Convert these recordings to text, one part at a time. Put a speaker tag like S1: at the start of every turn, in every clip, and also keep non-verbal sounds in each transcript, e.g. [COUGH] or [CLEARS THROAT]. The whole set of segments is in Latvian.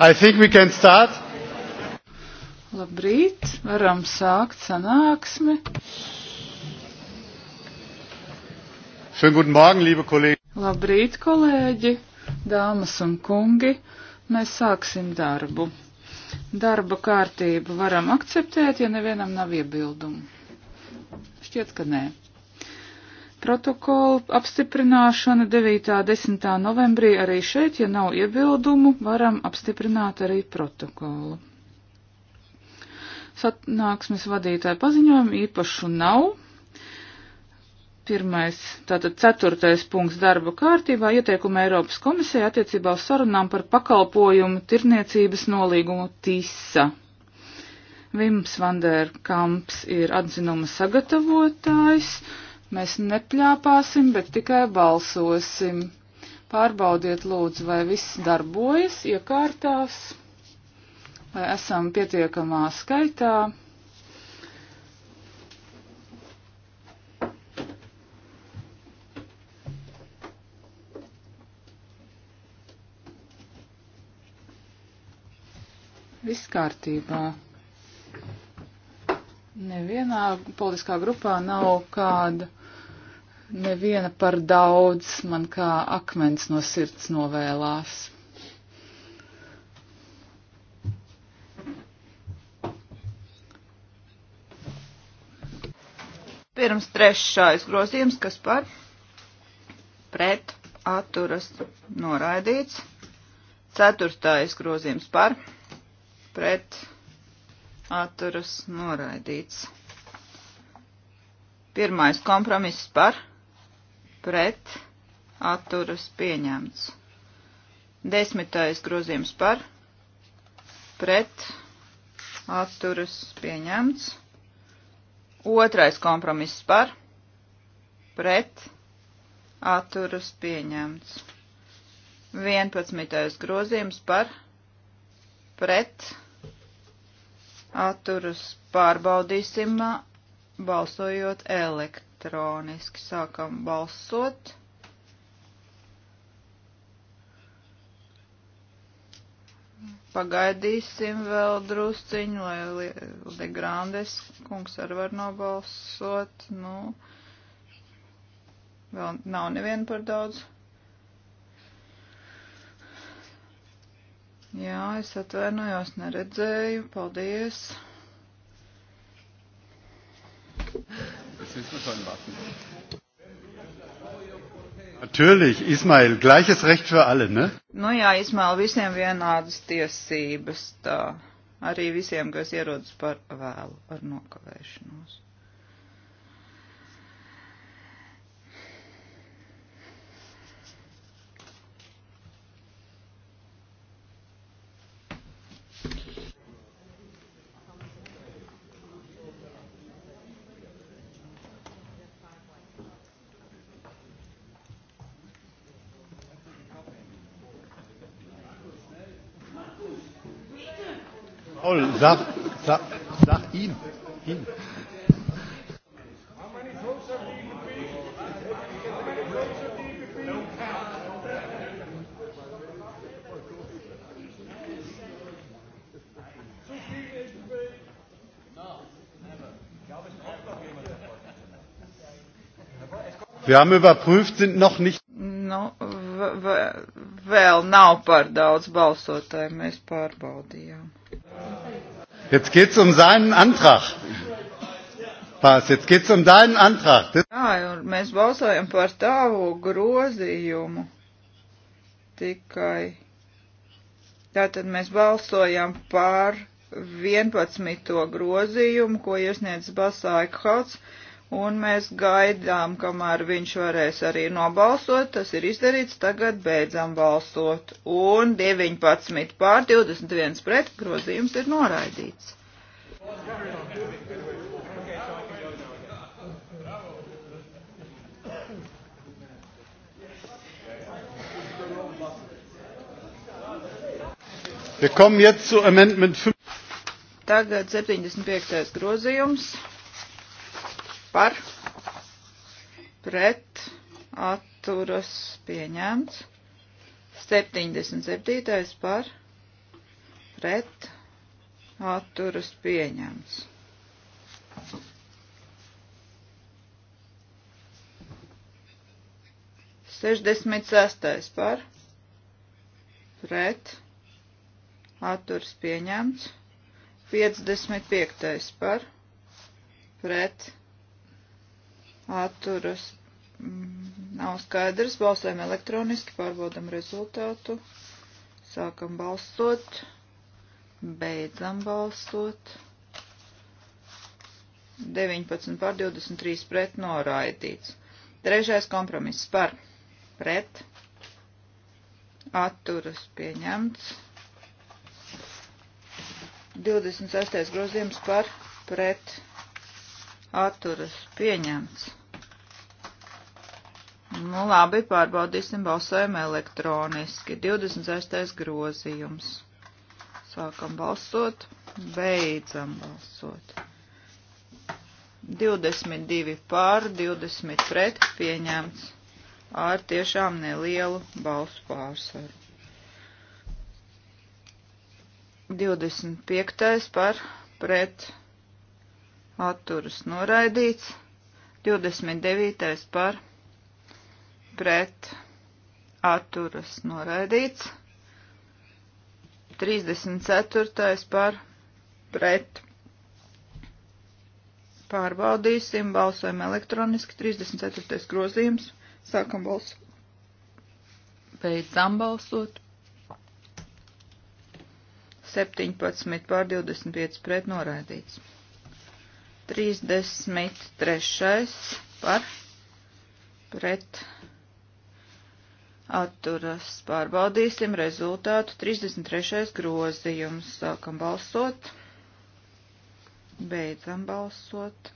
S1: I think we can start.
S2: Labrīt, varam sākt sanāksmi.
S1: Schönen guten Morgen, liebe Kollegen.
S2: Labrīt, kolēģi, dāmas un kungi. Mēs sāksim darbu. Darba kārtību varam akceptēt, ja nevienam nav iebildumu. Šķiet, ka nē. Ne. Protokolu apstiprināšana 9.10. novembrī arī šeit, ja nav iebildumu, varam apstiprināt arī protokolu. Satnāksmes vadītāja paziņojumu īpašu nav. Pirmais, tātad ceturtais punkts darba kārtībā ieteikuma Eiropas komisija attiecībā uz sarunām par pakalpojumu tirniecības nolīgumu TISA. Vims Vandērkamps ir atzinuma sagatavotājs. Mēs nepļāpāsim, bet tikai balsosim. Pārbaudiet lūdzu, vai viss darbojas, iekārtās, vai esam pietiekamā skaitā. Viss kārtībā. Nevienā politiskā grupā nav kāda neviena par daudz man kā akmens no sirds novēlās. Pirms
S3: trešais grozījums, kas par pret atturas noraidīts. Ceturtais grozījums par pret atturas noraidīts. Pirmais kompromiss par pret, atturas pieņemts. Desmitais grozījums par, pret, atturas pieņemts. Otrais kompromiss par, pret, atturas pieņemts. Vienpadsmitais grozījums par, pret, atturas pārbaudīsim, balsojot elektroniski elektroniski sākam balsot. Pagaidīsim vēl drusciņu, lai Legrandes kungs arī var nobalsot. Nu, vēl nav neviena par daudz. Jā, es atvainojos, neredzēju. Paldies!
S1: jetzt müssen wir ihn warten. Natürlich, Ismail, gleiches Recht für alle, ne?
S3: Nu jā, Ismail, visiem vienādas tiesības, tā. Arī visiem, kas ierodas par vēlu, ar nokavēšanos.
S1: Sag, sag, sag ihm. ihm. Wir haben überprüft, sind noch nicht.
S3: Nu, vēl nav par daudz balsotāju, mēs pārbaudījām.
S1: Jetzt geht es um seinen Antrag. Pās, jetzt geht es um deinen Antrag. Das
S3: Jā, un mēs balsojam par tavu grozījumu. Tikai. Tātad mēs balsojam par 11. grozījumu, ko iesniedz Basāja Kauts un mēs gaidām, kamēr viņš varēs arī nobalsot. Tas ir izdarīts, tagad beidzam balsot. Un 19 pār 21 pret grozījums ir noraidīts.
S1: Wir kommen jetzt zu Amendment 5.
S3: Tagad 75. grozījums par pret atturas pieņemts. 77. par pret atturas pieņemts. Sešdesmit sestais par pret atturas pieņemts. 55. par pret atturas mm, nav skaidrs. Balsojam elektroniski, pārbaudam rezultātu. Sākam balsot, beidzam balsot. 19 pār 23 pret noraidīts. Trešais kompromiss par pret atturas pieņemts. 26. grozījums par pret atturas pieņemts. Nu, labi, pārbaudīsim balsojumu elektroniski. 26. grozījums. Sākam balsot, beidzam balsot. 22 pār, 20 pret pieņemts ar tiešām nelielu balsu pārsvaru. 25. par pret atturas noraidīts, 29. par pret pret atturas noraidīts. 34. par pret. Pārbaudīsim, balsojam elektroniski, 34. grozījums, sākam balsot, beidzam balsot, 17 pār 25 pret noraidīts, 33. par pret atturas pārbaudīsim rezultātu. 33. grozījums. Sākam balsot. Beidzam balsot.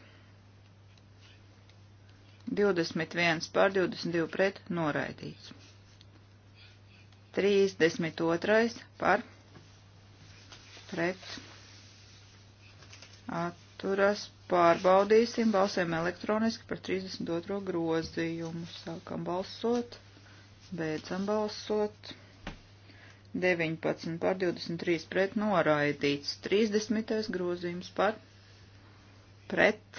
S3: 21 pār 22 pret noraidīts. 32 par pret atturas pārbaudīsim. Balsēm elektroniski par 32. grozījumu. Sākam balsot. Beidzam balsot. 19 pār 23 pret noraidīts. 30. grozījums par pret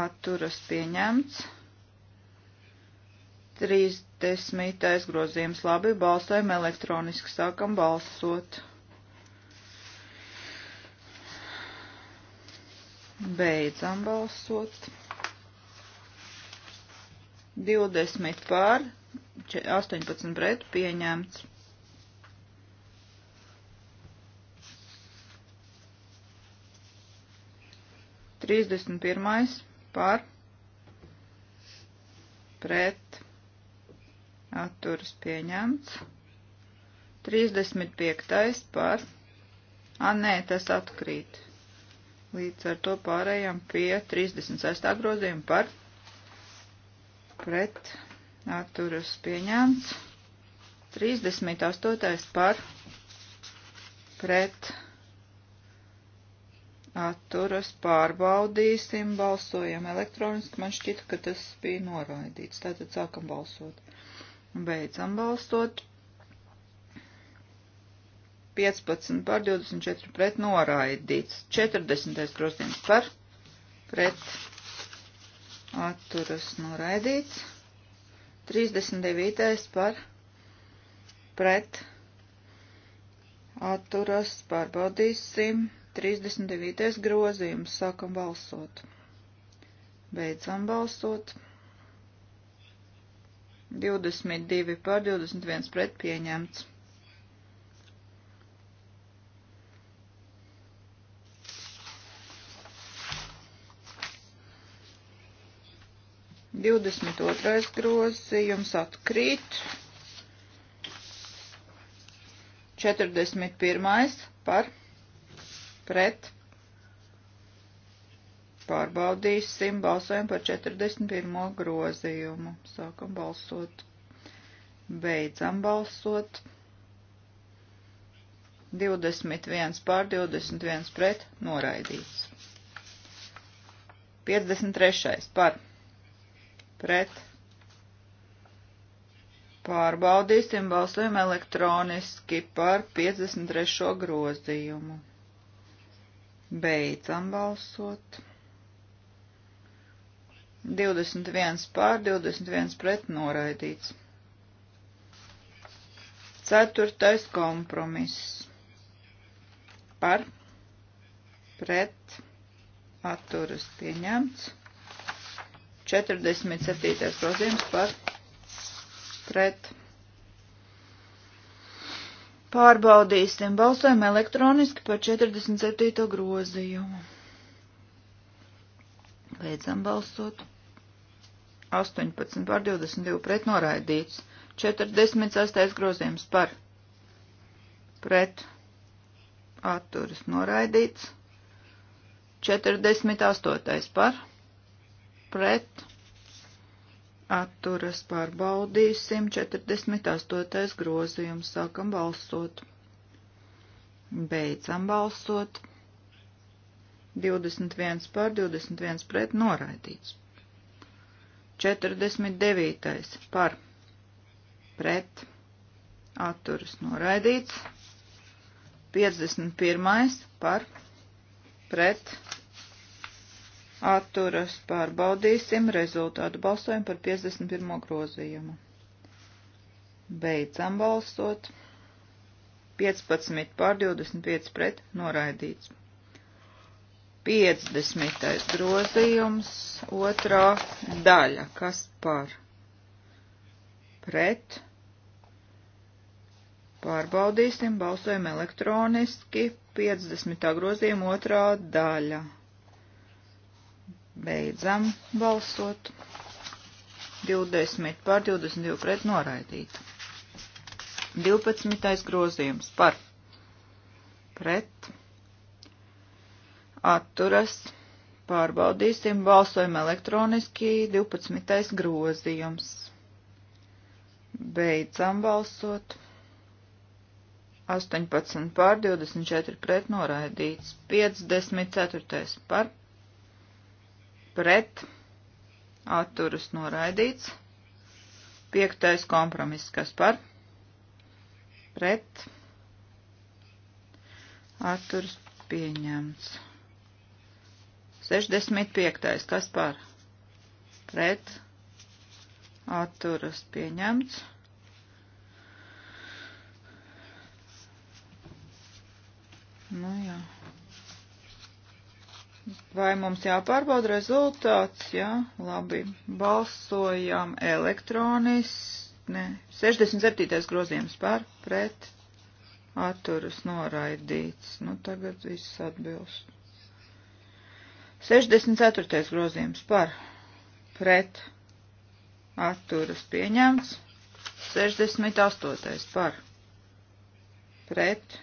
S3: atturas pieņemts. 30. grozījums labi balsojam elektroniski sākam balsot. Beidzam balsot. 20 pār 18 pret pieņemts. Trīsdesmit pirmais par pret atturas pieņemts. Trīsdesmit piektais par, a nē, tas atkrīt. Līdz ar to pārējām pie 36. grozījuma par pret atturas pieņemts. 38. par pret atturas pārbaudīsim, balsojam elektroniski. Man šķita, ka tas bija noraidīts. Tātad sākam balsot. Beidzam balsot. 15 par 24 pret noraidīts. 40. grozījums par pret atturas noraidīts. 39. par pret atturas pārbaudīsim. 39. grozījums. Sākam balsot. Beidzam balsot. 22 par 21 pret pieņemts. 22. grozījums atkrīt. 41. par pret. Pārbaudīsim, balsojam par 41. grozījumu. Sākam balsot. Beidzam balsot. 21 pār 21 pret noraidīts. 53. par pret. Pārbaudīsim, balsojam elektroniski par 53. grozījumu. Beidzam balsot. 21 pār, 21 pret noraidīts. Ceturtais kompromiss. Par, pret, atturas pieņemts. 47. grozījums par pret. Pārbaudīsim, balsojam elektroniski par 47. grozījumu. Beidzam balsot. 18 pār 22 pret noraidīts. 46. grozījums par pret atturas noraidīts. 48. par pret pret atturas pārbaudīsim 48. grozījums. Sākam balsot. Beidzam balsot. 21 pār 21 pret noraidīts. 49. par pret atturas noraidīts. 51. par pret atturas pārbaudīsim rezultātu balsojumu par 51. grozījumu. Beidzam balsot. 15 pār 25 pret noraidīts. 50. grozījums, otrā daļa, kas par pret. Pārbaudīsim, balsojam elektroniski, 50. grozījuma otrā daļa. Beidzam balsot. 20 pār 22 pret noraidīt. 12. grozījums par pret atturas pārbaudīsim balsojumu elektroniski 12. grozījums. Beidzam balsot. 18 pār 24 pret noraidīts. 54. par pret pret atturas noraidīts. Piektais kompromiss, kas par pret atturas pieņemts. 65. kas par pret atturas pieņemts. Nu jā. Vai mums jāpārbauda rezultāts? Jā, labi. Balsojam elektroniski. Ne, 67. grozījums par, pret, atturas noraidīts. Nu, tagad viss atbilst. 64. grozījums par, pret, atturas pieņemts. 68. par, pret,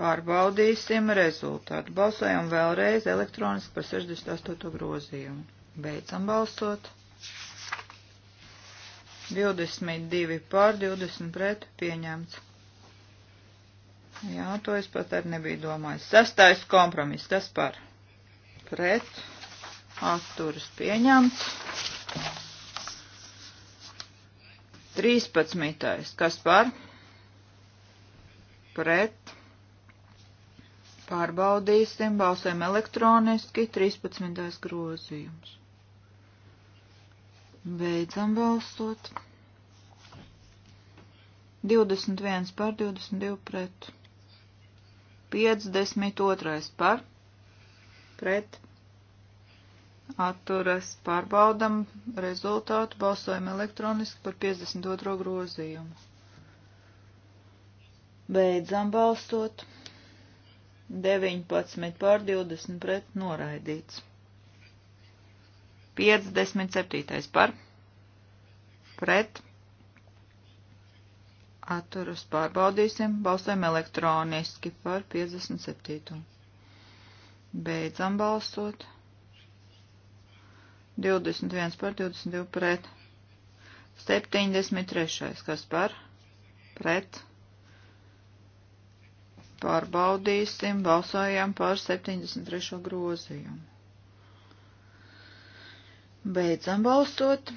S3: Pārbaudīsim rezultātu. Balsojam vēlreiz elektroniski par 68. grozījumu. Beidzam balsot. 22 pār 20 pret pieņemts. Jā, to es pat arī nebiju domājis. Sastais kompromiss, tas par pret atturas pieņemts. 13. kas par pret Pārbaudīsim, balsēm elektroniski, 13. grozījums. Beidzam balsot. 21 par, 22 pret. 52 par, pret. Atturas pārbaudam rezultātu, balsojam elektroniski par 52 grozījumu. Beidzam balsot. 19 pār 20 pret noraidīts. 57. par pret atturus pārbaudīsim, balsojam elektroniski par 57. Beidzam balsot. 21 par 22 pret. 73. kas par pret Pārbaudīsim, balsojam par 73. grozījumu. Beidzam balsot.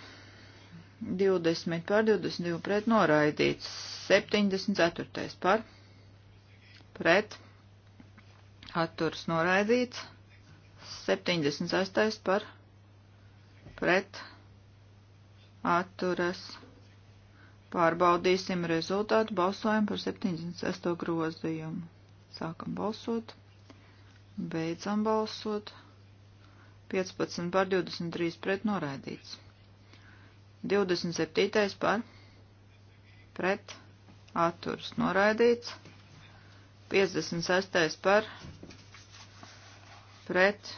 S3: 20 par 22 pret noraidīts. 74. par pret atturs noraidīts. 76. par pret atturas. Pārbaudīsim rezultātu balsojumu par 76. grozījumu. Sākam balsot. Beidzam balsot. 15 par 23 pret noraidīts. 27. par pret atturs noraidīts. 56. par pret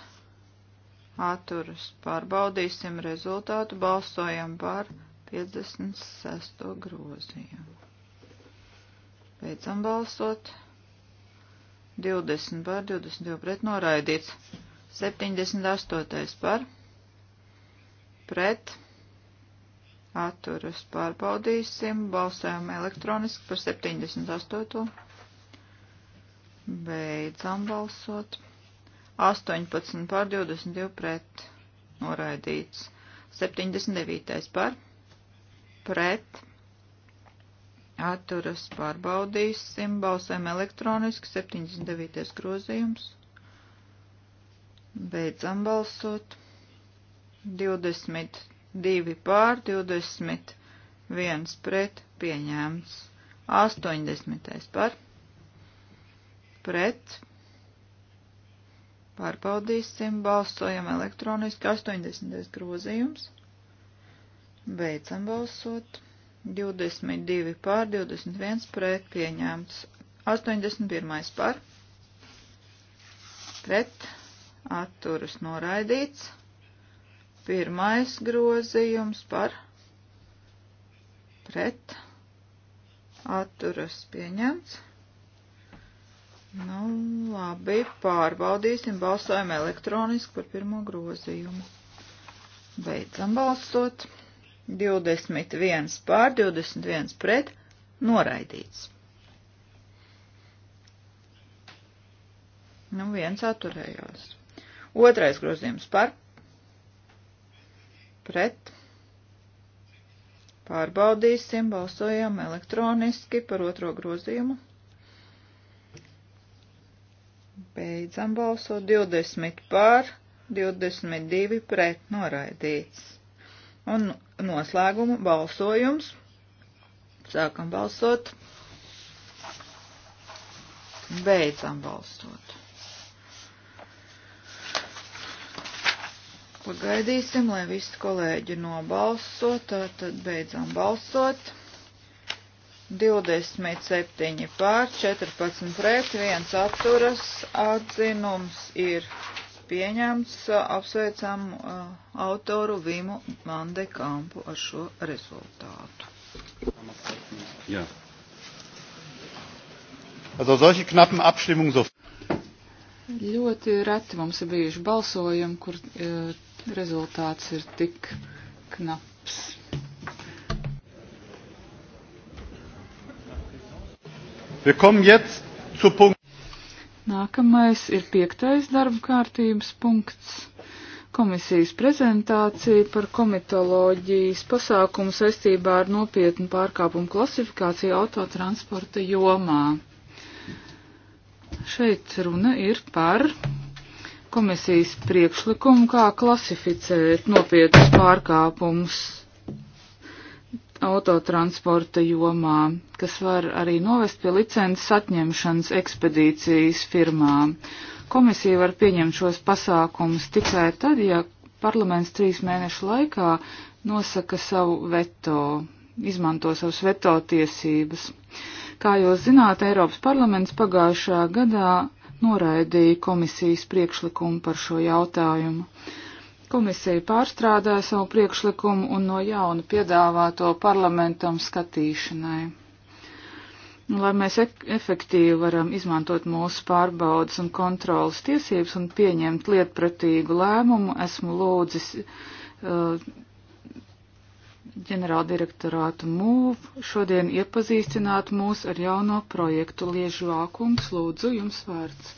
S3: atturs pārbaudīsim rezultātu. Balsojam par 56. grozījumu. Beidzam balsot. 20 par 22 pret noraidīts. 78 par pret atturas pārbaudīsim. Balsējam elektroniski par 78. Beidzam balsot. 18 par 22 pret noraidīts. 79 par pret Atturas pārbaudīsim. Balsēm elektroniski 79. grozījums. Beidzam balsot. 22 pār 21 pret pieņēmts. 80. par pret. Pārbaudīsim, balsojam elektroniski 80. grozījums. Beidzam balsot. 22 pār, 21 pret pieņemts. 81 par, pret atturas noraidīts. Pirmais grozījums par pret atturas pieņemts. Nu, labi, pārbaudīsim balsojumu elektroniski par pirmo grozījumu. Beidzam balsot. 21 pār 21 pret noraidīts. Nu, viens atturējās. Otrais grozījums par pret. Pārbaudīsim, balsojam elektroniski par otro grozījumu. Beidzam balsot 20 pār, 22 pret noraidīts. Un noslēgumu balsojums. Sākam balsot. Beidzam balsot. Pagaidīsim, lai visi kolēģi nobalso, tātad beidzam balsot. 27 pār, 14 pret, 1 atturas, atzinums ir pieņemts. Apsveicam uh, autoru Vimu Mandekampu ar šo rezultātu.
S1: Jā. Also solche knappen Abstimmungen so.
S2: Ļoti reti mums ir bijuši balsojumi, kur e, rezultāts ir tik knaps.
S1: Wir kommen jetzt zu Punkt
S2: Nākamais ir piektais darba kārtības punkts komisijas prezentācija par komitoloģijas pasākumu saistībā ar nopietnu pārkāpumu klasifikāciju autotransporta jomā. Šeit runa ir par komisijas priekšlikumu, kā klasificēt nopietnus pārkāpumus autotransporta jomā, kas var arī novest pie licences atņemšanas ekspedīcijas firmām. Komisija var pieņemt šos pasākumus tikai tad, ja parlaments trīs mēnešu laikā nosaka savu veto, izmanto savus veto tiesības. Kā jūs zināt, Eiropas parlaments pagājušā gadā noraidīja komisijas priekšlikumu par šo jautājumu. Komisija pārstrādāja savu priekšlikumu un no jauna piedāvā to parlamentam skatīšanai. Lai mēs e efektīvi varam izmantot mūsu pārbaudas un kontrolas tiesības un pieņemt lietpratīgu lēmumu, esmu lūdzis uh, ģenerāldirektorātu MUV šodien iepazīstināt mūs ar jauno projektu Liežu vākums. Lūdzu, jums vārds.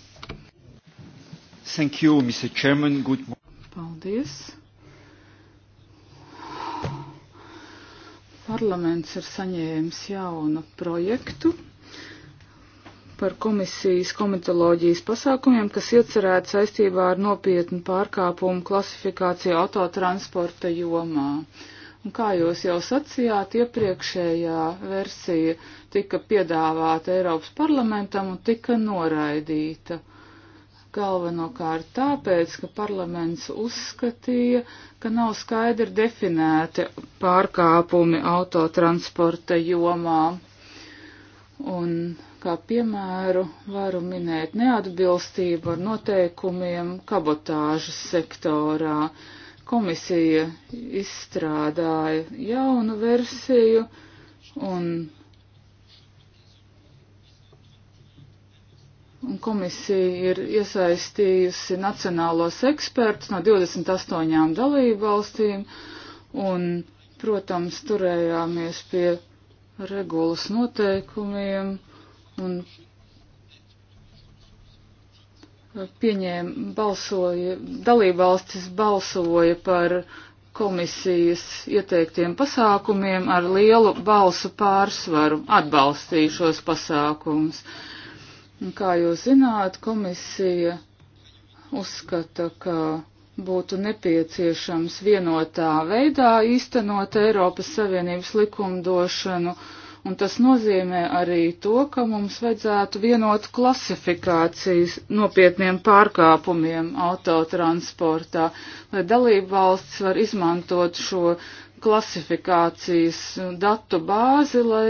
S1: Thank you, Mr. Chairman. Good morning.
S2: Paldies! Parlaments ir saņēmis jaunu projektu par komisijas komitoloģijas pasākumiem, kas iecerēts saistībā ar nopietnu pārkāpumu klasifikāciju autotransporta jomā. Un kā jūs jau sacījāt, iepriekšējā versija tika piedāvāta Eiropas parlamentam un tika noraidīta galvenokārt tāpēc, ka parlaments uzskatīja, ka nav skaidri definēti pārkāpumi autotransporta jomā. Un kā piemēru varu minēt neatbilstību ar noteikumiem kabotāžas sektorā. Komisija izstrādāja jaunu versiju un Un komisija ir iesaistījusi nacionālos ekspertus no 28 dalību valstīm, un, protams, turējāmies pie regulas noteikumiem un pieņēma, balsoja, dalībvalstis balsoja par komisijas ieteiktiem pasākumiem ar lielu balsu pārsvaru atbalstīšos pasākums. Un kā jūs zināt, komisija uzskata, ka būtu nepieciešams vienotā veidā īstenot Eiropas Savienības likumdošanu, un tas nozīmē arī to, ka mums vajadzētu vienot klasifikācijas nopietniem pārkāpumiem autotransportā, lai dalību valsts var izmantot šo klasifikācijas datu bāzi, lai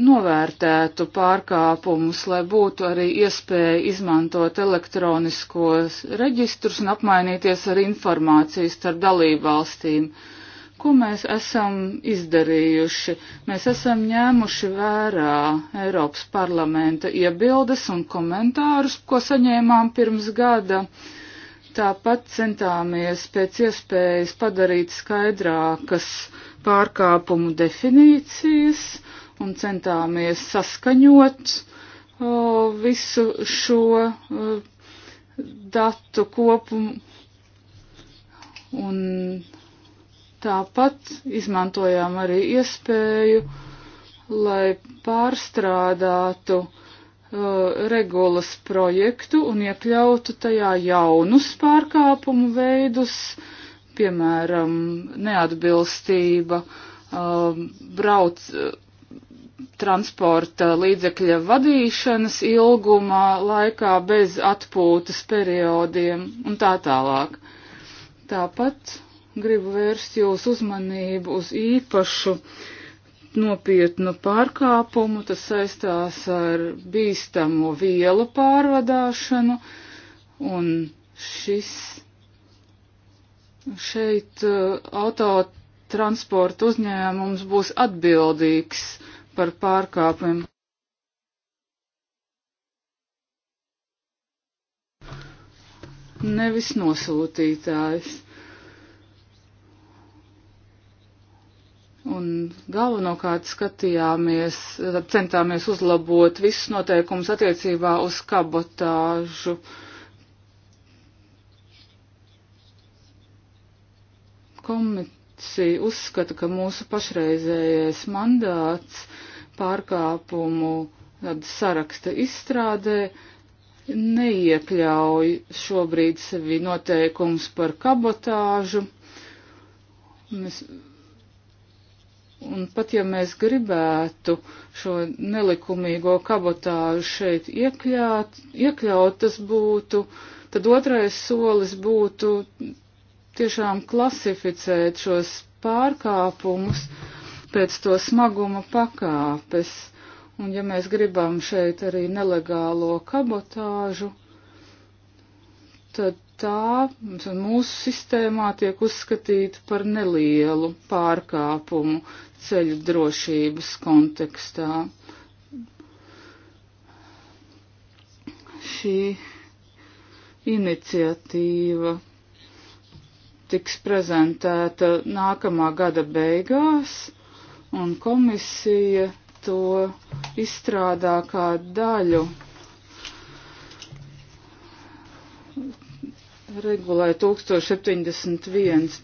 S2: novērtētu pārkāpumus, lai būtu arī iespēja izmantot elektroniskos reģistrus un apmainīties ar informāciju starp dalībvalstīm. Ko mēs esam izdarījuši? Mēs esam ņēmuši vērā Eiropas parlamenta iebildes un komentārus, ko saņēmām pirms gada. Tāpat centāmies pēc iespējas padarīt skaidrākas pārkāpumu definīcijas un centāmies saskaņot o, visu šo o, datu kopumu. Un tāpat izmantojām arī iespēju, lai pārstrādātu regulas projektu un iekļautu tajā jaunus pārkāpumu veidus, piemēram, neatbilstība, brauc, transporta līdzekļa vadīšanas ilgumā, laikā bez atpūtas periodiem un tā tālāk. Tāpat gribu vērst jūsu uzmanību uz īpašu nopietnu pārkāpumu, tas saistās ar bīstamo vielu pārvadāšanu, un šis šeit uh, autotransporta uzņēmums būs atbildīgs par pārkāpumiem. Nevis nosūtītājs. Un galvenokārt skatījāmies, centāmies uzlabot visus noteikumus attiecībā uz kabotāžu. Komit frakcija uzskata, ka mūsu pašreizējais mandāts pārkāpumu saraksta izstrādē neiekļauj šobrīd sevi noteikums par kabotāžu. Mēs, un pat ja mēs gribētu šo nelikumīgo kabotāžu šeit iekļaut, iekļaut tas būtu, tad otrais solis būtu tiešām klasificēt šos pārkāpumus pēc to smaguma pakāpes. Un ja mēs gribam šeit arī nelegālo kabotāžu, tad tā mūsu sistēmā tiek uzskatīta par nelielu pārkāpumu ceļu drošības kontekstā. Šī iniciatīva tiks prezentēta nākamā gada beigās, un komisija to izstrādā kā daļu regulē 1071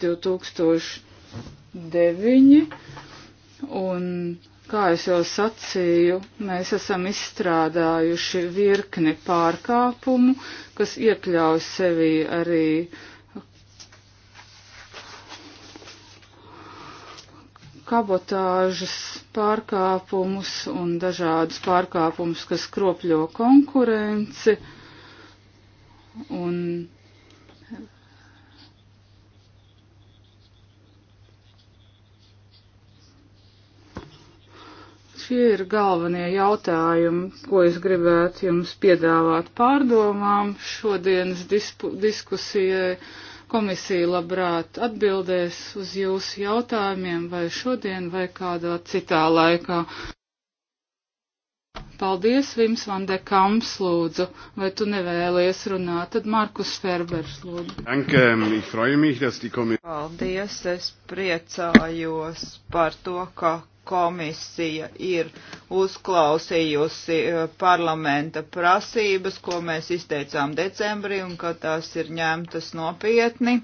S2: 2009, un, kā es jau sacīju, mēs esam izstrādājuši virkni pārkāpumu, kas iekļauj sevī arī uh, kabotāžas pārkāpumus un dažādus pārkāpumus, kas kropļo konkurenci. Un šie ir galvenie jautājumi, ko es gribētu jums piedāvāt pārdomām šodienas diskusijai. Komisija labprāt atbildēs uz jūsu jautājumiem vai šodien vai kādā citā laikā. Paldies, Vims van de Kamps, lūdzu, vai tu nevēlies runāt, tad Markus Ferbers, lūdzu. Danke,
S1: ähm, ich freue mich, dass die
S2: Paldies, es
S3: priecājos
S2: par to, ka komisija
S3: ir uzklausījusi eh, parlamenta prasības, ko mēs izteicām decembrī, un ka tās ir ņemtas nopietni.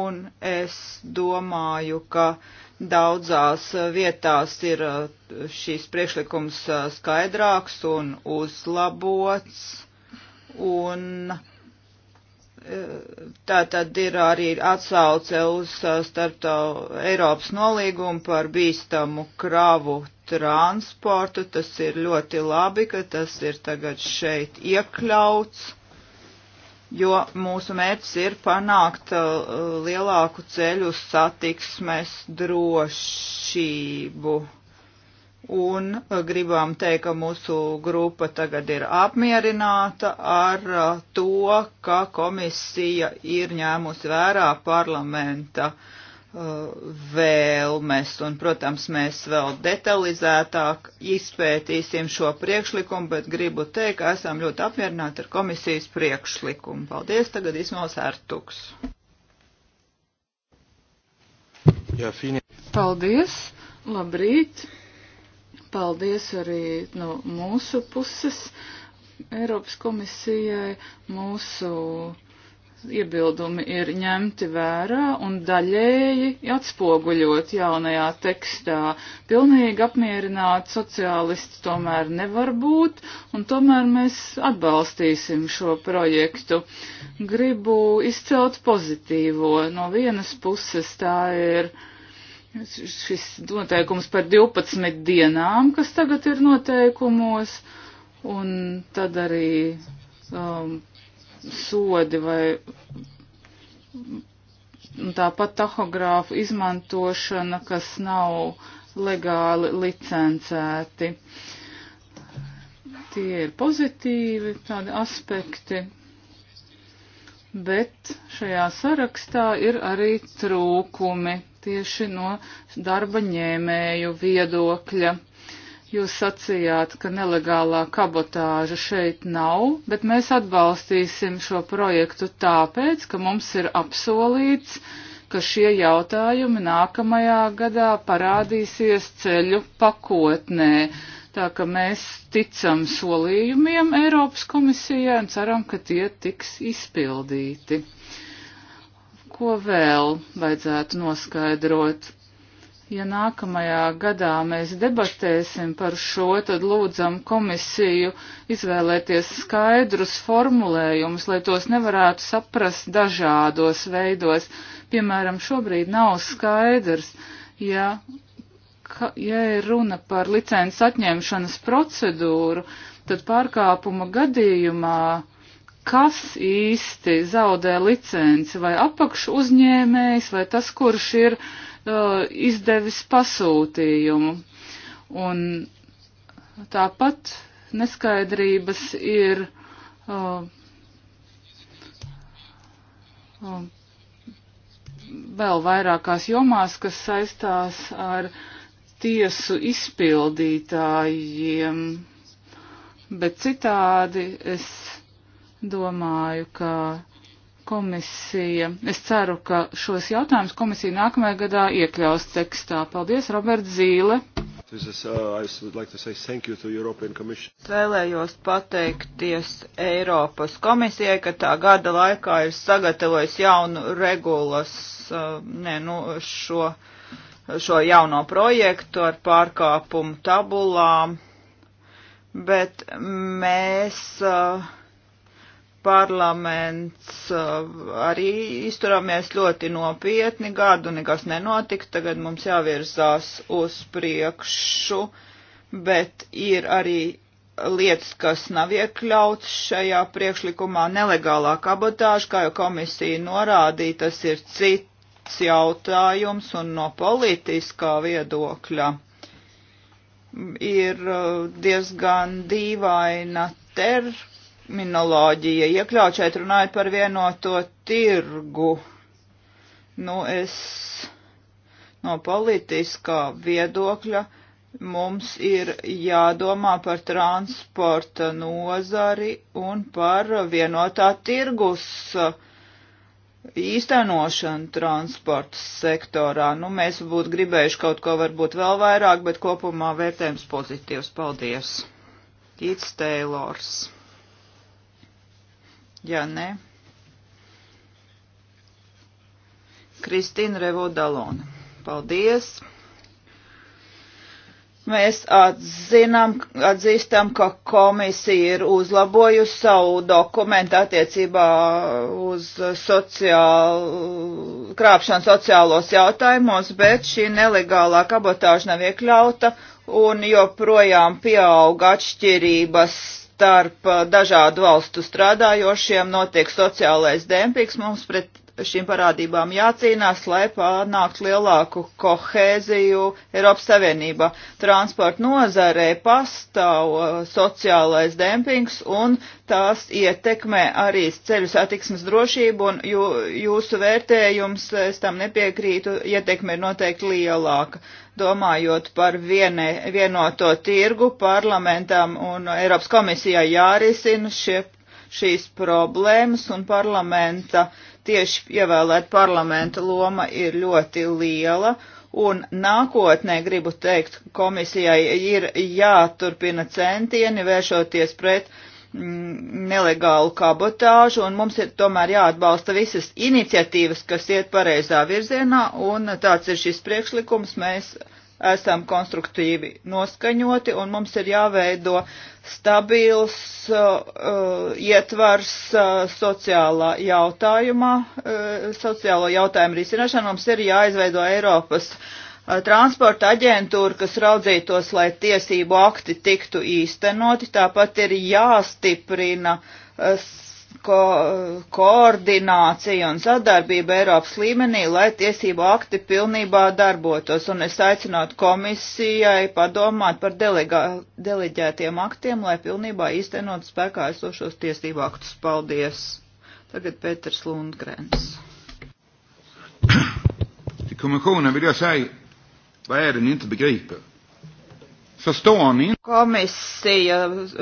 S3: Un es domāju, ka daudzās vietās ir eh, šīs priekšlikums eh, skaidrāks un uzlabots. Un uh, Tā tad ir arī atsauce uz uh, starptau Eiropas nolīgumu par bīstamu kravu transportu. Tas ir ļoti labi, ka tas ir tagad šeit iekļauts, jo mūsu mērķis ir panākt uh, lielāku ceļu satiksmes drošību un uh, gribam teikt, ka mūsu grupa tagad ir apmierināta ar uh, to, ka komisija ir ņēmusi vērā parlamenta uh, vēlmes, un, protams, mēs vēl detalizētāk izpētīsim šo priekšlikumu, bet gribu teikt, ka esam ļoti apmierināti ar komisijas priekšlikumu. Paldies, tagad Ismals Ertuks.
S1: Jā,
S2: Paldies, labrīt! Paldies arī no mūsu puses Eiropas komisijai. Mūsu iebildumi ir ņemti vērā un daļēji atspoguļot jaunajā tekstā. Pilnīgi apmierināti sociālisti tomēr nevar būt, un tomēr mēs atbalstīsim šo projektu. Gribu izcelt pozitīvo. No vienas puses tā ir šis noteikums par 12 dienām, kas tagad ir noteikumos, un tad arī um, sodi vai tāpat tahogrāfu izmantošana, kas nav legāli licencēti. Tie ir pozitīvi tādi aspekti, bet šajā sarakstā ir arī trūkumi tieši no darba ņēmēju viedokļa. Jūs sacījāt, ka nelegālā kabotāža šeit nav, bet mēs atbalstīsim šo projektu tāpēc, ka mums ir apsolīts, ka šie jautājumi nākamajā gadā parādīsies ceļu pakotnē. Tā ka mēs ticam solījumiem Eiropas komisijai un ceram, ka tie tiks izpildīti. Ko vēl vajadzētu noskaidrot? Ja nākamajā gadā mēs debatēsim par šo, tad lūdzam komisiju izvēlēties skaidrus formulējumus, lai tos nevarētu saprast dažādos veidos. Piemēram, šobrīd nav skaidrs, ja ka, ja ir runa par licences atņemšanas procedūru, tad pārkāpuma gadījumā kas īsti zaudē licenci vai apakšu uzņēmējs vai tas, kurš ir uh, izdevis pasūtījumu. Un tāpat neskaidrības ir uh, uh, vēl vairākās jomās, kas saistās ar uh, tiesu izpildītājiem, bet citādi es domāju, ka komisija, es ceru, ka šos jautājumus komisija nākamajā gadā iekļaus tekstā. Paldies, Robert Zīle!
S1: Uh, es
S2: vēlējos pateikties
S3: Eiropas komisijai, ka tā gada laikā ir sagatavojis jaunu regulas, uh, ne, nu, šo uh, šo jauno projektu ar pārkāpumu tabulām, bet mēs uh, parlaments uh, arī izturāmies ļoti nopietni gadu, nekas nenotika, tagad mums jāvirzās uz priekšu, bet ir arī lietas, kas nav iekļauts šajā priekšlikumā, nelegālā kabotāža, kā jau komisija norādīja, tas ir cits delikāts jautājums un no politiskā viedokļa ir uh, diezgan dīvaina terminoloģija. Iekļaut šeit runājot par vienoto tirgu. Nu, es no politiskā viedokļa mums ir jādomā par transporta nozari un par vienotā tirgus uh, īstenošanu transporta sektorā. Nu, mēs būtu gribējuši kaut ko varbūt vēl vairāk, bet kopumā vērtējums pozitīvs. Paldies! Kīts Teilors. Jā, nē. Kristīna Revodalona. Paldies! Mēs atzinam, atzīstam, ka komisija ir uzlabojusi savu dokumentu attiecībā uz sociālu, krāpšanu sociālos jautājumos, bet šī nelegālā kabotāža nav iekļauta un joprojām pieauga atšķirības starp dažādu valstu strādājošiem, notiek sociālais dempings, mums pret šīm parādībām jācīnās, lai panāktu lielāku kohēziju Eiropas Savienībā. Transporta nozarē pastāv uh, sociālais dempings un tās ietekmē arī ceļu satiksmes drošību un jū, jūsu vērtējums, es tam nepiekrītu, ietekme ir noteikti lielāka. Domājot par viene, vienoto tirgu, parlamentam un Eiropas komisijai jārisina šie, šīs problēmas un parlamenta uh, tieši ievēlēt parlamenta loma ir ļoti liela. Un nākotnē, gribu teikt, komisijai ir jāturpina centieni vēršoties pret mm, nelegālu kabotāžu, un mums ir tomēr jāatbalsta visas iniciatīvas, kas iet pareizā virzienā, un tāds ir šis priekšlikums. Mēs uh, esam konstruktīvi noskaņoti un mums ir jāveido stabils uh, uh ietvars uh, sociālā jautājumā, uh, sociālo jautājumu risināšanu. Mums ir jāizveido Eiropas uh, transporta aģentūra, kas raudzītos, lai tiesību akti tiktu īstenoti. Tāpat ir jāstiprina uh, ko, koordinācija un sadarbība Eiropas līmenī, lai tiesību akti pilnībā darbotos. Un es aicinātu komisijai padomāt par delegā, deleģētiem aktiem, lai pilnībā īstenot spēkā esošos tiesību aktus. Paldies! Tagad Pēters Lundgrens. Kommissionen vill jag säga vad är det ni inte begriper? Komisija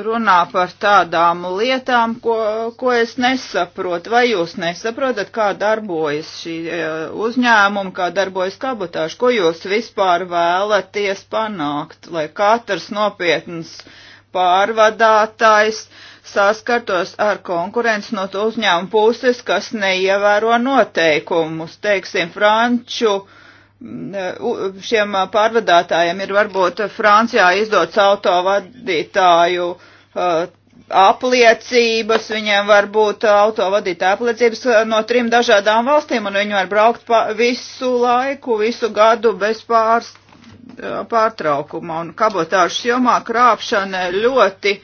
S3: runā par tādām lietām, ko, ko es nesaprotu. Vai jūs nesaprotat, kā darbojas šī eh, uzņēmuma, kā darbojas kabotāši? Ko jūs vispār vēlaties panākt, lai katrs nopietns pārvadātājs saskartos ar konkurenci no to uzņēmuma puses, kas neievēro noteikumus, teiksim, franču uh, šiem uh, pārvadātājiem ir varbūt Francijā izdots autovadītāju uh, apliecības, viņiem var būt uh, autovadītāja apliecības no trim dažādām valstīm, un viņi var braukt visu laiku, visu gadu bez pārs, pārtraukuma. Un kabotāžas jomā krāpšana ļoti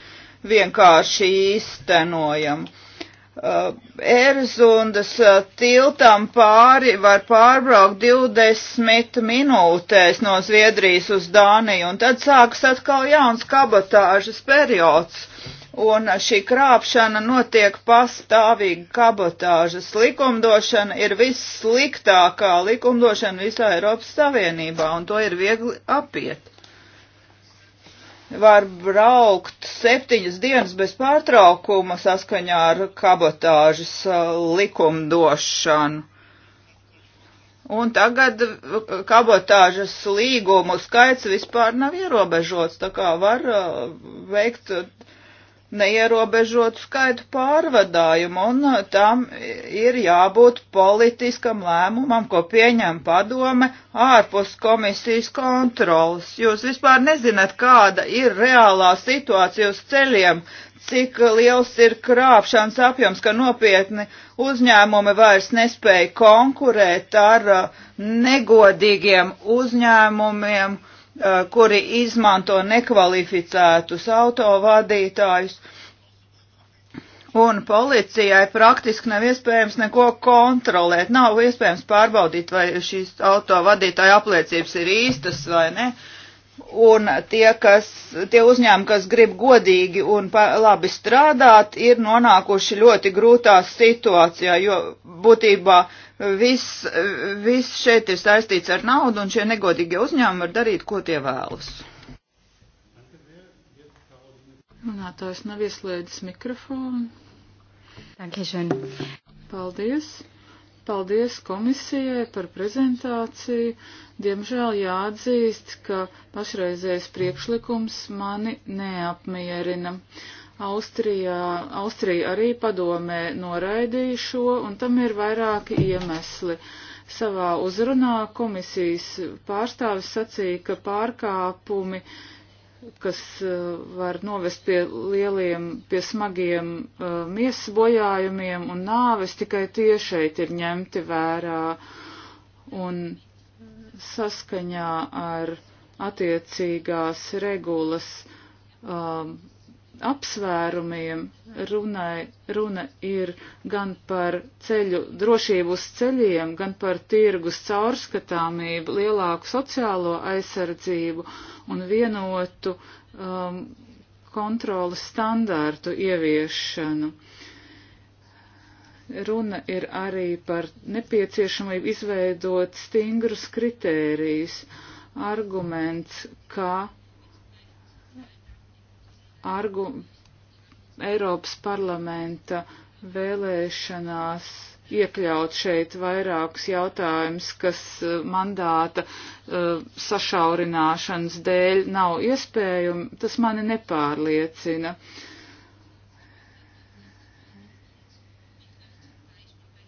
S3: vienkārši īstenojama Uh, Erzundas eh, tiltam pāri var pārbraukt 20 minūtēs no Zviedrijas uz Dāniju, un tad sāks atkal jauns kabatāžas periods. Un šī krāpšana notiek pastāvīgi kabatāžas likumdošana ir vissliktākā likumdošana visā Eiropas Savienībā, un to ir viegli apiet var braukt septiņas dienas bez pārtraukuma saskaņā ar kabotāžas uh, likumdošanu. Un tagad uh, kabotāžas līgumu skaits vispār nav ierobežots, tā kā var uh, veikt neierobežotu skaitu pārvadājumu, un uh, tam ir jābūt politiskam lēmumam, ko pieņem padome ārpus komisijas kontrolas. Jūs vispār nezināt, kāda ir reālā situācija uz ceļiem, cik liels ir krāpšanas apjoms, ka nopietni uzņēmumi vairs nespēja konkurēt ar uh, negodīgiem uzņēmumiem, uh, Uh, kuri izmanto nekvalificētus autovadītājus, un policijai praktiski nav iespējams neko kontrolēt. Nav iespējams pārbaudīt, vai šīs autovadītāja apliecības ir īstas vai ne. Un tie, kas, tie uzņēmumi, kas grib godīgi un labi strādāt, ir nonākuši ļoti grūtā situācijā, jo būtībā uh, Viss vis šeit ir saistīts ar naudu, un šie negodīgie uzņēmumi var darīt, ko tie vēlas.
S2: Runātājs nav ieslēdzis mikrofonu. Dankeschön. Paldies. Paldies komisijai par prezentāciju. Diemžēl jāatzīst, ka pašreizējais priekšlikums mani neapmierina. Uh, Austrijā, Austrija arī padomē noraidīja šo, un tam ir vairāki iemesli. Savā uzrunā komisijas pārstāvis sacīja, ka pārkāpumi, kas uh, var novest pie lieliem, pie smagiem uh, miesas bojājumiem un nāves, tikai tie šeit ir ņemti vērā un saskaņā ar attiecīgās regulas. Um, uh, apsvērumiem runai, runa ir gan par ceļu, drošību uz ceļiem, gan par tirgus caurskatāmību, lielāku sociālo aizsardzību un vienotu um, kontrolas standārtu ieviešanu. Runa ir arī par nepieciešamību izveidot stingrus kritērijus, arguments, ka argu Eiropas parlamenta vēlēšanās iekļaut šeit vairākus jautājumus, kas eh, mandāta uh, sašaurināšanas dēļ nav iespējami, tas mani nepārliecina.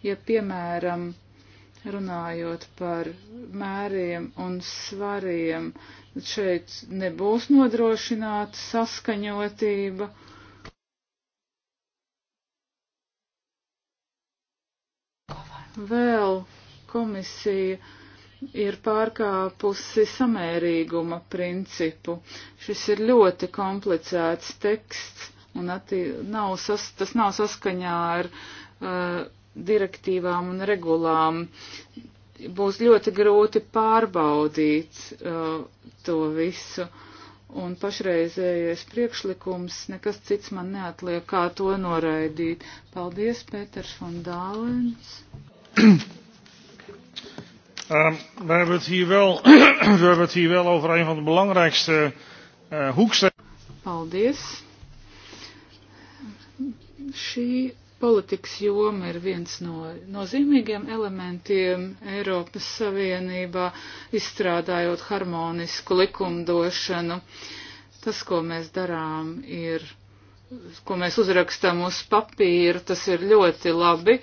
S2: Ja, piemēram, runājot par mēriem un svariem, uh, Šeit nebūs nodrošināta saskaņotība. Vēl komisija ir pārkāpusi samērīguma principu. Šis ir ļoti komplicēts teksts un attī, nav sas, tas nav saskaņā ar uh, direktīvām un regulām būs ļoti grūti pārbaudīt uh, to visu. Un pašreizējais priekšlikums, nekas cits man neatliek, kā to noraidīt. Paldies, Pēters von Dālens. Um, we hebben het hier wel, [CLEARS THROAT] we hebben het hier wel over een van de belangrijkste uh, hoekstenen. Paldies. Šī Politikas joma ir viens no nozīmīgiem elementiem Eiropas Savienībā, izstrādājot harmonisku likumdošanu. Tas, ko mēs darām, ir, ko mēs uzrakstam uz papīra, tas ir ļoti labi,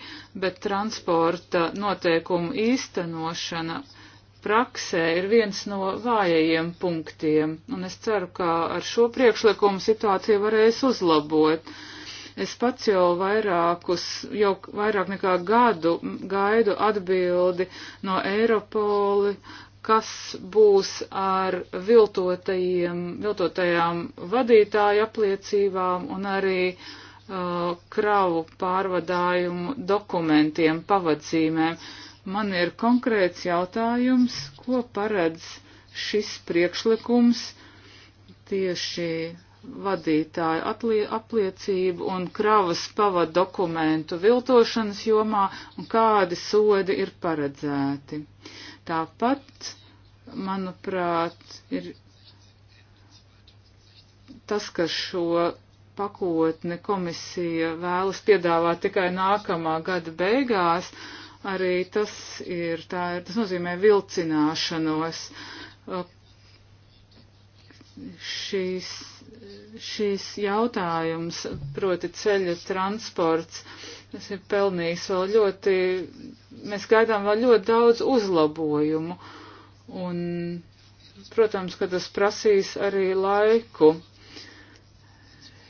S2: bet transporta noteikumu īstenošana praksē ir viens no vājajiem punktiem, un es ceru, ka ar šo priekšlikumu situāciju varēs uzlabot Es pats jau vairākus, jau vairāk nekā gadu gaidu atbildi no Eiropoli, kas būs ar viltotajām vadītāju apliecībām un arī uh, kravu pārvadājumu dokumentiem, pavadzīmēm. Man ir konkrēts jautājums, ko paredz šis priekšlikums tieši vadītāju atlie, apliecību un kravas pava dokumentu viltošanas jomā un kādi sodi ir paredzēti. Tāpat, manuprāt, ir tas, ka šo pakotni komisija vēlas piedāvāt tikai nākamā gada beigās, arī tas ir, tā ir, tas nozīmē vilcināšanos. Šīs šīs jautājums, proti ceļu transports, tas ir pelnījis vēl ļoti, mēs gaidām vēl ļoti daudz uzlabojumu. Un, protams, ka tas prasīs arī laiku.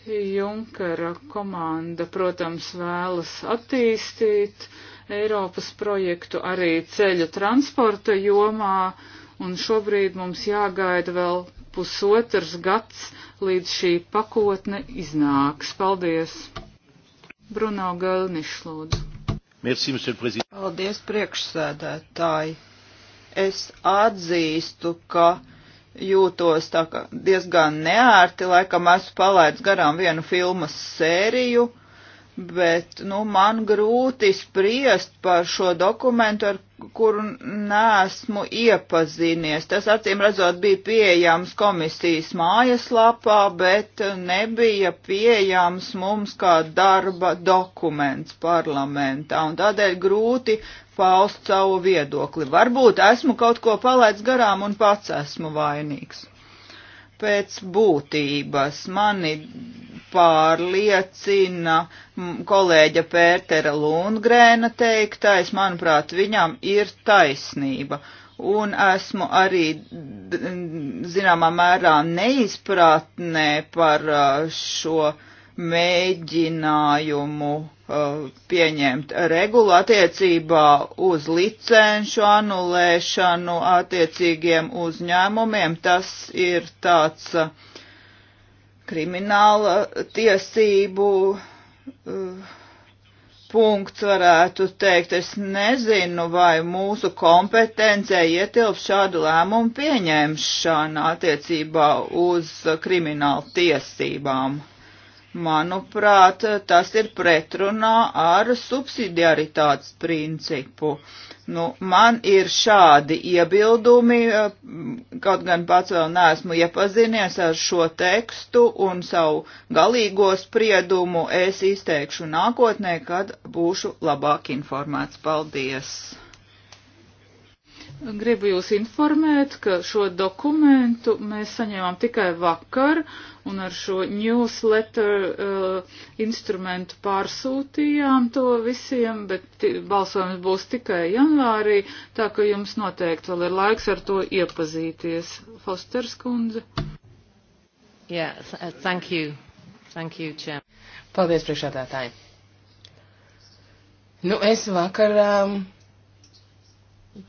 S2: Junkera komanda, protams, vēlas attīstīt Eiropas projektu arī ceļu transporta jomā, un šobrīd mums jāgaida vēl pusotrs gads, līdz šī pakotne iznāks. Paldies! Bruno Galniš, lūdzu.
S1: Merci,
S3: Paldies, priekšsēdētāji. Es atzīstu, ka jūtos tā kā diezgan neērti, laikam esmu palaidis garām vienu filmas sēriju, bet, nu, man grūti spriest par šo dokumentu ar kur nesmu iepazinies. Tas acīm redzot bija pieejams komisijas mājaslapā, bet nebija pieejams mums kā darba dokuments parlamentā, un tādēļ grūti paust savu viedokli. Varbūt esmu kaut ko palaidis garām un pats esmu vainīgs. Pēc būtības mani pārliecina kolēģa Pērtera Lundgrēna teiktais, manuprāt, viņam ir taisnība. Un esmu arī, zināmā mērā, neizpratnē par šo mēģinājumu pieņemt regulu attiecībā uz licenšu anulēšanu attiecīgiem uzņēmumiem. Tas ir tāds uh, krimināla tiesību uh, punkts varētu teikt, es nezinu, vai mūsu kompetencija ietilp šādu lēmumu pieņemšana attiecībā uz kriminālu tiesībām. Manuprāt, tas ir pretrunā ar subsidiaritātes principu. Nu, man ir šādi iebildumi, eh, kaut gan pats vēl neesmu iepazinies ar šo tekstu un savu galīgo spriedumu es izteikšu nākotnē, kad būšu labāk informēts. Paldies!
S2: Gribu jūs informēt, ka šo dokumentu mēs saņēmām tikai vakar un ar šo newsletter uh, instrumentu pārsūtījām to visiem, bet balsojums būs tikai janvārī, tā ka jums noteikti vēl ir laiks ar to iepazīties. Fosters
S4: kundze. Yeah, uh, thank you. Thank you, Chair. Paldies, priekšādātāji. Nu, es vakar um,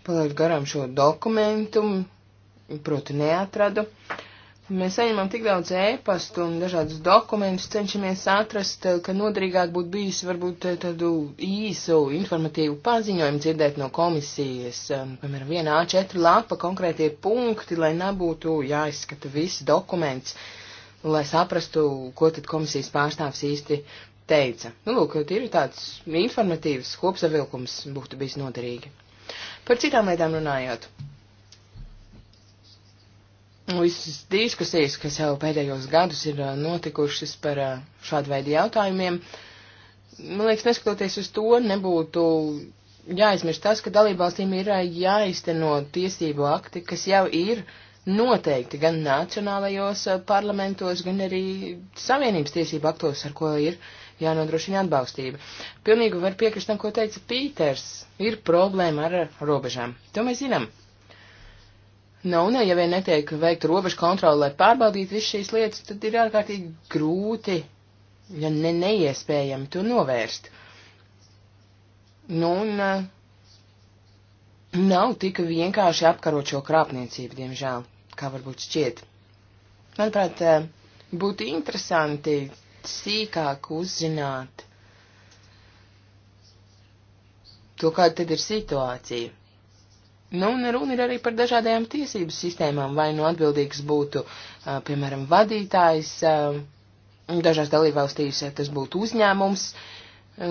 S4: palaidu garām šo dokumentu, proti neatradu. Mēs saņemam tik daudz ēpastu un dažādus dokumentus, cenšamies atrast, ka noderīgāk būtu bijis varbūt tādu īsu informatīvu paziņojumu dzirdēt no komisijas. Piemēram, vienā A4 lapa konkrētie punkti, lai nebūtu jāizskata viss dokuments, lai saprastu, ko tad komisijas pārstāvs īsti teica. Nu, lūk, ir tāds informatīvs kopsavilkums būtu bijis noderīgi. Par citām lietām runājot. Nu, visas diskusijas, kas jau pēdējos gadus ir uh, notikušas par uh, šādu veidu jautājumiem, man liekas, neskatoties uz to, nebūtu jāaizmirst tas, ka dalībvalstīm ir uh, jāizteno tiesību akti, kas jau ir noteikti gan nacionālajos parlamentos, gan arī savienības tiesību aktos, ar ko ir uh, jānodrošina atbalstība. Pilnīgi var piekrist tam, ko teica Pīters. Ir problēma ar robežām. To mēs zinām. Nu, un, ja vien netiek veikta robežu kontrola, lai pārbaudītu visu šīs lietas, tad ir ārkārtīgi grūti, ja ne neiespējami to novērst. Nu, un eh, nav tik vienkārši apkarot šo krāpniecību, diemžēl, kā varbūt šķiet. Manuprāt, eh, būtu interesanti sīkāk uzzināt to, kāda tad ir situācija. Nu, un runa ir arī par dažādajām tiesību sistēmām, vai nu atbildīgs būtu, piemēram, vadītājs, dažās dalībvalstīs tas būtu uzņēmums,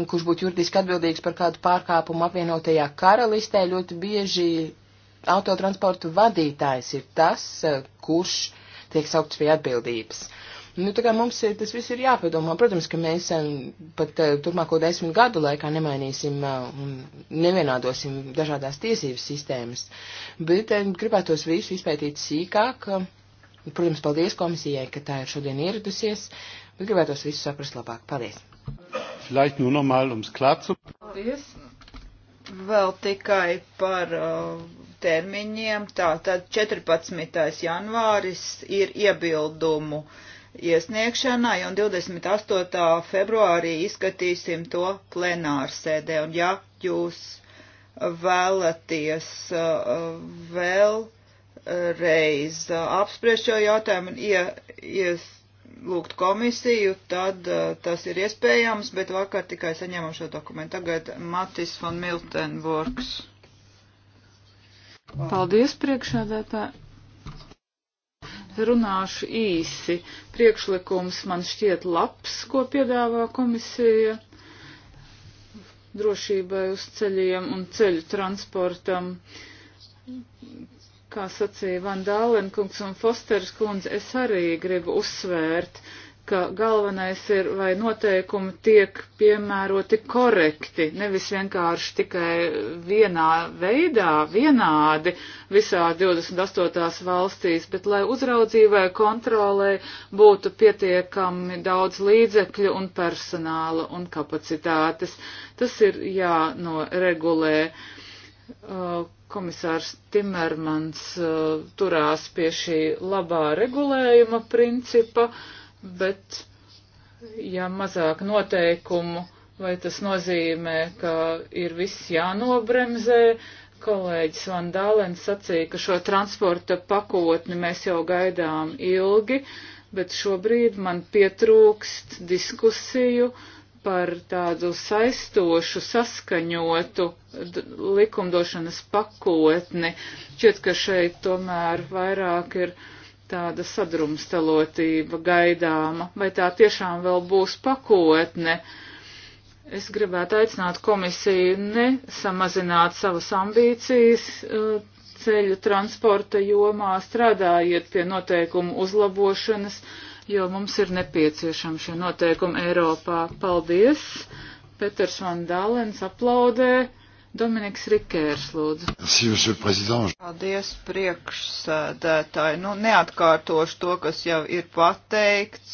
S4: kurš būtu juridiski atbildīgs par kādu pārkāpumu apvienotajā karalistē, ļoti bieži autotransportu vadītājs ir tas, kurš tiek saukts pie atbildības. Uh, Nu, tā kā mums ir, tas viss ir jāpadomā. Protams, ka mēs pat eh, turpmāko desmit gadu laikā nemainīsim eh, un nevienādosim dažādās tiesības sistēmas, bet gribētos visu izpētīt sīkāk. Protams, paldies komisijai, ka tā ir šodien ieradusies, bet gribētos visu saprast labāk. Paldies! Vielleicht nur noch mal, ums klar zu...
S3: Paldies! Vēl tikai par uh, termiņiem. Tātad 14. janvāris ir iebildumu. Uh, iesniegšanai, un 28. februārī izskatīsim to plenārsēdē. Un ja jūs vēlaties uh, vēl reiz uh, apspriest šo jautājumu un ie, ielūgt komisiju, tad uh, tas ir iespējams, bet vakar tikai saņēmām šo dokumentu. Tagad Matis von Miltenburgs.
S2: Paldies, priekšādātāji. Runāšu īsi. Priekšlikums man šķiet labs, ko piedāvā komisija drošībai uz ceļiem un ceļu transportam. Kā sacīja Van Dālenkungs un Fosters kundze, es arī gribu uzsvērt, uh, ka galvenais ir, vai noteikumi tiek piemēroti korekti, nevis vienkārši tikai vienā veidā, vienādi visās 28 valstīs, bet lai uzraudzībai, kontrolē būtu pietiekami daudz līdzekļu un personāla un kapacitātes. Tas ir jānoregulē. Uh, komisārs Timermans uh, turās pie šī labā regulējuma principa. Uh, bet ja mazāk noteikumu, vai tas nozīmē, ka ir viss jānobremzē. Kolēģis Van Dālens sacīja, ka šo transporta pakotni mēs jau gaidām ilgi, bet šobrīd man pietrūkst diskusiju par tādu saistošu, saskaņotu likumdošanas pakotni. Šķiet, ka šeit tomēr vairāk ir tāda sadrumstalotība gaidāma, vai tā tiešām vēl būs pakotne. Es gribētu aicināt komisiju nesamazināt savas ambīcijas uh, ceļu transporta jomā, strādājiet pie noteikumu uzlabošanas, jo mums ir nepieciešami šie noteikumi Eiropā. Paldies! Peters Van Dālens aplaudē. Dominiks Rikērs,
S1: lūdzu.
S3: Paldies, priekšsēdētāji. Nu, neatkārtošu to, kas jau ir pateikts.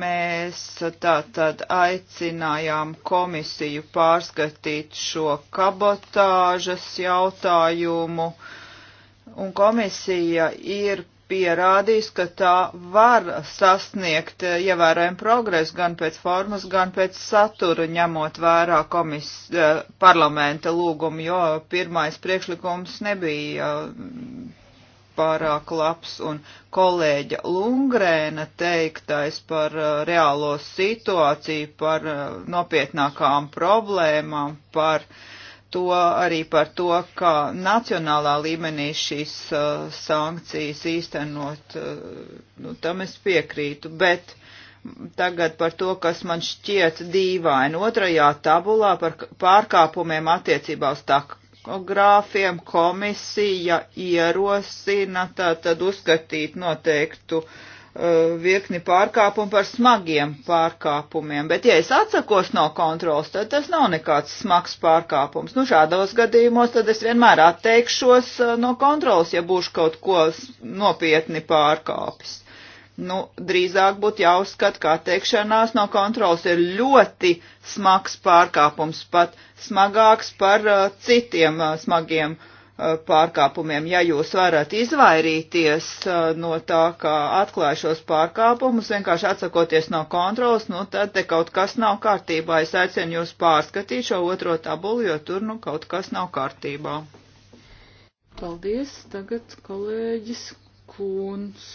S3: Mēs tātad aicinājām komisiju pārskatīt šo kabotāžas jautājumu, un komisija ir pierādījis, ka tā var sasniegt eh, ievērojumu progresu gan pēc formas, gan pēc satura, ņemot vērā komis, eh, parlamenta lūgumu, jo pirmais priekšlikums nebija eh, pārāk labs, un kolēģa Lungrēna teiktais par reālo situāciju, par nopietnākām problēmām, par uh, to arī par to, kā nacionālā līmenī šīs uh, sankcijas īstenot, uh, nu, tam es piekrītu, bet tagad par to, kas man šķiet dīvaini. Otrajā tabulā par pārkāpumiem attiecībā uz takogrāfiem komisija ierosina tātad uzskatīt noteiktu uh, Eh, virkni pārkāpumu par smagiem pārkāpumiem. Bet, ja es atsakos no kontrols, tad tas nav nekāds smags pārkāpums. Nu, šādos gadījumos tad es vienmēr atteikšos eh, no kontrols, ja būšu kaut ko nopietni pārkāpis. Nu, drīzāk būtu jāuzskata, ka atteikšanās no kontrols ir ļoti smags pārkāpums, pat smagāks par uh, citiem uh, smagiem pārkāpumiem Uh, pārkāpumiem. Ja jūs varat izvairīties uh, no tā, ka atklāj šos pārkāpumus, vienkārši atsakoties no kontrolas, nu tad te kaut kas nav kārtībā. Es aicinu jūs pārskatīt šo otro tabulu, jo tur nu kaut kas nav kārtībā.
S2: Paldies, tagad kolēģis Kūns.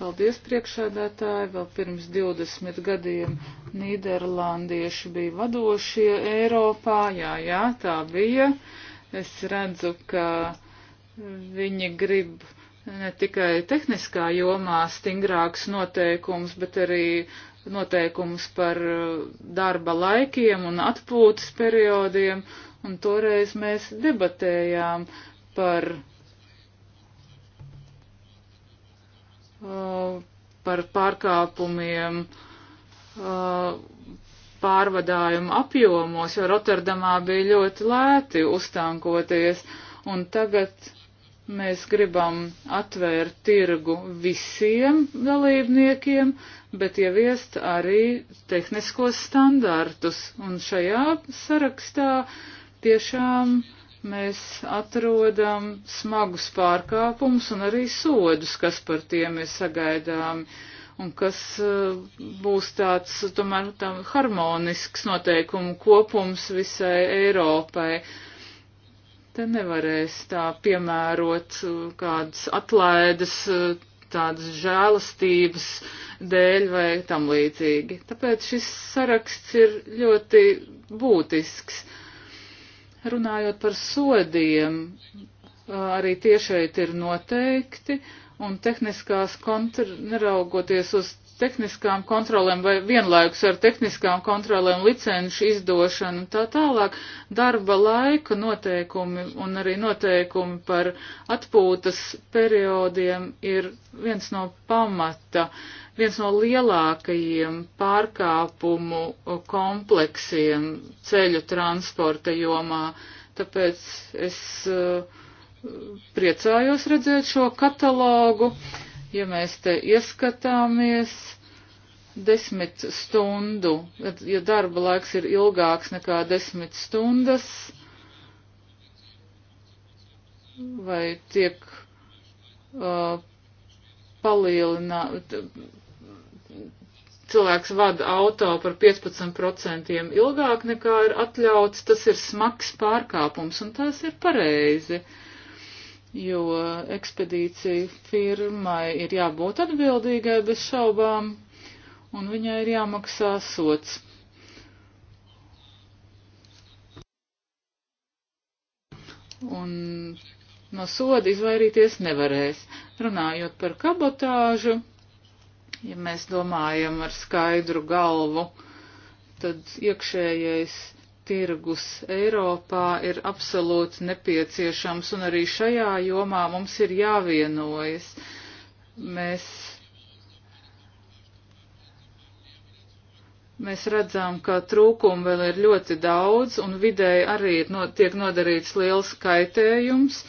S2: Paldies priekšādātāji, vēl pirms 20 gadiem Nīderlandieši bija vadošie Eiropā, jā, jā, tā bija. Uh, Es redzu, ka viņi grib ne tikai tehniskā jomā stingrāks noteikums, bet arī noteikums par uh, darba laikiem un atpūtas periodiem, un toreiz mēs debatējām par, uh, par pārkāpumiem, uh, pārvadājumu apjomos, jo Rotterdamā bija ļoti lēti uztankoties, un tagad mēs gribam atvērt tirgu visiem dalībniekiem, bet ieviest arī tehniskos standartus, un šajā sarakstā tiešām mēs atrodam smagus pārkāpumus un arī sodus, kas par tiem ir sagaidāmi un kas eh, būs tāds, tomēr, nu, tam harmonisks noteikumu kopums visai Eiropai. Te nevarēs tā piemērot eh, kādas atlaides, eh, tādas žēlastības dēļ vai tam līdzīgi. Tāpēc šis saraksts ir ļoti būtisks. Runājot par sodiem, arī tie šeit ir noteikti. Uh, un tehniskās kontro, neraugoties uz tehniskām kontrolēm vai vienlaikus ar tehniskām kontrolēm licenšu izdošanu un tā tālāk, darba laika noteikumi un arī noteikumi par atpūtas periodiem ir viens no pamata, viens no lielākajiem pārkāpumu kompleksiem ceļu transporta jomā. Tāpēc es uh, priecājos redzēt šo katalogu. Ja mēs te ieskatāmies desmit stundu, ja darba laiks ir ilgāks nekā desmit stundas, vai tiek uh, palielināta, cilvēks vada auto par 15% ilgāk nekā ir atļauts, tas ir smags pārkāpums un tas ir pareizi. Uh, jo ekspedīcija firmai ir jābūt atbildīgai bez šaubām, un viņai ir jāmaksā sots. Un no soda izvairīties nevarēs. Runājot par kabotāžu, ja mēs domājam ar skaidru galvu, tad iekšējais tirgus Eiropā ir absolūti nepieciešams, un arī šajā jomā mums ir jāvienojas. Mēs, mēs redzam, ka trūkumu vēl ir ļoti daudz, un vidēji arī no, tiek nodarīts liels kaitējums.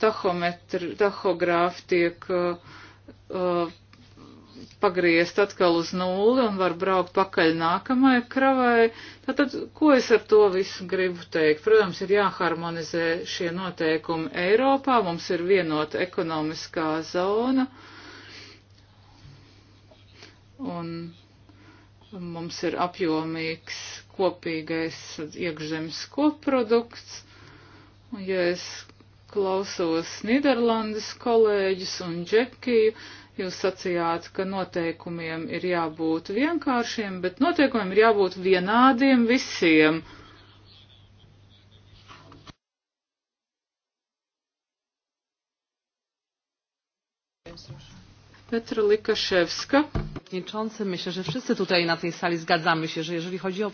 S2: Tahometri, tahogrāfi tiek uh, uh, pagriezt atkal uz nulli un var braukt pakaļ nākamajai kravai. Tātad, ko es ar to visu gribu teikt? Protams, ir jāharmonizē šie noteikumi Eiropā, mums ir vienota ekonomiskā zona. Un mums ir apjomīgs kopīgais iekšzemes koprodukts. Un, ja es klausos Nīderlandes kolēģis un Džekiju, Jūs sacījāt, ka noteikumiem ir jābūt vienkāršiem, bet noteikumiem ir jābūt vienādiem visiem. Petra Likaševska. Myślę, że wszyscy tutaj na tej sali zgadzamy się, że jeżeli chodzi o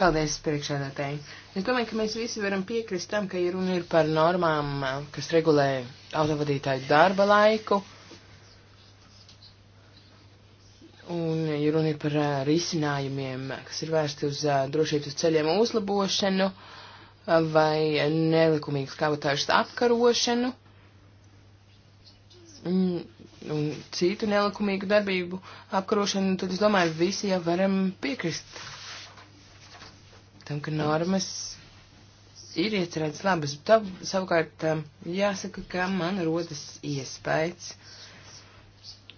S4: Paldies, priekšsēdētāji. Es domāju, ka mēs visi varam piekrist tam, ka ja runa ir par normām, kas regulē autovadītāju darba laiku, Un, ja runa ir par uh, risinājumiem, kas ir vērsti uz uh, drošības ceļiem uzlabošanu uh, vai nelikumīgas kabatāžas apkarošanu un, un citu nelikumīgu darbību apkarošanu, tad es domāju, visi jau varam piekrist tam, ka normas ir iecerētas labas. Tad, savukārt, jāsaka, ka man rodas iespējas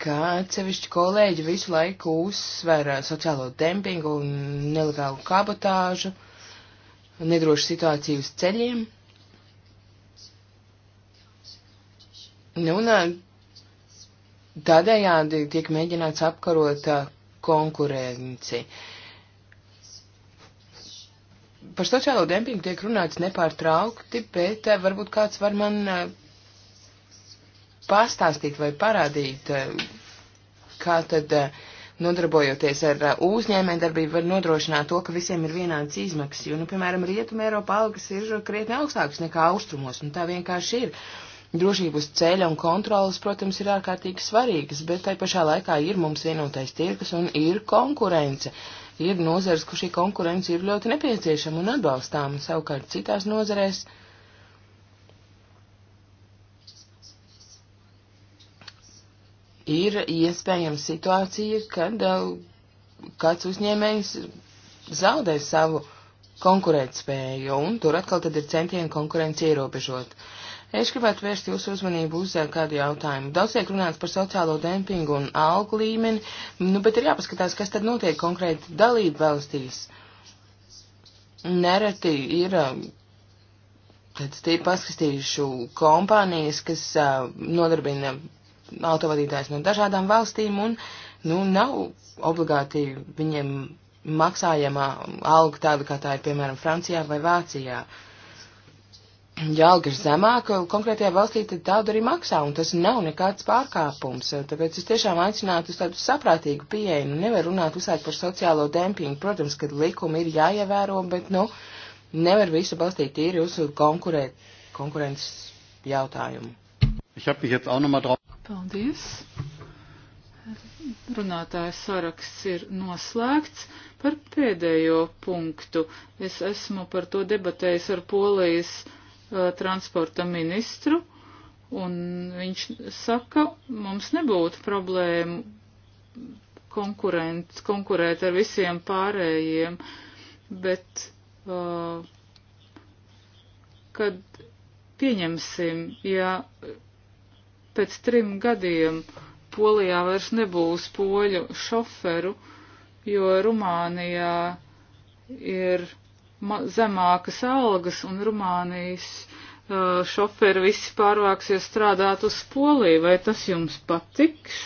S4: ka atsevišķi kolēģi visu laiku uzsver uh, sociālo dempingu un nelegālu kabotāžu, nedrošu situāciju uz ceļiem. Nu, un uh, tādējādi tiek mēģināts apkarot uh, konkurenci. Par sociālo dempingu tiek runāts nepārtraukti, bet varbūt kāds var man pastāstīt vai parādīt, eh, kā tad eh, nodarbojoties ar eh, uzņēmē darbību var nodrošināt to, ka visiem ir vienādas izmaksas, jo, nu, piemēram, Rietuma Eiropā algas ir krietni augstākas nekā austrumos, un tā vienkārši ir. Drošības ceļa un kontrolas, protams, ir ārkārtīgi svarīgas, bet tai pašā laikā ir mums vienotais tirgus un ir konkurence. Ir nozars, kur šī konkurence ir ļoti nepieciešama un atbalstāma, savukārt citās nozarēs. Uh, ir iespējama situācija, kad uh, kāds uzņēmējs zaudē savu konkurētspēju, un tur atkal tad ir centieni konkurenci ierobežot. Es gribētu vērst jūsu uzmanību uz uh, kādu jautājumu. Daudz tiek runāts par sociālo dempingu un algu līmeni, nu, bet ir jāpaskatās, kas tad notiek konkrēti dalību valstīs. Nereti ir tāds uh, tīri paskatījušu kompānijas, kas uh, nodarbina autovadītājs no dažādām valstīm, un nu, nav obligāti viņiem maksājama alga tāda, kā tā ir, piemēram, Francijā vai Vācijā. Ja alga ir zemāka, konkrētajā valstī tad tādu arī maksā, un tas nav nekāds pārkāpums. Tāpēc es tiešām aicinātu uz tādu saprātīgu pieeju. Nu, nevar runāt visādi par sociālo dempingu. Protams, ka likumi ir jāievēro, bet, nu, nevar visu balstīt tīri uz konkurēt, konkurences jautājumu.
S1: Ich habe mich jetzt auch nochmal drauf.
S4: Paldies.
S2: Runātājs saraksts ir noslēgts. Par pēdējo punktu es esmu par to debatējis ar Polijas uh, transporta ministru, un viņš saka, mums nebūtu problēmu konkurent, konkurēt ar visiem pārējiem, bet uh, kad pieņemsim, ja pēc trim gadiem Polijā vairs nebūs poļu šoferu, jo Rumānijā ir zemākas algas un Rumānijas uh, šoferi visi pārvāksies strādāt uz Poliju. Vai tas jums patiks?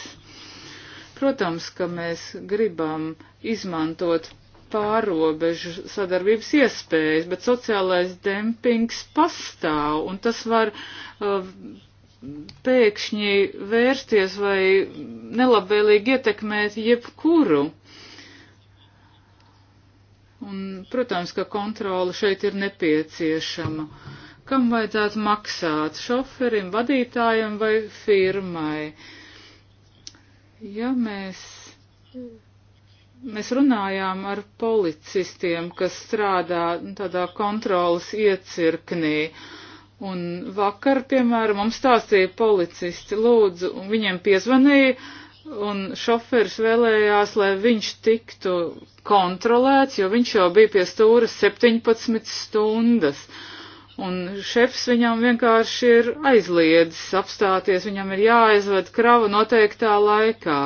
S2: Protams, ka mēs gribam izmantot pārobežu sadarbības iespējas, bet sociālais dempings pastāv, un tas var uh, pēkšņi vērsties vai nelabvēlīgi ietekmēt jebkuru. Un, protams, ka kontrola šeit ir nepieciešama. Kam vajadzētu maksāt? Šoferim, vadītājam vai firmai? Ja mēs, mēs runājām ar policistiem, kas strādā tādā kontrolas iecirknī, uh, Un vakar, piemēram, mums stāstīja policisti, lūdzu, un viņiem piezvanīja, un šoferis vēlējās, lai viņš tiktu kontrolēts, jo viņš jau bija pie stūra 17 stundas. Un šefs viņam vienkārši ir aizliedzis apstāties, viņam ir jāaizved krava noteiktā laikā.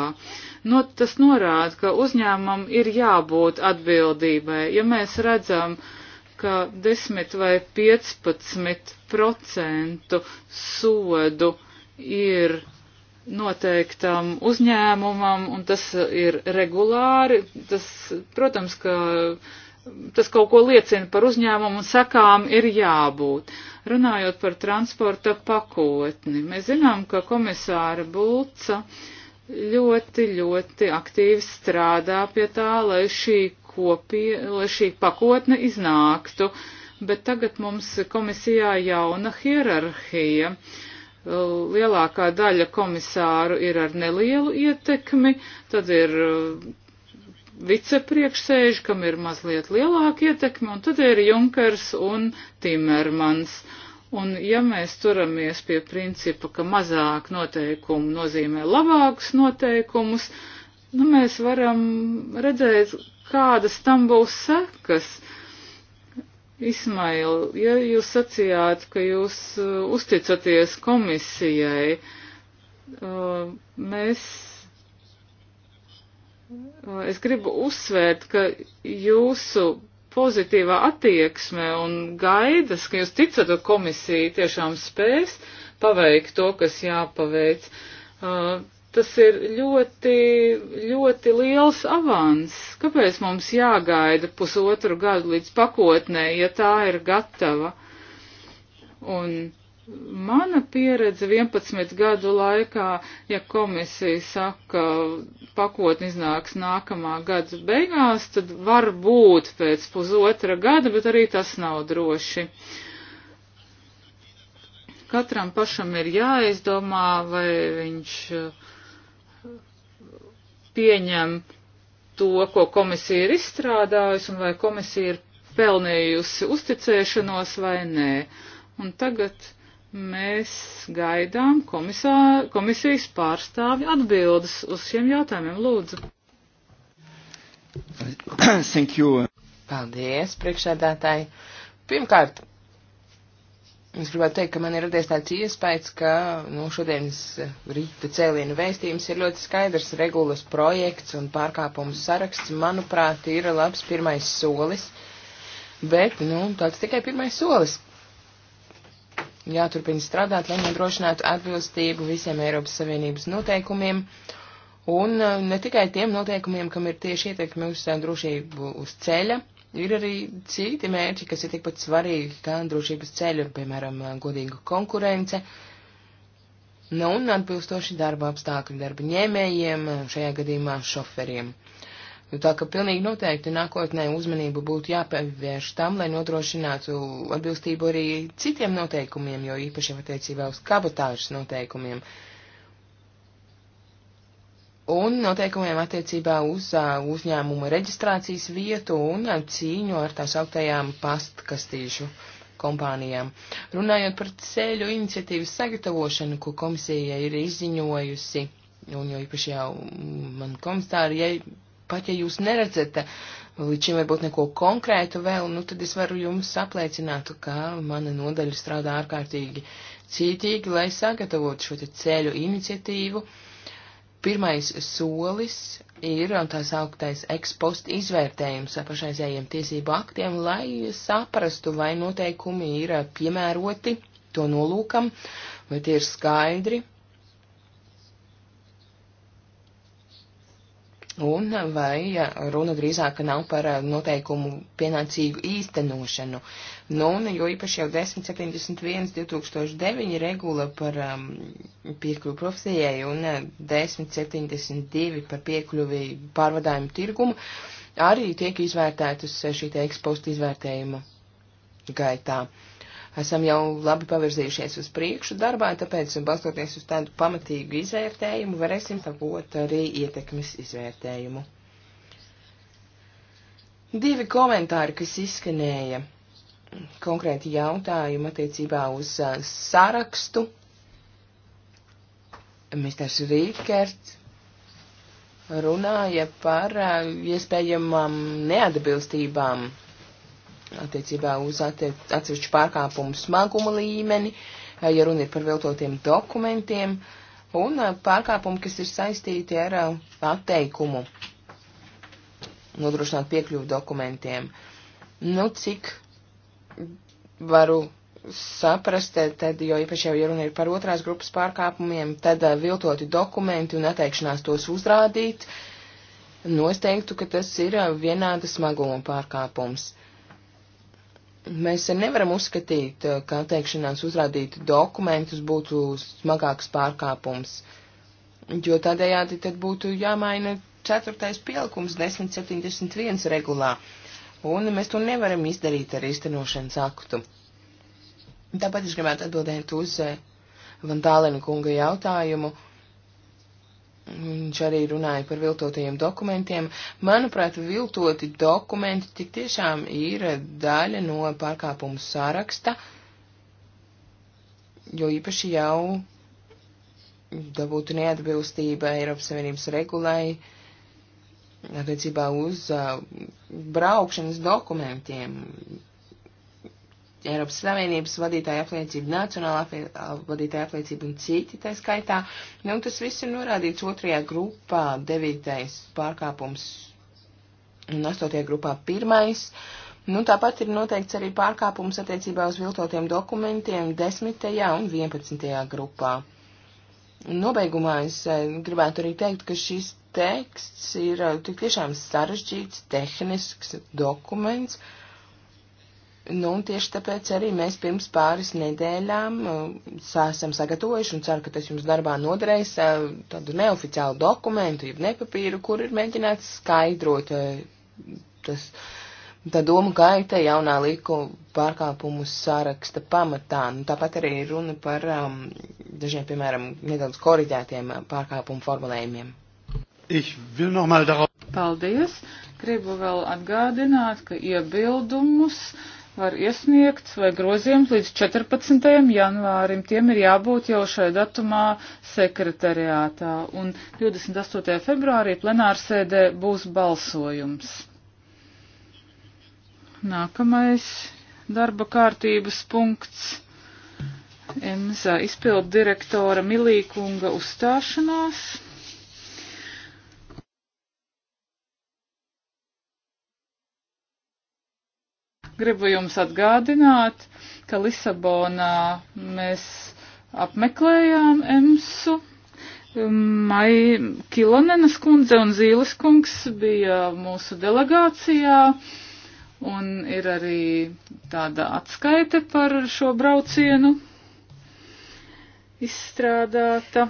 S2: No, nu, tas norāda, ka uzņēmumam ir jābūt atbildībai. Ja mēs redzam, uh, ka 10 vai 15 procentu sodu ir noteiktam uzņēmumam, un tas ir regulāri. Tas, protams, ka tas kaut ko liecina par uzņēmumu un sakām ir jābūt. Runājot par transporta pakotni, mēs zinām, ka komisāra Bulca ļoti, ļoti aktīvi strādā pie tā, lai šī kopie, lai šī pakotne iznāktu, bet tagad mums komisijā jauna hierarhija. Lielākā daļa komisāru ir ar nelielu ietekmi, tad ir uh, vicepriekšsēži, kam ir mazliet lielāka ietekme, un tad ir Junkers un Timermans. Un ja mēs turamies pie principa, ka mazāk noteikumu nozīmē labākus noteikumus, nu mēs varam redzēt, kādas tam būs sekas? Ismail, ja jūs sacījāt, ka jūs uh, uzticaties komisijai, uh, mēs, uh, es gribu uzsvērt, ka jūsu pozitīvā attieksme un gaidas, ka jūs ticat, ka komisija tiešām spēs paveikt to, kas jāpaveic. Uh, tas ir ļoti, ļoti liels avans. Kāpēc mums jāgaida pusotru gadu līdz pakotnē, ja tā ir gatava? Un mana pieredze 11 gadu laikā, ja komisija saka, pakotni iznāks nākamā gada beigās, tad var būt pēc pusotra gada, bet arī tas nav droši. Katram pašam ir jāizdomā, vai viņš uh, pieņem to, ko komisija ir izstrādājusi un vai komisija ir pelnījusi uzticēšanos vai nē. Un tagad mēs gaidām komisā, komisijas pārstāvju atbildes uz šiem jautājumiem.
S4: Lūdzu.
S3: Thank you.
S4: Paldies, priekšsēdētāji. Pirmkārt, Es gribētu teikt, ka man ir radies tāds iespējas, ka nu, šodienas rīta cēlienu vēstījums ir ļoti skaidrs. Regulas projekts un pārkāpumu saraksts, manuprāt, ir labs pirmais solis. Bet, nu, tāds tikai pirmais solis. Jāturpina strādāt, lai nodrošinātu atbilstību visiem Eiropas Savienības noteikumiem. Un uh, ne tikai tiem noteikumiem, kam ir tieši ietekme uz uh, drošību uz ceļa, Ir arī citi mērķi, kas ir tikpat svarīgi kā drošības ceļu, piemēram, godīga konkurence. Nu, un atbilstoši darba apstākļi darba ņēmējiem, šajā gadījumā šoferiem. Nu, tā ka pilnīgi noteikti nākotnē uzmanību būtu jāpievērš tam, lai nodrošinātu atbilstību arī citiem noteikumiem, jo īpaši attiecībā uz kabatāžas noteikumiem. Uh, un noteikumiem attiecībā uz uh, uzņēmuma reģistrācijas vietu un uh, cīņu ar tās augtajām pastkastīšu kompānijām. Runājot par ceļu iniciatīvas sagatavošanu, ko komisija ir izziņojusi, un jo īpaši jau man komisāri, ja pat ja jūs neredzat līdz šim varbūt neko konkrētu vēl, nu tad es varu jums apliecināt, ka mana nodaļa strādā ārkārtīgi cītīgi, lai sagatavotu šo ceļu iniciatīvu. Uh, Pirmais solis ir tā sauktais ekspost izvērtējums ar pašaizējiem tiesību aktiem, lai saprastu, vai noteikumi ir piemēroti to nolūkam, vai tie ir skaidri, Un vai runa drīzāk nav par eh, noteikumu pienācīgu īstenošanu? Nu, un, jo īpaši jau 1071 2009 regula par um, ehm, piekļuvu profesijai un 1072 eh, par piekļuvi pārvadājumu tirgumu arī tiek izvērtētas eh, šī te ekspostu izvērtējuma gaitā. Uh, esam jau labi pavirzījušies uz priekšu darbā, tāpēc, balstoties uz tādu pamatīgu izvērtējumu, varēsim tagot arī ietekmes izvērtējumu. Divi komentāri, kas izskanēja konkrēti jautājumi attiecībā uz uh, sarakstu. Misters Rīkerts runāja par uh, iespējamām neatbilstībām attiecībā uz atsevišķu pārkāpumu smaguma līmeni, eh, ja runa ir par viltotiem dokumentiem, un eh, pārkāpumu, kas ir saistīti ar eh, atteikumu nodrošināt piekļuvu dokumentiem. Nu, cik varu saprast, tad, jo īpaši jau, ja runa ir par otrās grupas pārkāpumiem, tad viltoti dokumenti un atteikšanās tos uzrādīt, nosteiktu, nu, ka tas ir vienāda smaguma pārkāpums. Mēs nevaram uzskatīt, eh, ka atteikšanās uzrādīt dokumentus būtu smagāks pārkāpums, jo tādējādi tad būtu jāmaina ceturtais pielikums 1071 regulā, un mēs to nevaram izdarīt ar iztenošanas aktu. Tāpēc es gribētu atbildēt uz eh, Vandālina kunga jautājumu. Uh, Viņš arī runāja par viltotajiem dokumentiem. Manuprāt, viltoti dokumenti tik tiešām ir daļa no pārkāpumu sāraksta, jo īpaši jau dabūtu neatbilstība Eiropas Savienības regulai attiecībā uz uh, braukšanas dokumentiem, Eiropas Savienības vadītāja apliecība, nacionāla aplie, vadītāja apliecība un citi tā skaitā. Nu, tas viss ir norādīts otrajā grupā, devītais pārkāpums un astotajā grupā pirmais. Nu, tāpat ir noteikts arī pārkāpums attiecībā uz viltotiem dokumentiem desmitajā un vienpadsmitajā grupā. Nobeigumā es e, gribētu arī teikt, ka šis teksts ir e, tik tiešām sarežģīts, tehnisks dokuments. Uh, Nu, un tieši tāpēc arī mēs pirms pāris nedēļām uh, esam sagatavojuši un ceru, ka tas jums darbā noderēs uh, tādu neoficiālu dokumentu, jeb nepapīru, kur ir mēģināts skaidrot uh, tas, tā doma gaita jaunā liku pārkāpumu sāraksta pamatā. Nu, tāpat arī runa par um, dažiem, piemēram, nedaudz koriģētiem pārkāpumu formulējumiem. Paldies! Gribu vēl atgādināt, ka iebildumus.
S2: Ja var iesniegt vai grozījums līdz 14. janvārim. Tiem ir jābūt jau šai datumā sekretariātā. Un 28. februārī plenārsēdē būs balsojums. Nākamais darba kārtības punkts. EMSA izpildu direktora Milīkunga uzstāšanās. Gribu jums atgādināt, ka Lisabonā mēs apmeklējām Emsu. Mai Kilonenas kundze un Zīles kungs bija mūsu delegācijā un ir arī tāda atskaite par šo braucienu izstrādāta.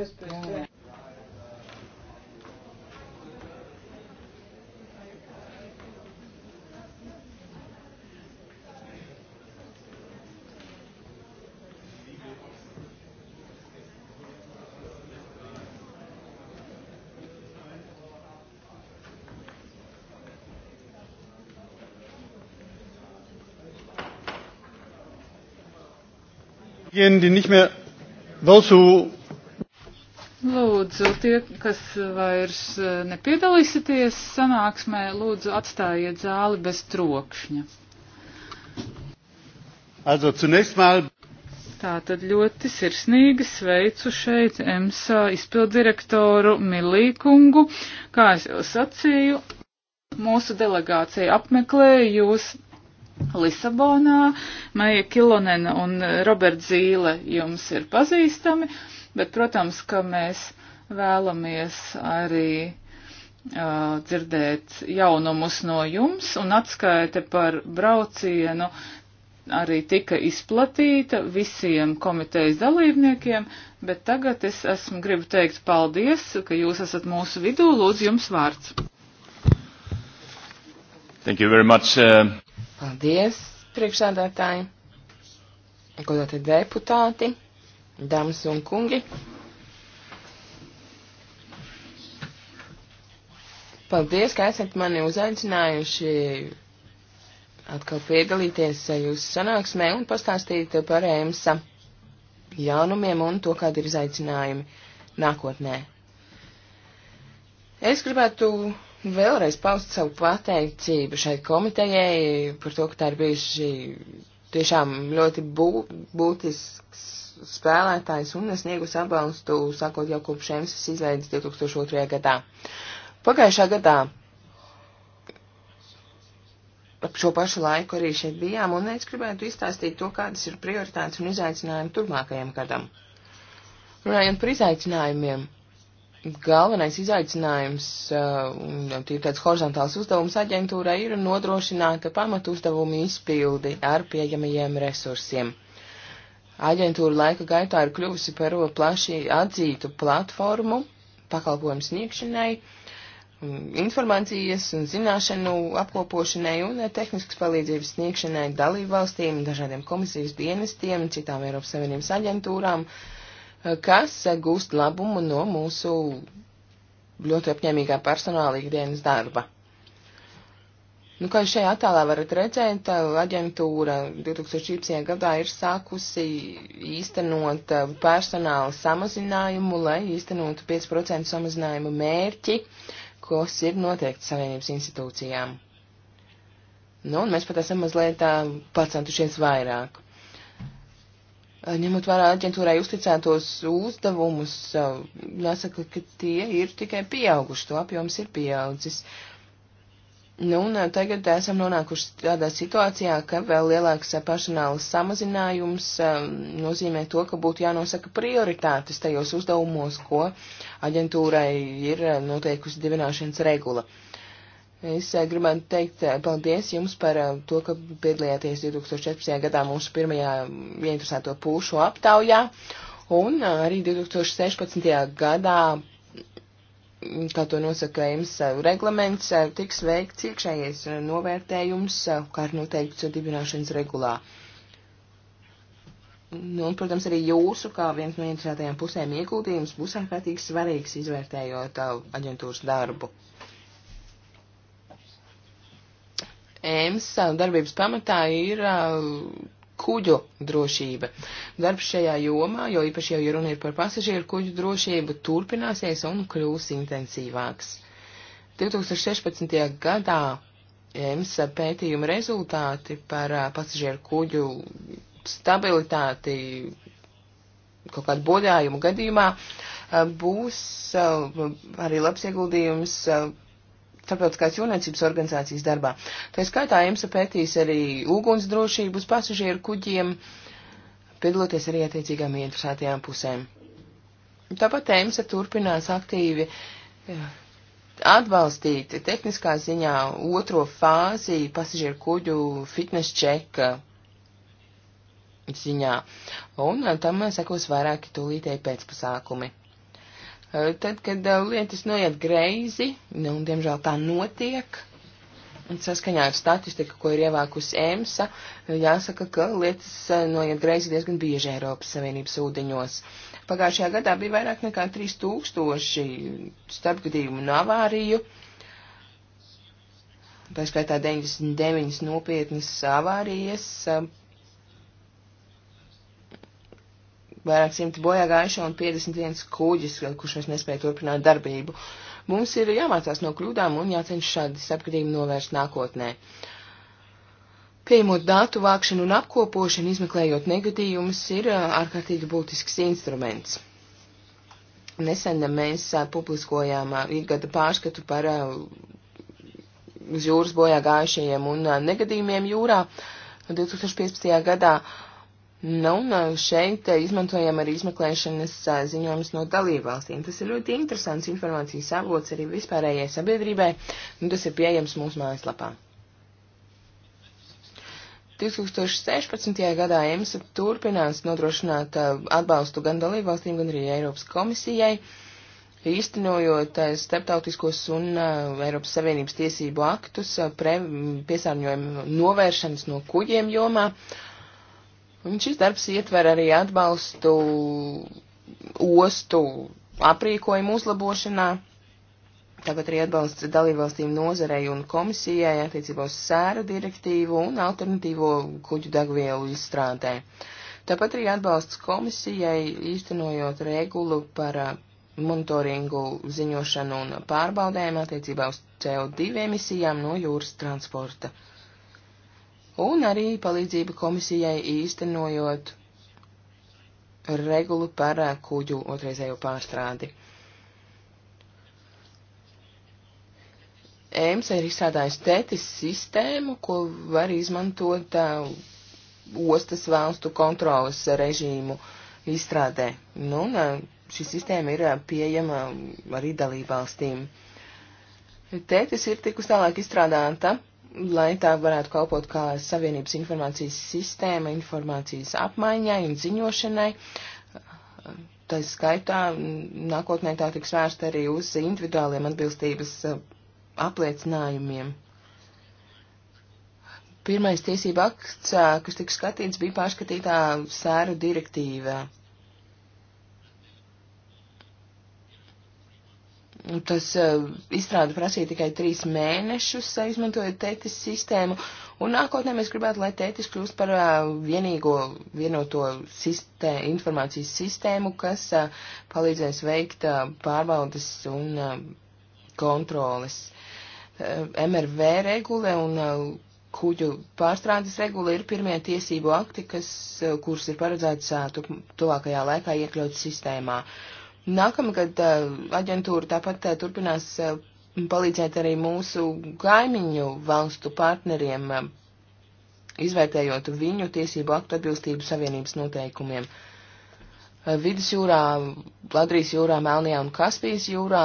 S3: Yes, please. Yeah.
S1: diejenigen die nicht mehr those who
S2: Lūdzu, tie, kas vairs e, nepiedalīsieties sanāksmē, lūdzu atstājiet zāli bez trokšņa. Also, mal... Tā tad ļoti sirsnīgi sveicu šeit EMSA izpildirektoru Milīkungu. Kā es jau sacīju, mūsu delegācija apmeklēja jūs Lisabonā. Maija Kilonena un Robert Zīle jums ir pazīstami, bet, protams, ka mēs vēlamies arī uh, dzirdēt jaunumus no jums, un atskaite par braucienu arī tika izplatīta visiem komitejas dalībniekiem, bet tagad es esmu gribu teikt paldies, ka jūs esat mūsu vidū, lūdzu jums vārds.
S1: Thank you very much. Uh...
S4: Paldies, priekšsādātāji, godāti deputāti, dāmas un kungi. Paldies, ka esat mani uzaicinājuši atkal piedalīties jūsu sanāksmē un pastāstīt par EMSA jaunumiem un to, kādi ir izaicinājumi nākotnē. Es gribētu vēlreiz paust savu pateicību šai komitejai par to, ka tā ir bijusi tiešām ļoti bū, būtisks spēlētājs un es sniegus atbalstu, sākot jau kopš šēmas izveidas 2002. gadā. Pagājušā gadā ap šo pašu laiku arī šeit bijām, un es gribētu izstāstīt to, kādas ir prioritātes un izaicinājumi turpmākajam gadam. Runājot par izaicinājumiem, galvenais izaicinājums, uh, un ir tāds horizontāls uzdevums aģentūrai, ir nodrošināt pamatu uzdevumu izpildi ar pieejamajiem resursiem. Aģentūra laika gaitā ir kļuvusi par plaši atzītu platformu pakalpojumu sniegšanai, informācijas un zināšanu apkopošanai un tehniskas palīdzības sniegšanai dalībvalstīm, dažādiem komisijas dienestiem, citām Eiropas Savienības aģentūrām, uh, kas gūst labumu no mūsu ļoti apņēmīgā personāla ikdienas darba. Nu, kā jūs šajā attēlā varat redzēt, aģentūra 2014. gadā ir sākusi īstenot uh, personāla samazinājumu, lai īstenotu 5% samazinājumu mērķi, kas ir noteikti savienības institūcijām. Nu, un mēs pat esam mazliet uh, pacentušies vairāk. Eh, ņemot vērā aģentūrai uzticētos uzdevumus, eh, jāsaka, ka tie ir tikai pieauguši, to apjoms ir pieaudzis. Nu, un eh, tagad esam nonākuši tādā situācijā, ka vēl lielāks personāla samazinājums nozīmē to, ka būtu jānosaka prioritātes tajos uzdevumos, ko aģentūrai ir noteikusi divināšanas regula. Uh, Es eh, gribētu teikt eh, paldies jums par eh, to, ka piedalījāties 2014. gadā mūsu pirmajā ieinteresēto pušu aptaujā un arī 2016. gadā, mm, kā to nosaka jums reglaments, tiks veikts iekšējais novērtējums, kā ir noteikts dibināšanas regulā. Nu, un, protams, arī jūsu, kā viens no interesētajām pusēm, ieguldījums būs ārkārtīgi svarīgs, izvērtējot aģentūras darbu. EMSA darbības pamatā ir kuģu drošība. Darbs šajā jomā, jo īpaši jau runa ir par pasažieru kuģu drošību, turpināsies un kļūs intensīvāks. 2016. gadā EMSA pētījuma rezultāti par pasažieru kuģu stabilitāti kaut kādu bodājumu gadījumā būs arī labs ieguldījums starptautiskās jūrniecības organizācijas darbā. Tā skaitā EMSA pētīs arī ugunsdrošības pasažieru kuģiem, piedaloties arī attiecīgām interesētajām pusēm. Tāpat EMSA turpinās aktīvi e, atbalstīt tehniskā ziņā otro fāzi pasažieru kuģu fitnes čeka ziņā, un tam sekos vairāki tūlītēji pēcpasākumi. Eh, tad, kad eh, lietas noiet greizi, nu, un diemžēl tā notiek, un saskaņā ar statistiku, ko ir ievākusi EMSA, jāsaka, ka lietas eh, noiet greizi diezgan bieži Eiropas Savienības ūdeņos. Pagājušajā gadā bija vairāk nekā 3000 starpgadījumu un avāriju, tā skaitā 99 nopietnas avārijas vairāk simti bojāgājušo un 51 kuģis, kurš vairs nespēja turpināt darbību. Mums ir jāmācās no kļūdām un jācenšas šādi sapgadījumi novērst nākotnē. Pieņemot datu vākšanu un apkopošanu, izmeklējot negadījumus, ir ārkārtīgi būtisks instruments. Nesen mēs publiskojām ikgada pārskatu par uz jūras bojā gājušajiem un negadījumiem jūrā 2015. gadā Nu, un šeit izmantojam arī izmeklēšanas ziņojumus no dalībvalstīm. Tas ir ļoti interesants informācijas avots arī vispārējai sabiedrībai, un nu, tas ir pieejams mūsu mājaslapā. 2016. gadā EMSA turpinās nodrošināt atbalstu gan dalībvalstīm, gan arī Eiropas komisijai, īstenojot starptautiskos un Eiropas Savienības tiesību aktus pre piesārņojuma novēršanas no kuģiem jomā Un šis darbs ietver arī atbalstu ostu aprīkojumu uzlabošanā, tāpat arī atbalsts dalībvalstīm nozarei un komisijai attiecībā uz sēra direktīvu un alternatīvo kuģu degvielu izstrādē. Tāpat arī atbalsts komisijai īstenojot regulu par uh, monitoringu ziņošanu un pārbaudēm attiecībā uz CO2 emisijām no jūras transporta un arī palīdzība komisijai īstenojot regulu par kuģu otrreizējo pārstrādi. EMSA ir izstrādājis tētis sistēmu, ko var izmantot uh, ostas valstu kontrolas režīmu izstrādē. Nu, un uh, šī sistēma ir uh, pieejama arī dalībvalstīm. Tētis ir tikus tālāk izstrādāta lai tā varētu kalpot kā Savienības informācijas sistēma informācijas apmaiņai un ziņošanai. Tā skaitā nākotnē tā tiks vērsta arī uz individuāliem atbilstības uh, apliecinājumiem. Pirmais tiesība akts, uh, kas tika skatīts, bija pārskatītā sēru direktīvā Tas uh, izstrāde prasīja tikai trīs mēnešus, uh, izmantojot tētis sistēmu, un nākotnē mēs gribētu, lai tētis kļūst par uh, vienīgo vienoto sistē, informācijas sistēmu, kas uh, palīdzēs veikt uh, pārbaudas un uh, kontroles. Uh, MRV regule un uh, kuģu pārstrādes regula ir pirmie tiesību akti, kas, uh, kurus ir paredzēts uh, tuvākajā laikā iekļaut sistēmā. Uh, Nākamgad aģentūra tāpat turpinās palīdzēt arī mūsu kaimiņu valstu partneriem, izvērtējot viņu tiesību aktu atbilstību savienības noteikumiem. Vidus jūrā, Ladrijas jūrā, Melnijā un Kaspijas jūrā,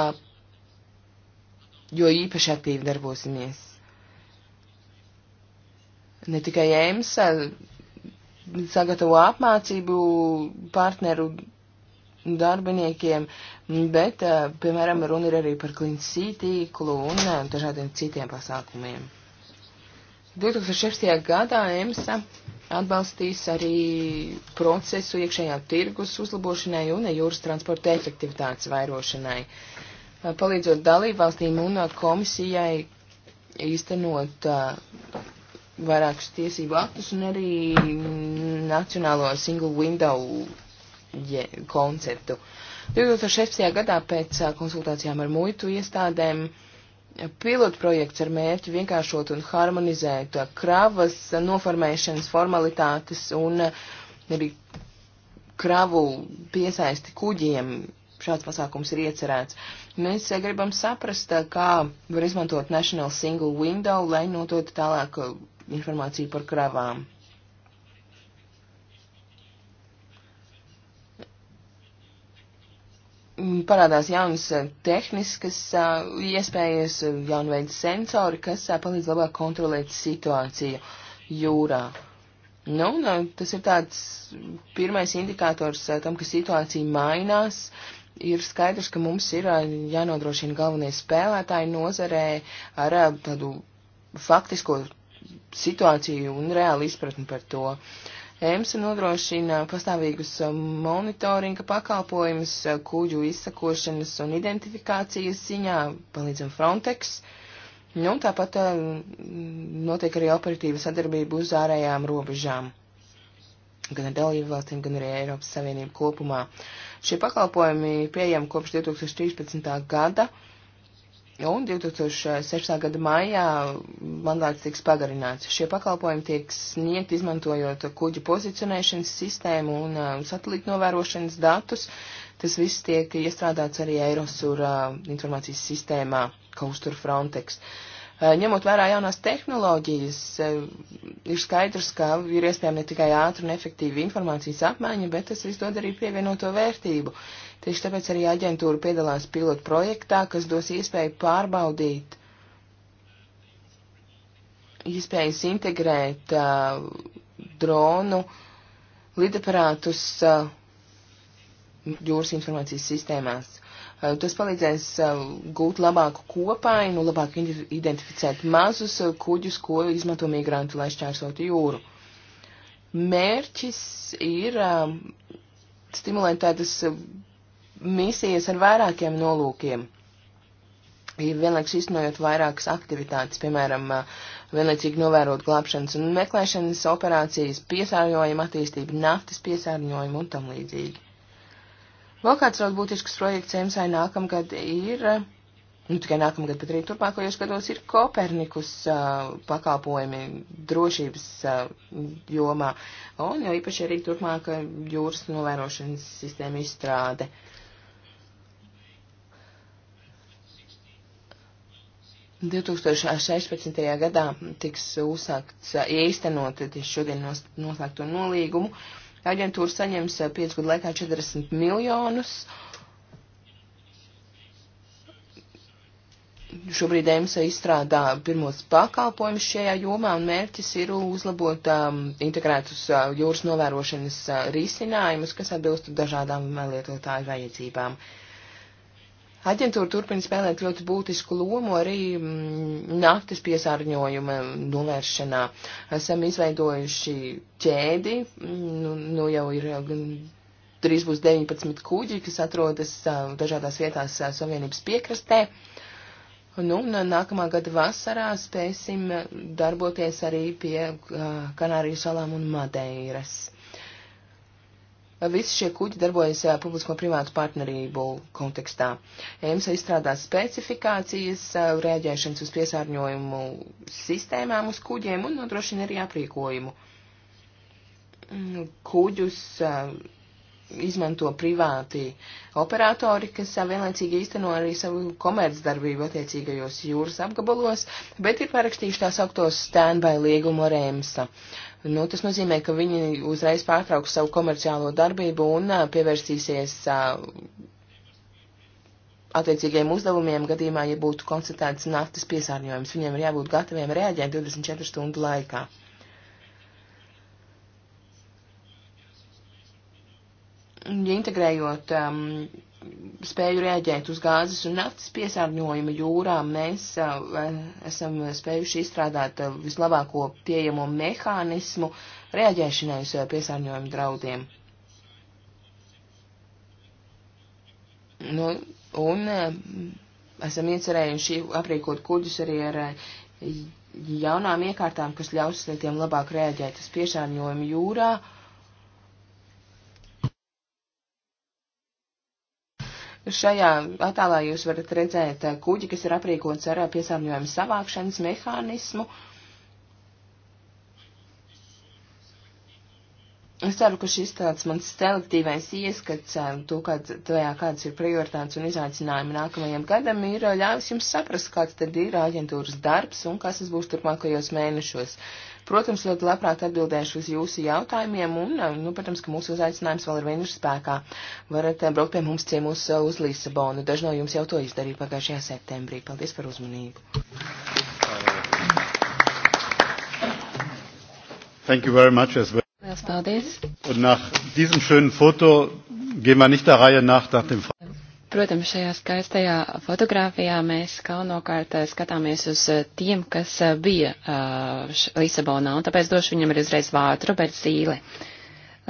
S4: jo īpaši aktīvi darbosimies. Ne tikai EMSA sagatavo apmācību partneru darbiniekiem, bet, eh, piemēram, runa ir arī par kliņcī tīklu un eh, dažādiem citiem pasākumiem. 2016. gadā EMSA atbalstīs arī procesu iekšējā tirgus uzlabošanai un jūras transporta efektivitātes vairošanai, eh, palīdzot dalībvalstīm un komisijai īstenot vairākus tiesību aktus un arī nacionālo single window konceptu. 2016. gadā pēc konsultācijām ar muitu iestādēm pilotprojekts ar mērķi vienkāršot un harmonizēt kravas noformēšanas formalitātes un arī kravu piesaisti kuģiem. Šāds pasākums ir iecerēts. Mēs gribam saprast, kā var izmantot National Single Window, lai nototu tālāk informāciju par kravām. Mm, parādās jaunas eh, tehniskas eh, iespējas, eh, jaunu veidu sensori, kas palīdz labāk kontrolēt situāciju jūrā. Nu, un, tas ir tāds pirmais indikators tam, ka situācija mainās. Ir skaidrs, ka mums ir jānodrošina galvenie spēlētāji nozarē ar tādu faktisko situāciju un reāli izpratni par to. Uh, EMSA nodrošina pastāvīgus um, monitoringa pakalpojumus uh, kuģu izsakošanas un identifikācijas ziņā, palīdzam Frontex. Nu, tāpat uh, notiek arī operatīva sadarbība uz ārējām robežām, gan ar dalību valstīm, gan arī Eiropas Savienību kopumā. Šie pakalpojumi pieejami kopš 2013. gada. Un 2016. gada maijā mandāts tiks pagarināts. Šie pakalpojumi tiek sniegt izmantojot kuģu pozicionēšanas sistēmu un uh, satelītu novērošanas datus. Tas viss tiek iestrādāts arī Eirosur uh, informācijas sistēmā, kā uztur Frontex. Uh, Eh, ņemot vērā jaunās tehnoloģijas, eh, ir skaidrs, ka ir iespējama ne tikai ātra un efektīva informācijas apmaiņa, bet tas viss dod arī pievienoto vērtību. Tieši tāpēc arī aģentūra piedalās pilotu projektā, kas dos iespēju pārbaudīt iespējas integrēt uh, dronu lidaparātus uh, jūras informācijas sistēmās. Eh, tas palīdzēs eh, gūt labāku kopainu, labāk identificēt mazus eh, kuģus, ko izmanto migranti, lai šķērsotu jūru. Mērķis ir stimulēt tādas misijas ar vairākiem nolūkiem. Ir vienlaiks iznojot vairākas aktivitātes, piemēram, vienlaicīgi novērot glābšanas un meklēšanas operācijas, piesārņojumu attīstību, naftas piesārņojumu un tam līdzīgi. Vēl kāds ļoti būtisks projekts EMSAI nākamgad ir, nu tikai nākamgad, bet arī turpmākajos gados ir Kopernikus uh, pakalpojumi drošības uh, jomā, un jau īpaši arī turpmāka jūras novērošanas sistēma izstrāde. Uh, 2016. gadā tiks uzsākts, uh, īstenot šodien noslēgto nolīgumu, aģentūra saņems 5 eh, gadu laikā 40 miljonus. Šobrīd EMSA izstrādā pirmos pakalpojumus šajā jomā, un mērķis ir uzlabot um, integrētus uh, jūras novērošanas uh, risinājumus, kas atbilstu dažādām lietotāju vajadzībām. Uh, Aģentūra turpina spēlēt ļoti būtisku lomu arī mm, naftas piesārņojuma novēršanā. Esam izveidojuši ķēdi, mm, nu, nu jau ir mm, drīz būs 19 kuģi, kas atrodas dažādās vietās Savienības piekrastē. Nu, un nākamā gada vasarā spēsim darboties arī pie Kanāriju salām un Madeiras. Visi šie kuģi darbojas publisko-privātu partnerību kontekstā. EMSA izstrādās specifikācijas rēģēšanas uz piesārņojumu sistēmām uz kuģiem un nodrošina arī aprīkojumu. Mm, kuģus izmanto privāti operatori, kas vienlaicīgi īsteno arī savu komercdarbību attiecīgajos jūras apgabalos, bet ir parakstījuši tās augtos standby līgumu ar EMSA. Nu, tas nozīmē, ka viņi uzreiz pārtrauks savu komerciālo darbību un pievērsīsies attiecīgajiem uzdevumiem gadījumā, ja būtu konstatēts naftas piesārņojums. Viņiem ir jābūt gataviem rēģēt 24 stundu laikā. integrējot um, spēju rēģēt uz gāzes un naftas piesārņojumu jūrā, mēs esam spējuši izstrādāt vislabāko pieejamo mehānismu rēģēšanai uz piesārņojumu draudiem. Nu, un esam iecerējuši aprīkot kuģus arī ar jaunām iekārtām, kas ļaus tiem labāk rēģēt uz piesārņojumu jūrā. Uh, Šajā attēlā jūs varat redzēt eh, kuģi, kas ir aprīkots ar eh, piesārņojumu savākšanas mehānismu. Es ceru, ka šis tāds mans selektīvais ieskats eh, to, kāds, tajā, kādas ir prioritātes un izaicinājumi nākamajam gadam, ir ļāvis jums saprast, kāds tad ir aģentūras darbs un kas tas būs turpmākajos mēnešos. Uh, Protams, ļoti labprāt atbildēšu uz jūsu jautājumiem, un, eh, nu, protams, ka mūsu uzaicinājums vēl ir vienuši spēkā. Varat eh, braukt pie mums ciemos eh, uz Lisabonu. Daži no jums jau to izdarīja pagājušajā septembrī. Paldies par uzmanību.
S1: Thank you very much as well. Lielas paldies. Un nach diesem schönen Foto gehen wir nicht der Reihe nach nach dem
S5: Protams, šajā skaistajā fotografijā mēs galvenokārt eh, skatāmies uz eh, tiem, kas eh, bija uh, Lisabonā, un tāpēc došu viņam arī uzreiz vārdu Roberts Zīle.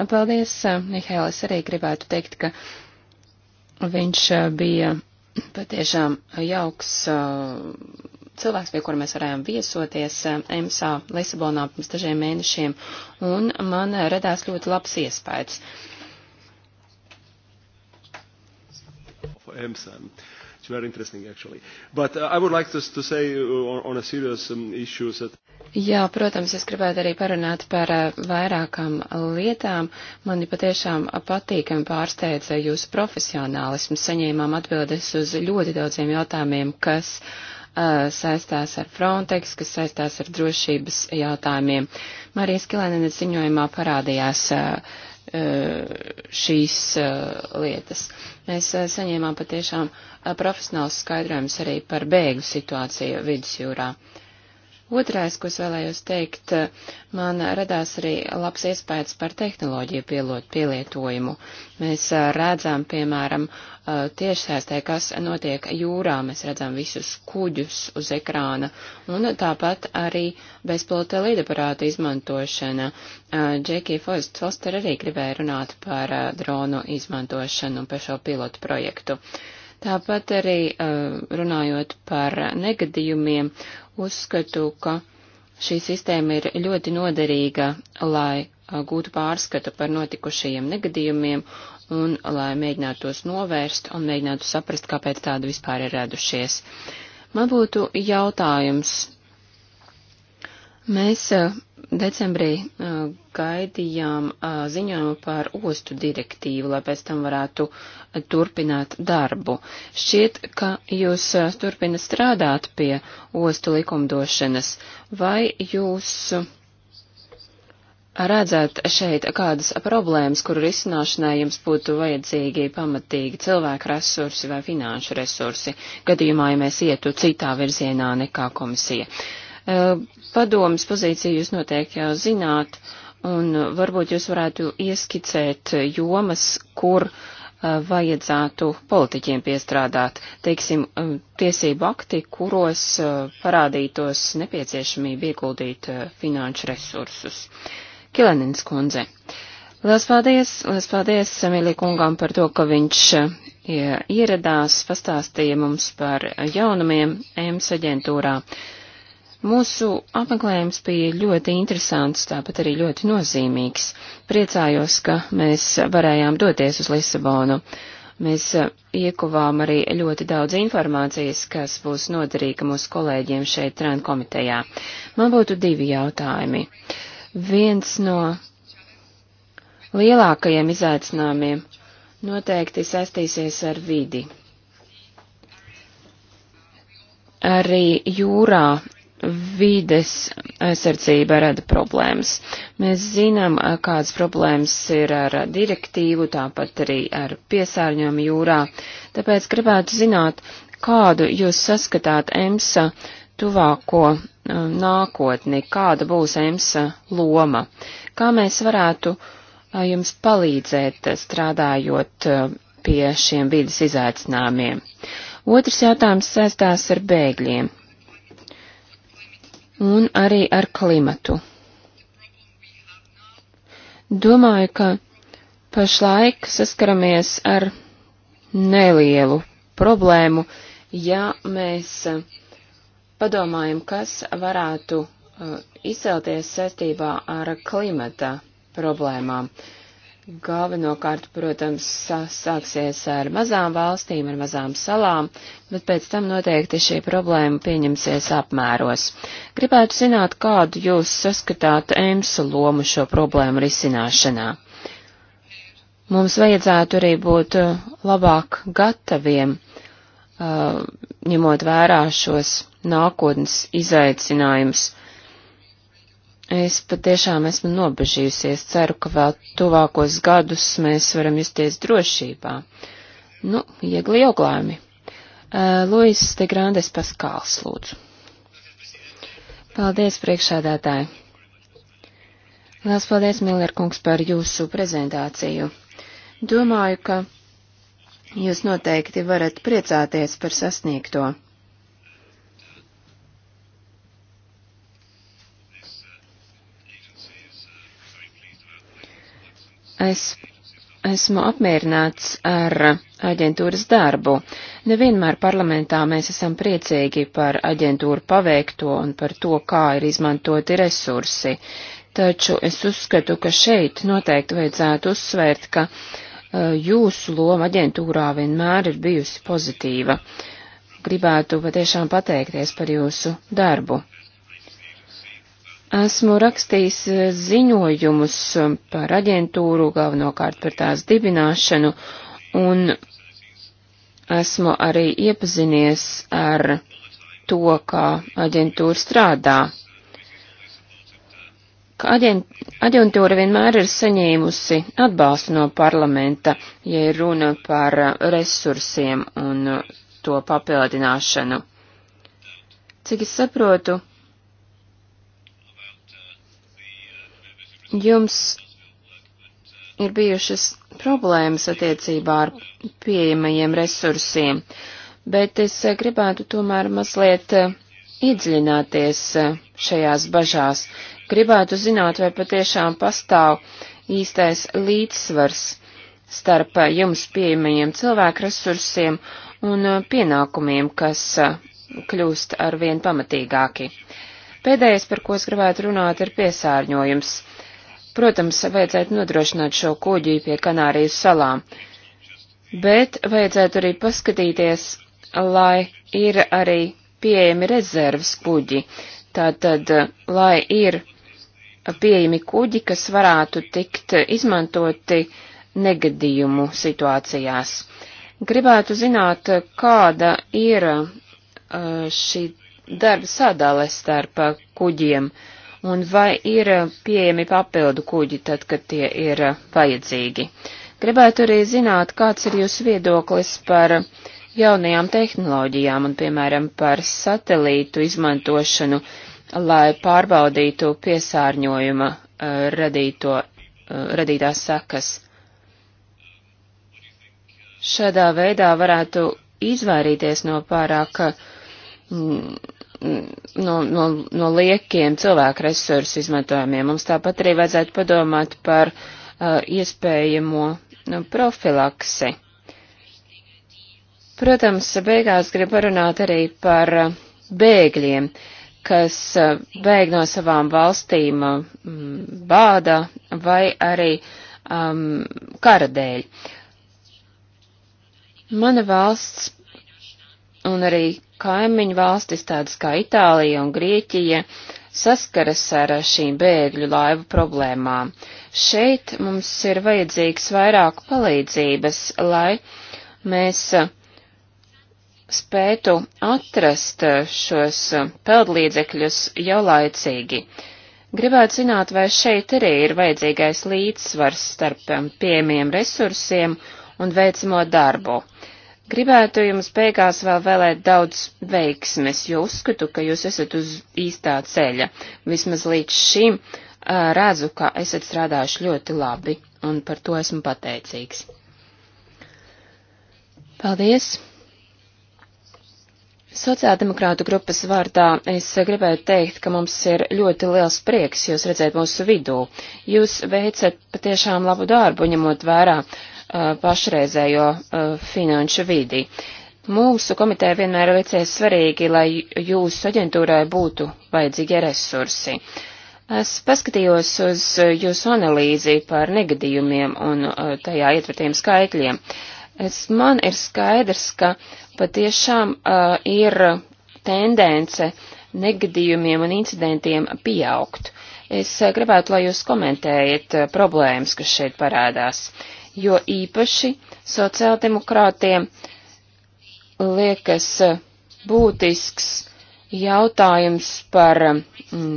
S5: Paldies, Mihail, es arī gribētu teikt, ka viņš bija patiešām jauks uh, cilvēks, pie kura mēs varējām viesoties EMSA Lisabonā pirms dažiem mēnešiem, un man radās ļoti labs iespējas. Uh,
S1: EMSA. It's very interesting, actually. But uh, I would like to, to say uh, on a serious um, issue that.
S5: Jā, protams, es gribētu arī parunāt par uh, vairākām lietām. Mani patiešām patīkami pārsteidza jūsu profesionālisms. Saņēmām atbildes uz ļoti daudziem jautājumiem, kas uh, saistās ar Frontex, kas saistās ar drošības jautājumiem. Marijas Kilēnenes ziņojumā parādījās uh, E, šīs e, lietas. Mēs e, saņēmām patiešām profesionāls skaidrojums arī par bēgu situāciju vidusjūrā. jūrā. Otrais, ko es vēlējos teikt, man radās arī labs iespējas par tehnoloģiju pielot, pielietojumu. Mēs redzam, piemēram, tiešsaistē, kas notiek jūrā, mēs redzam visus kuģus uz ekrāna, un tāpat arī bezpilota lidaparāta izmantošana. Džekija Foster arī gribēja runāt par dronu izmantošanu un par šo pilotu projektu. Tāpat arī runājot par negadījumiem Uzskatu, ka šī sistēma ir ļoti noderīga, lai gūtu pārskatu par notikušajiem negadījumiem un lai mēģinātu tos novērst un mēģinātu saprast, kāpēc tādi vispār ir radušies. Man būtu jautājums. Mēs decembrī uh, gaidījām uh, ziņojumu par ostu direktīvu, lai pēc tam varētu uh, turpināt darbu. Šķiet, ka jūs turpinat strādāt pie ostu likumdošanas. Vai jūs redzat šeit kādas problēmas, kuru risināšanai jums būtu vajadzīgi pamatīgi cilvēku resursi vai finanšu resursi, gadījumā, ja mēs ietu citā virzienā nekā komisija? Uh, Eh, padomas pozīciju jūs noteikti jau zināt, un varbūt jūs varētu ieskicēt jomas, kur eh, vajadzētu politiķiem piestrādāt, teiksim, eh, tiesību akti, kuros parādītos nepieciešamība ieguldīt finanšu resursus. Kilenins kundze. Lielas paldies, lielas paldies Samīlī kungam par to, ka viņš ieradās, pastāstīja mums par jaunumiem EMS aģentūrā. Mūsu apmeklējums bija ļoti interesants, tāpat arī ļoti nozīmīgs. Priecājos, ka mēs varējām doties uz Lisabonu. Mēs e, iekuvām arī ļoti daudz informācijas, kas būs noderīga mūsu kolēģiem šeit Tran komitejā. Man būtu divi jautājumi. Viens no lielākajiem izaicinājumiem noteikti saistīsies ar vidi arī jūrā vides aizsardzība rada problēmas. Mēs zinām, kādas problēmas ir ar direktīvu, tāpat arī ar piesārņojumu jūrā. Tāpēc gribētu zināt, kādu jūs saskatāt EMSA tuvāko nākotni, kāda būs EMSA loma, kā mēs varētu jums palīdzēt strādājot pie šiem vidas izaicinājumiem. Otrs jautājums saistās ar bēgļiem un arī ar klimatu. Domāju, ka pašlaik saskaramies ar nelielu problēmu, ja mēs eh, padomājam, kas varētu eh, izcelties saistībā ar klimata problēmām. Uh, galvenokārt, protams, sāksies ar mazām valstīm, ar mazām salām, bet pēc tam noteikti šī problēma pieņemsies apmēros. Gribētu zināt, kādu jūs saskatāt EMSA lomu šo problēmu risināšanā. Mums vajadzētu arī būt uh, labāk gataviem, uh, ņemot vērā šos nākotnes izaicinājumus Es patiešām esmu nobežījusies, ceru, ka vēl tuvākos gadus mēs varam justies drošībā. Nu, iegli joglājumi. Uh, eh, Luis de Grandes Paskāls, lūdzu. Paldies, priekšādātāji. Lielas paldies, Miller kungs, par jūsu prezentāciju. Domāju, ka jūs noteikti varat priecāties par sasniegto. Es esmu apmierināts ar aģentūras darbu. Nevienmēr parlamentā mēs esam priecīgi par aģentūru paveikto un par to, kā ir izmantoti resursi, taču es uzskatu, ka šeit noteikti vajadzētu uzsvērt, ka uh, jūsu loma aģentūrā vienmēr ir bijusi pozitīva. Gribētu patiešām pateikties par jūsu darbu. Esmu rakstījis eh, ziņojumus um, par aģentūru, galvenokārt par tās dibināšanu, un esmu arī iepazinies ar to, kā aģentūra strādā. Ka aģentūra vienmēr ir saņēmusi atbalstu no parlamenta, ja ir runa par eh, resursiem un eh, to papildināšanu. Cik es saprotu, Jums ir bijušas problēmas attiecībā ar pieejamajiem resursiem, bet es eh, gribētu tomēr mazliet eh, iedziļināties eh, šajās bažās. Gribētu zināt, vai patiešām pastāv īstais līdzsvars starp jums pieejamajiem cilvēku resursiem un pienākumiem, kas kļūst ar vien pamatīgāki. Pēdējais, par ko es gribētu runāt, ir piesārņojums. Protams, vajadzētu nodrošināt šo kuģi pie Kanārijas salām, bet vajadzētu arī paskatīties, lai ir arī pieejami rezerves kuģi. Tātad, lai ir pieejami kuģi, kas varētu tikt izmantoti negadījumu situācijās. Gribētu zināt, kāda ir uh, šī darba sadale starp kuģiem. Uh, un vai ir eh, pieejami papildu kuģi tad, kad tie ir eh, vajadzīgi. Gribētu arī zināt, kāds ir jūsu viedoklis par jaunajām tehnoloģijām un, piemēram, par satelītu izmantošanu, lai pārbaudītu piesārņojuma uh, radīto, uh, radītās sekas. Šādā veidā varētu izvairīties no pārāk mm, no, no, no liekiem cilvēku resursu izmantojumiem. Mums tāpat arī vajadzētu padomāt par uh, iespējamo nu, profilaksi. Protams, beigās grib parunāt arī par uh, bēgļiem, kas uh, bēg no savām valstīm um, bāda vai arī um, kara dēļ. Mana valsts un arī kaimiņu valstis, tādas kā Itālija un Grieķija, saskaras ar šīm bēgļu laivu problēmām. Šeit mums ir vajadzīgs vairāk palīdzības, lai mēs spētu atrast šos peldlīdzekļus jau laicīgi. Gribētu zināt, vai šeit arī ir vajadzīgais līdzsvars starp piemiem resursiem un veicamo darbu. Uh, Gribētu jums beigās vēl vēlēt daudz veiksmes, jo uzskatu, ka jūs esat uz īstā ceļa. Vismaz līdz šim redzu, ka esat strādājuši ļoti labi, un par to esmu pateicīgs. Paldies! Sociāldemokrātu grupas vārdā es gribētu teikt, ka mums ir ļoti liels prieks jūs redzēt mūsu vidū. Jūs veicat patiešām labu darbu, ņemot vērā uh, Uh, pašreizējo uh, finanšu vidi. Mūsu komiteja vienmēr licies svarīgi, lai jūsu aģentūrai būtu vajadzīgie resursi. Es paskatījos uz jūsu analīzi par negadījumiem un uh, tajā ietvertiem skaitļiem. Es, man ir skaidrs, ka patiešām uh, ir tendence negadījumiem un incidentiem pieaugt. Es gribētu, lai jūs komentējat problēmas, kas šeit parādās jo īpaši sociāldemokrātiem liekas būtisks jautājums par mm,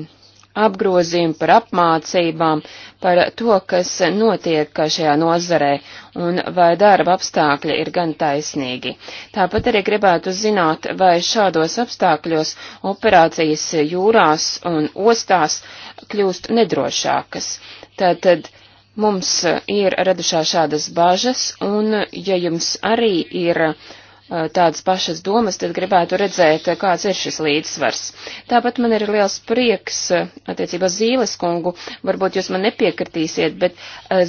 S5: apgrozījumu, par apmācībām, par to, kas notiek šajā nozarē un vai darba apstākļi ir gan taisnīgi. Tāpat arī gribētu zināt, vai šādos apstākļos operācijas jūrās un ostās kļūst nedrošākas. Tātad Mums eh, ir radušās šādas bažas, un ja jums arī ir uh, Eh, tādas pašas domas, tad gribētu redzēt, eh, kāds ir šis līdzsvars. Tāpat man ir liels prieks eh, attiecībā Zīles kungu, varbūt jūs man nepiekritīsiet, bet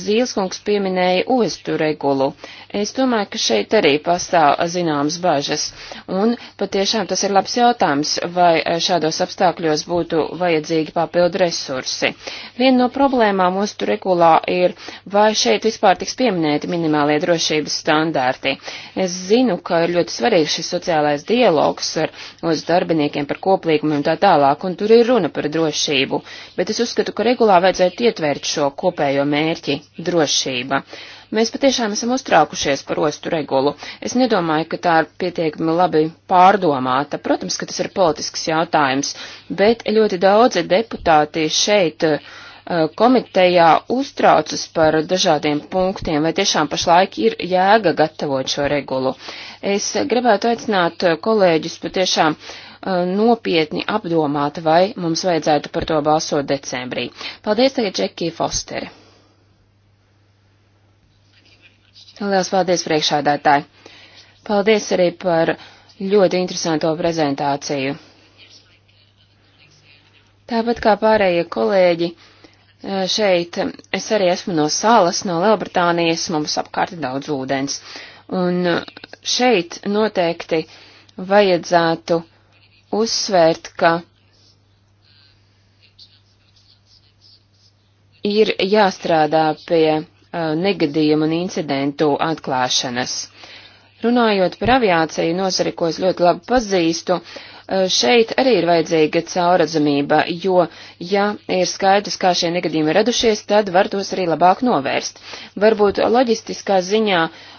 S5: Zīles kungs pieminēja ostu regulu. Es domāju, ka šeit arī pastāv zināmas bažas, un patiešām tas ir labs jautājums, vai šādos apstākļos būtu vajadzīgi papildu resursi. Viena no problēmām ostu regulā ir, vai šeit vispār tiks pieminēti minimālie drošības standārti. Es zinu, ka ir ir ļoti svarīgs šis sociālais dialogs ar uz darbiniekiem par koplīgumiem un tā tālāk, un tur ir runa par drošību. Bet es uzskatu, ka regulā vajadzētu ietvērt šo kopējo mērķi - drošība. Mēs patiešām esam uztraukušies par ostu regulu. Es nedomāju, ka tā ir pietiekami labi pārdomāta. Protams, ka tas ir politisks jautājums, bet ļoti daudzi deputāti šeit uh, Eh, komitejā uztraucas par dažādiem punktiem, vai tiešām pašlaik ir jēga gatavot šo regulu. Es gribētu aicināt kolēģus patiešām eh, nopietni apdomāt, vai mums vajadzētu par to balsot decembrī. Paldies tagad Džekija Fosteri. Lielas paldies priekšādātāji. Paldies arī par ļoti interesanto prezentāciju. Tāpat kā pārējie kolēģi, Eh, šeit es arī esmu no salas, no Lielbritānijas, mums apkārt ir daudz ūdens. Un eh, šeit noteikti vajadzētu uzsvērt, ka ir jāstrādā pie eh, negadījumu un incidentu atklāšanas. Runājot par aviāciju nozari, ko es ļoti labi pazīstu, eh, šeit arī ir vajadzīga cauradzamība, jo, ja ir skaidrs, kā šie negadījumi radušies, tad var tos arī labāk novērst. Varbūt loģistiskā ziņā eh,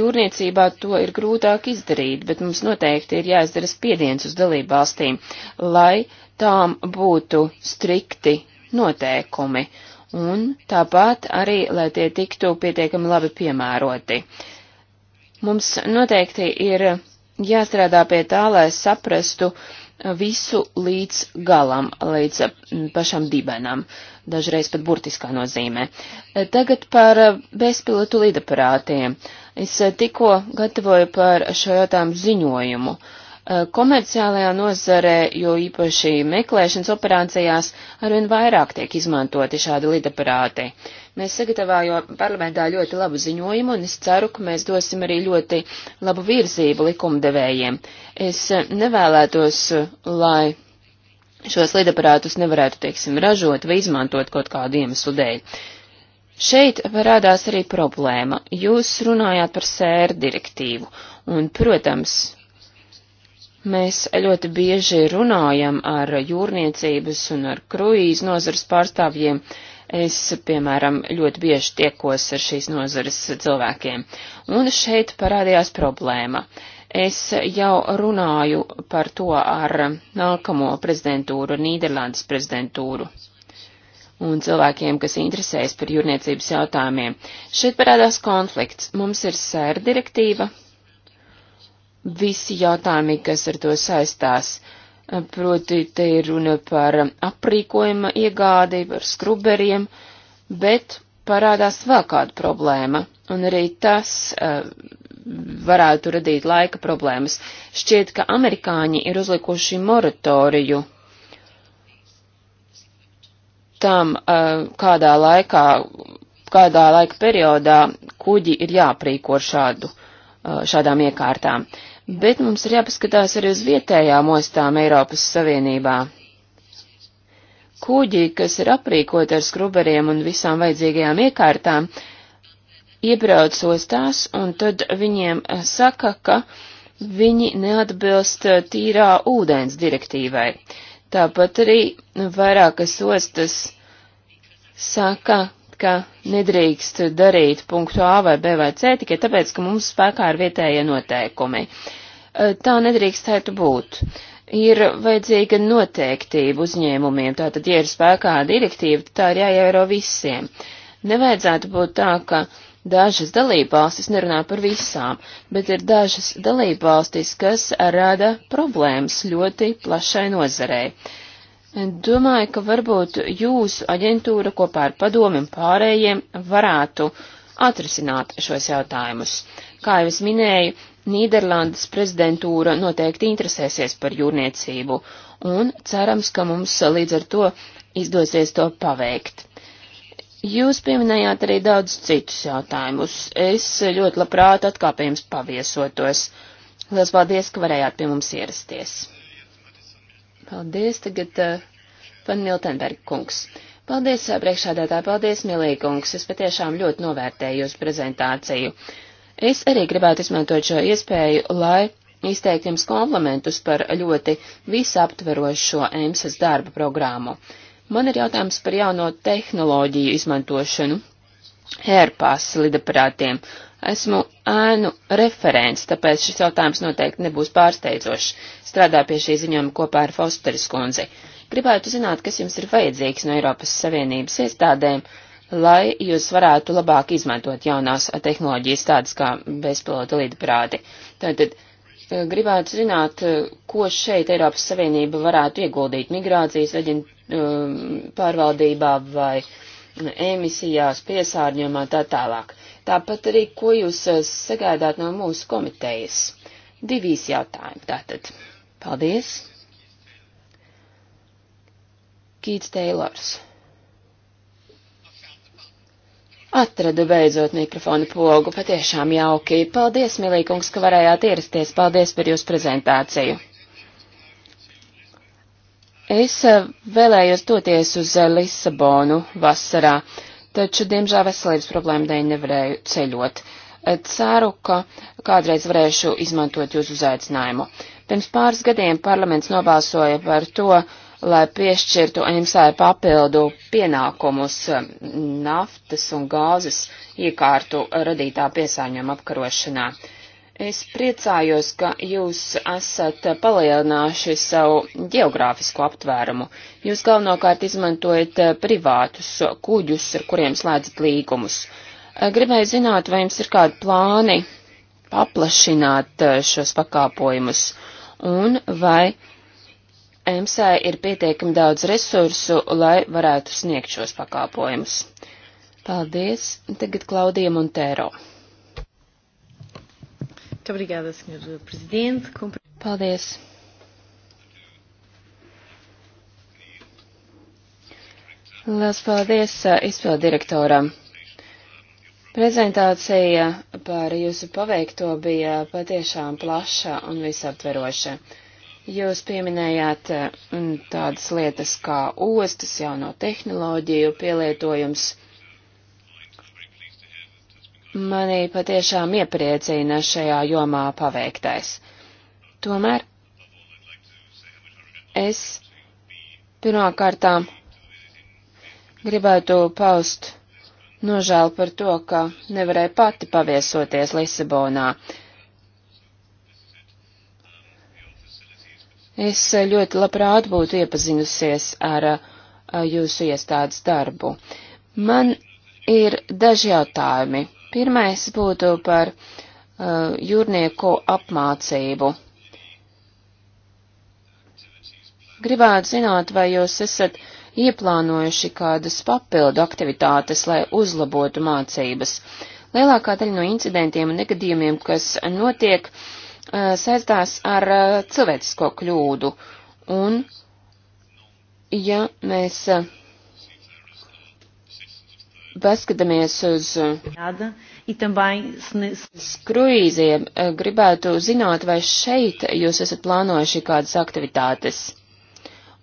S5: jūrniecībā to ir grūtāk izdarīt, bet mums noteikti ir jāizdara spiediens uz dalību valstīm, lai tām būtu strikti noteikumi un tāpat arī, lai tie tiktu pietiekami labi piemēroti. Uh, Mums noteikti ir jāstrādā pie tā, lai saprastu visu līdz galam, līdz pašam dibenam, dažreiz pat burtiskā nozīmē. Tagad par bezpilotu lidaparātiem. Es tikko gatavoju par šo jautājumu ziņojumu. Uh, Eh, komerciālajā nozarē, jo īpaši meklēšanas operācijās, arvien vairāk tiek izmantoti šādi lidaparāti. Mēs sagatavājām parlamentā ļoti labu ziņojumu, un es ceru, ka mēs dosim arī ļoti labu virzību likumdevējiem. Es eh, nevēlētos, eh, lai šos lidaparātus nevarētu, teiksim, ražot vai izmantot kaut kādu iemeslu dēļ. Šeit parādās arī problēma. Jūs runājāt par sēru direktīvu, un, protams, Mēs ļoti bieži runājam ar jūrniecības un ar kruīz nozars pārstāvjiem. Es, piemēram, ļoti bieži tiekos ar šīs nozares cilvēkiem. Un šeit parādījās problēma. Es jau runāju par to ar nākamo prezidentūru, Nīderlandes prezidentūru un cilvēkiem, kas interesējas par jūrniecības jautājumiem. Šeit parādās konflikts. Mums ir sēra direktīva, visi jautājumi, kas ar to saistās. Proti, te ir runa par aprīkojuma iegādi, par skruberiem, bet parādās vēl kāda problēma, un arī tas uh, varētu radīt laika problēmas. Šķiet, ka amerikāņi ir uzlikuši moratoriju tam, uh, kādā laikā, kādā laika periodā kuģi ir jāprīko šādu, uh, šādām iekārtām. Uh, bet mums ir jāpaskatās arī uz vietējām ostām Eiropas Savienībā. Kūģi, kas ir aprīkoti ar skruberiem un visām vajadzīgajām iekārtām, iebrauc ostās, un tad viņiem eh, saka, ka viņi neatbilst eh, tīrā ūdens direktīvai. Tāpat arī vairākas ostas saka, ka nedrīkst darīt punktu A vai B vai C tikai tāpēc, ka mums spēkā ir vietējie noteikumi. E, tā nedrīkstētu būt. Ir vajadzīga noteiktība uzņēmumiem, tātad, ja ir spēkā direktīva, tā ir jāievēro visiem. Nevajadzētu būt tā, ka dažas dalībvalstis nerunā par visām, bet ir dažas dalībvalstis, kas rada problēmas ļoti plašai nozarei. Domāju, ka varbūt jūs, aģentūra, kopā ar padomi un pārējiem, varētu atrisināt šos jautājumus. Kā jau es minēju, Nīderlandes prezidentūra noteikti interesēsies par jūrniecību, un cerams, ka mums līdz ar to izdosies to paveikt. Jūs pieminējāt arī daudz citus jautājumus. Es ļoti labprāt atkāpējums paviesotos. Lielas paldies, ka varējāt pie mums ierasties. Paldies, tagad uh, eh, pan Miltenberg kungs. Paldies, eh, priekšādētā, paldies, milīgungs. Es patiešām ļoti novērtēju jūsu prezentāciju. Es arī gribētu izmantot šo iespēju, lai izteikt jums komplementus par ļoti visaptverošo EMSAS darba programmu. Man ir jautājums par jauno tehnoloģiju izmantošanu ērpās lidaparātiem Esmu ēnu referents, tāpēc šis jautājums noteikti nebūs pārsteidzošs. Strādā pie šī ziņojuma kopā ar Fosteris kundzi. Gribētu zināt, kas jums ir vajadzīgs no Eiropas Savienības iestādēm, lai jūs varētu labāk izmantot jaunās tehnoloģijas tādas kā bezpilota līdprāti. Tātad eh, gribētu zināt, eh, ko šeit Eiropas Savienība varētu ieguldīt migrācijas reģionu eh, pārvaldībā vai emisijās, piesārņojumā tā tālāk. Tāpat arī, ko jūs eh, sagaidāt no mūsu komitejas? Divīs jautājumi tātad. Paldies! Kīts Teilors. Atradu beidzot mikrofonu pogu, patiešām jauki. Paldies, milīkungs, ka varējāt ierasties. Paldies par jūsu prezentāciju. Es eh, vēlējos doties uz eh, Lisabonu vasarā taču, diemžēl, veselības problēma dēļ nevarēju ceļot. Eh, ceru, ka kādreiz varēšu izmantot jūsu uzaicinājumu. Pirms pāris gadiem parlaments nobalsoja par to, lai piešķirtu EMSAI papildu pienākumus eh, naftas un gāzes iekārtu radītā piesāņojuma apkarošanā. Uh, Es priecājos, ka jūs esat palielinājuši savu geogrāfisko aptvērumu. Jūs galvenokārt izmantojat eh, privātus kuģus, ar kuriem slēdzat līgumus. Eh, gribēju zināt, vai jums ir kādi plāni paplašināt eh, šos pakāpojumus un vai EMSA ir pietiekami daudz resursu, lai varētu sniegt šos pakāpojumus. Paldies, tagad Klaudija Montēro. Muito obrigada, Sr. Presidente. Paldies. Lielas paldies uh, izpildu direktoram. Prezentācija par jūsu paveikto bija patiešām plaša un visaptveroša. Jūs pieminējāt uh, tādas lietas kā ostas, jauno tehnoloģiju pielietojums Manī patiešām iepriecina šajā jomā paveiktais. Tomēr es pirmkārtām gribētu paust nožēlu par to, ka nevarēju pati paviesoties Lisabonā. Es ļoti labprāt būtu iepazinusies ar, ar jūsu iestādes darbu. Man ir daži jautājumi. Pirmais būtu par uh, jūrnieku apmācību. Gribētu zināt, vai jūs esat ieplānojuši kādas papildu aktivitātes, lai uzlabotu mācības. Lielākā daļa no incidentiem un negadījumiem, kas notiek, uh, saistās ar uh, cilvēcisko kļūdu. Un, ja mēs uh, paskatāmies uh, e uz kruīziem, uh, gribētu zināt, vai šeit jūs esat plānojuši kādas aktivitātes.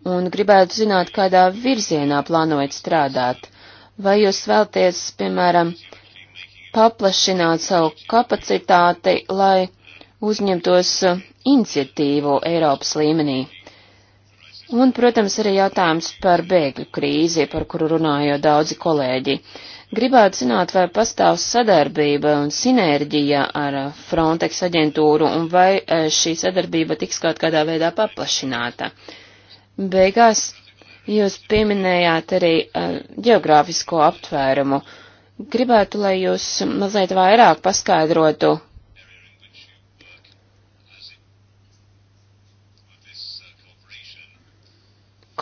S5: Un gribētu zināt, kādā virzienā plānojat strādāt. Vai jūs vēlties, piemēram, paplašināt savu kapacitāti, lai uzņemtos uh, iniciatīvu Eiropas līmenī? Un, protams, arī jautājums par bēgļu krīzi, par kuru runāja daudzi kolēģi. Gribētu zināt, vai pastāv sadarbība un sinerģija ar Frontex aģentūru un vai e, šī sadarbība tiks kaut kādā veidā paplašināta. Beigās jūs pieminējāt arī e, geogrāfisko aptvērumu. Gribētu, lai jūs mazliet vairāk paskaidrotu,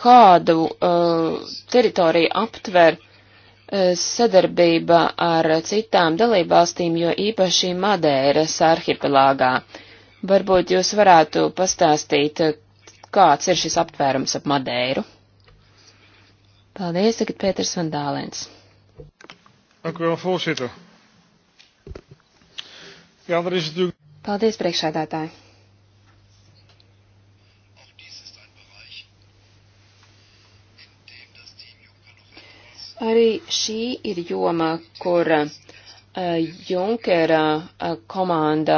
S5: kādu uh, teritoriju aptver uh, sadarbība ar citām dalībvalstīm, jo īpaši Madēras arhipelāgā. Varbūt jūs varētu pastāstīt, uh, kāds ir šis aptvērums ap Madēru. Paldies, tagad Pēters Vandālēns. Er Paldies, priekšādātāji. Arī šī ir joma, kur uh, Junkera uh, komanda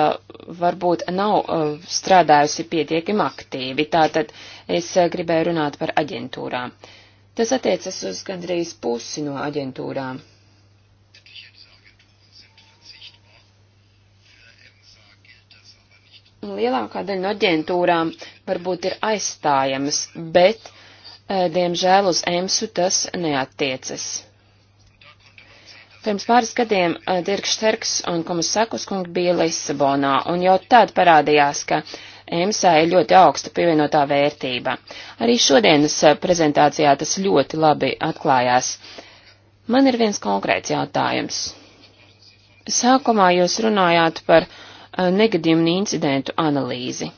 S5: varbūt nav uh, strādājusi pietiekami aktīvi. Tātad es gribēju runāt par aģentūrām. Tas attiecas uz gandrīz pusi no aģentūrām. Lielākā daļa no aģentūrām varbūt ir aizstājamas, bet Eh, diemžēl uz EMSU tas neattiecas. Pirms pāris gadiem eh, Dirks Šterks un Komisakus kungi bija Lisabonā, un jau tad parādījās, ka EMSA ir ļoti augsta pievienotā vērtība. Arī šodienas eh, prezentācijā tas ļoti labi atklājās. Man ir viens konkrēts jautājums. Sākumā jūs runājāt par negadījumu incidentu analīzi.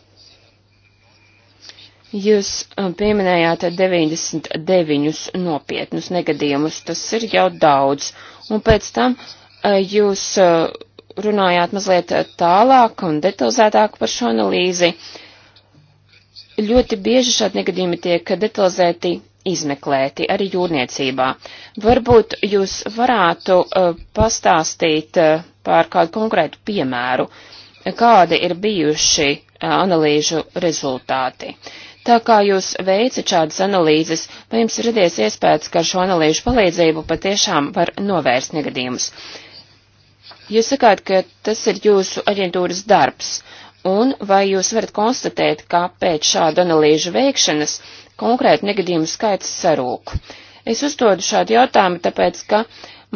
S5: Jūs um, pieminējāt 99 nopietnus negadījumus, tas ir jau daudz. Un pēc tam uh, jūs uh, runājāt mazliet uh, tālāk un detalizētāk par šo analīzi. Ļoti bieži šādi negadījumi tiek detalizēti izmeklēti arī jūrniecībā. Varbūt jūs varētu pastāstīt par kādu konkrētu piemēru, kādi ir bijuši analīžu rezultāti. Uh, Tā kā jūs veicat šādas analīzes, vai jums ir radies iespējas, ka ar šo analīžu palīdzību patiešām var novērst negadījumus? Jūs sakāt, ka tas ir jūsu aģentūras darbs, un vai jūs varat konstatēt, ka pēc šādu analīžu veikšanas konkrēti negadījumu skaits sarūk? Es uzdodu šādu jautājumu, tāpēc, ka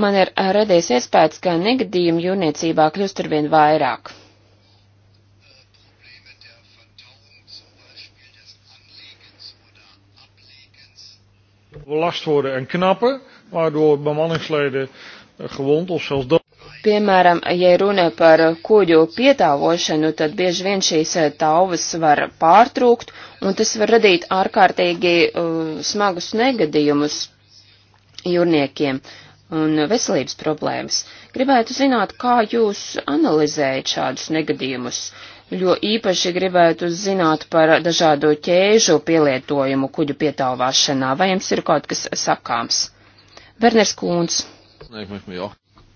S5: man ir radies iespējas, ka negadījumu jūrniecībā kļūst arvien vairāk.
S1: belast worden en knappen, waardoor bemanningsleden eh, gewond of zelfs dood.
S5: Piemēram, ja runa par kuģu pietāvošanu, tad bieži vien šīs eh, tauvas var pārtrūkt, un tas var radīt ārkārtīgi uh, smagus negadījumus jūrniekiem un veselības problēmas. Gribētu zināt, kā jūs analizējat šādus negadījumus. Uh, jo īpaši gribētu zināt par dažādu ķēžu pielietojumu kuģu pietāvāšanā. Vai jums ir kaut kas sakāms? Berners Kūns.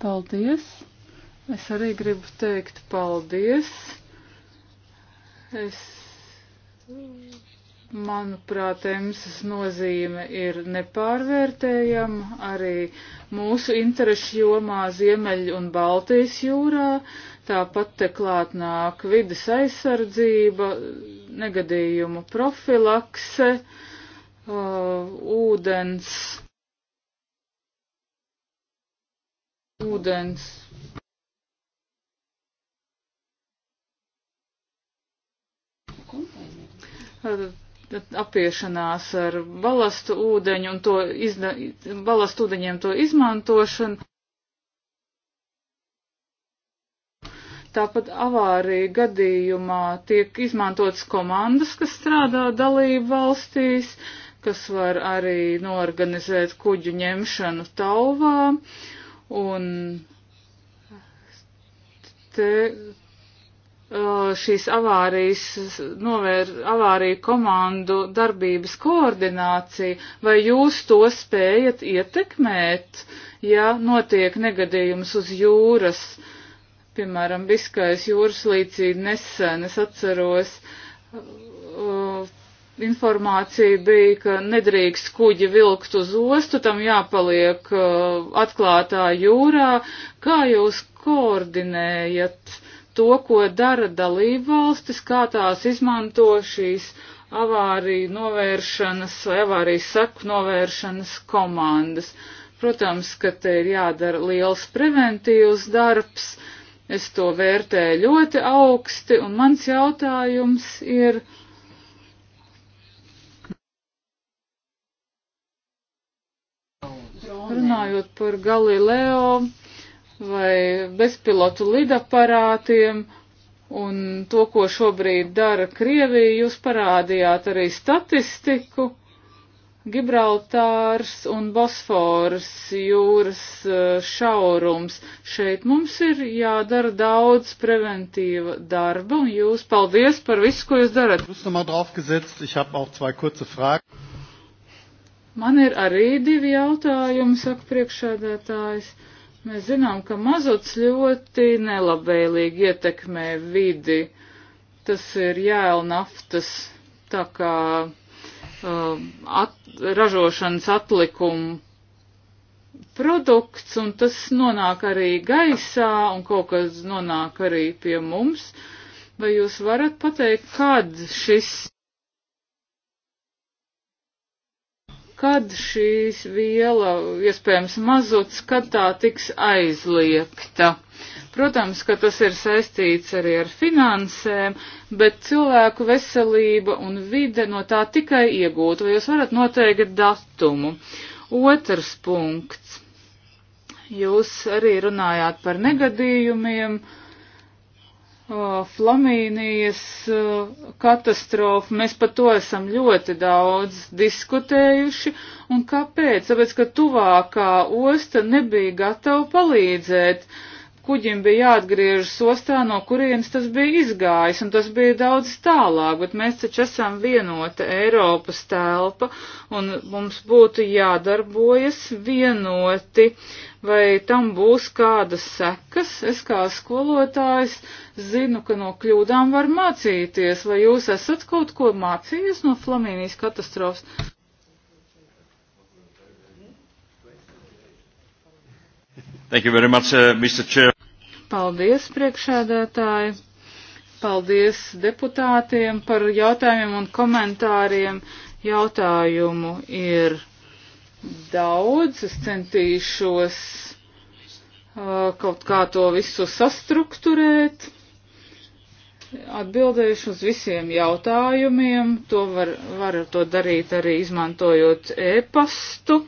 S5: Paldies. Es arī
S2: gribu teikt paldies. Es Manuprāt, emsas nozīme ir nepārvērtējama arī mūsu interešu jomā Ziemeļ un Baltijas jūrā. Tāpat te klāt nāk vidas aizsardzība, negadījumu profilakse, uh, ūdens, ūdens. Uh, apiešanās ar balastu ūdeņu un to izda, balastu ūdeņiem to izmantošanu. Tāpat avārija gadījumā tiek izmantotas komandas, kas strādā dalību valstīs, kas var arī norganizēt kuģu ņemšanu tauvā. Un te šīs avārijas, novēr, avāriju komandu darbības koordinācija, vai jūs to spējat ietekmēt, ja notiek negadījums uz jūras? Uh, Piemēram, Biskais jūras līcī nesen es atceros, uh, informācija bija, ka nedrīkst kuģi vilkt uz ostu, tam jāpaliek uh, atklātā jūrā. Kā jūs koordinējat to, ko dara dalībvalstis, kā tās izmanto šīs avāriju novēršanas vai avārijas saku novēršanas komandas? Protams, ka te ir jādara liels preventīvs darbs Es to vērtēju ļoti augsti, un mans jautājums ir. Runājot par Galileo vai bezpilotu lidaparātiem un to, ko šobrīd dara Krievija, jūs parādījāt arī statistiku. Gibraltārs un Bosforas jūras eh, šaurums. Šeit mums ir jādara daudz preventīva darba, un jūs paldies par visu, ko jūs darat. Man ir arī divi jautājumi, saka priekšādētājs. Mēs zinām, ka mazots ļoti nelabvēlīgi ietekmē vidi. Tas ir jēl naftas tā kā Uh, at, ražošanas atlikumu produkts, un tas nonāk arī gaisā, un kaut kas nonāk arī pie mums. Vai jūs varat pateikt, kad šis Kad šīs viela, iespējams mazots, kad tā tiks aizliegta? Protams, ka tas ir saistīts arī ar finansēm, bet cilvēku veselība un vide no tā tikai iegūt, vai jūs varat noteikt datumu. Otrs punkts. Jūs arī runājāt par negadījumiem. Uh, Flamīnijas katastrofu mēs par to esam ļoti daudz diskutējuši. Un kāpēc? Tāpēc, ka tuvākā osta nebija gatava palīdzēt. Kuģim bija jāatgriežas ostā, no kurienes tas bija izgājis, un tas bija daudz tālāk, bet mēs taču esam vienota Eiropas telpa, un mums būtu jādarbojas vienoti vai tam būs kādas sekas. Es kā skolotājs zinu, ka no kļūdām var mācīties. Vai jūs esat kaut ko mācījies no Flamīnijas katastrofas?
S1: Thank you very much, uh, Mr. Chair.
S2: Paldies, priekšēdētāji. Paldies deputātiem par jautājumiem un komentāriem. Jautājumu ir daudz. Es centīšos uh, kaut kā to visu sastruktūrēt. Atbildējuši uz visiem jautājumiem, to var, var to darīt arī izmantojot e-pastu.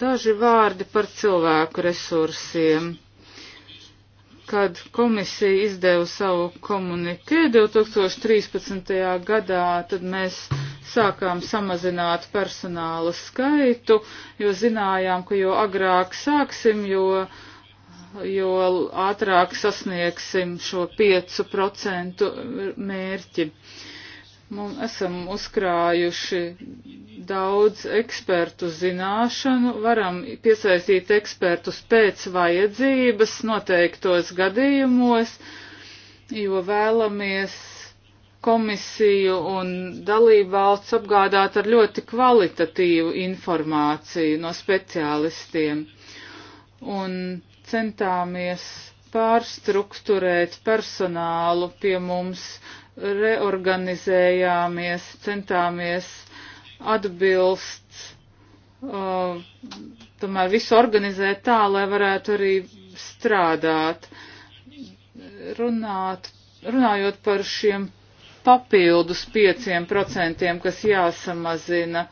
S2: Daži vārdi par cilvēku resursiem kad komisija izdeva savu komunikē 2013. gadā, tad mēs sākām samazināt personāla skaitu, jo zinājām, ka jo agrāk sāksim, jo, jo ātrāk sasniegsim šo 5% mērķi. Uh, Mums esam uzkrājuši daudz ekspertu zināšanu, varam piesaistīt ekspertus pēc vajadzības noteiktos gadījumos, jo vēlamies komisiju un dalību valsts apgādāt ar ļoti kvalitatīvu informāciju no speciālistiem. Un centāmies pārstruktūrēt personālu pie mums reorganizējāmies, centāmies atbilst, uh, tomēr visu organizēt tā, lai varētu arī strādāt. Runāt, runājot par šiem papildus 5%, kas jāsamazina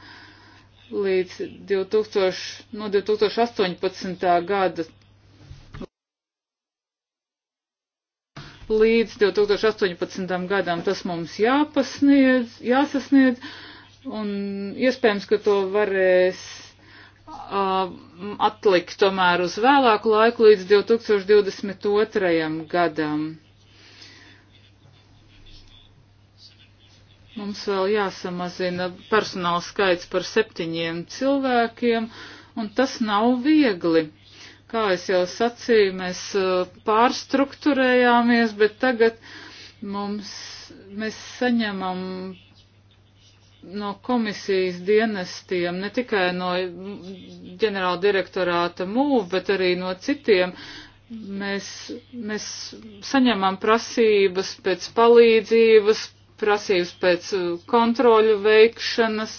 S2: līdz 2000, no 2018. gada līdz 2018. gadam tas mums jāpasniedz, jāsasniedz, un iespējams, ka to varēs uh, atlikt tomēr uz vēlāku laiku līdz 2022. gadam. Mums vēl jāsamazina personāla skaits par septiņiem cilvēkiem, un tas nav viegli Kā es jau sacīju, mēs uh, pārstruktūrējāmies, bet tagad mums, mēs saņemam no komisijas dienestiem, ne tikai no ģenerāla direktorāta MUV, bet arī no citiem, mēs, mēs saņemam prasības pēc palīdzības, prasības pēc uh, kontroļu veikšanas.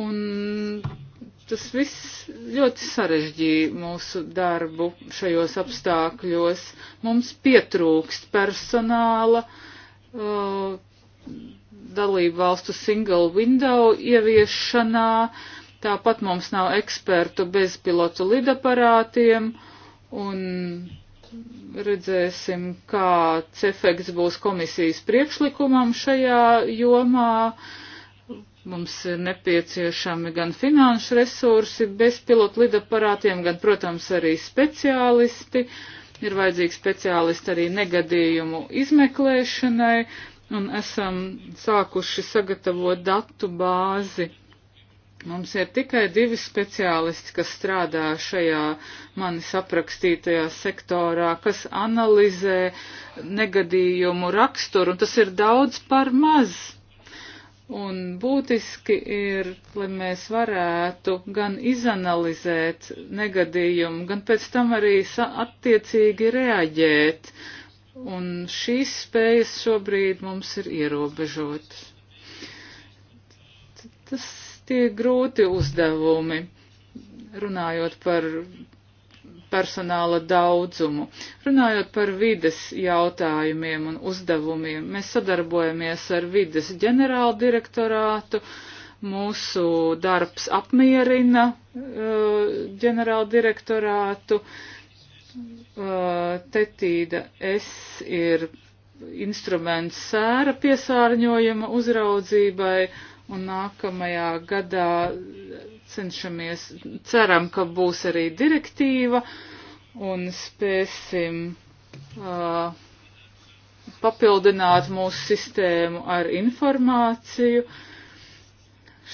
S2: Un Tas viss ļoti sarežģīja mūsu darbu šajos apstākļos. Mums pietrūkst personāla. Uh, dalību valstu single window ieviešanā, tāpat mums nav ekspertu bezpilotu lidaparātiem, un redzēsim, kāds efekts būs komisijas priekšlikumam šajā jomā. Uh, Mums ir nepieciešami gan finanšu resursi bezpilotu lidaparātiem, gan, protams, arī speciālisti. Ir vajadzīgi speciālisti arī negadījumu izmeklēšanai, un esam sākuši sagatavot datu bāzi. Mums ir tikai divi speciālisti, kas strādā šajā manis aprakstītajā sektorā, kas analizē negadījumu raksturu, un tas ir daudz par maz Un būtiski ir, lai mēs varētu gan izanalizēt negadījumu, gan pēc tam arī attiecīgi reaģēt. Un šīs spējas šobrīd mums ir ierobežotas. Tas tie grūti uzdevumi, runājot par personāla daudzumu. Runājot par vides jautājumiem un uzdevumiem, mēs sadarbojamies ar vides ģenerāla direktorātu. Mūsu darbs apmierina uh, ģenerāla direktorātu. Uh, tetīda S ir instruments sēra piesārņojuma uzraudzībai un nākamajā gadā cenšamies, ceram, ka būs arī direktīva un spēsim uh, papildināt mūsu sistēmu ar informāciju.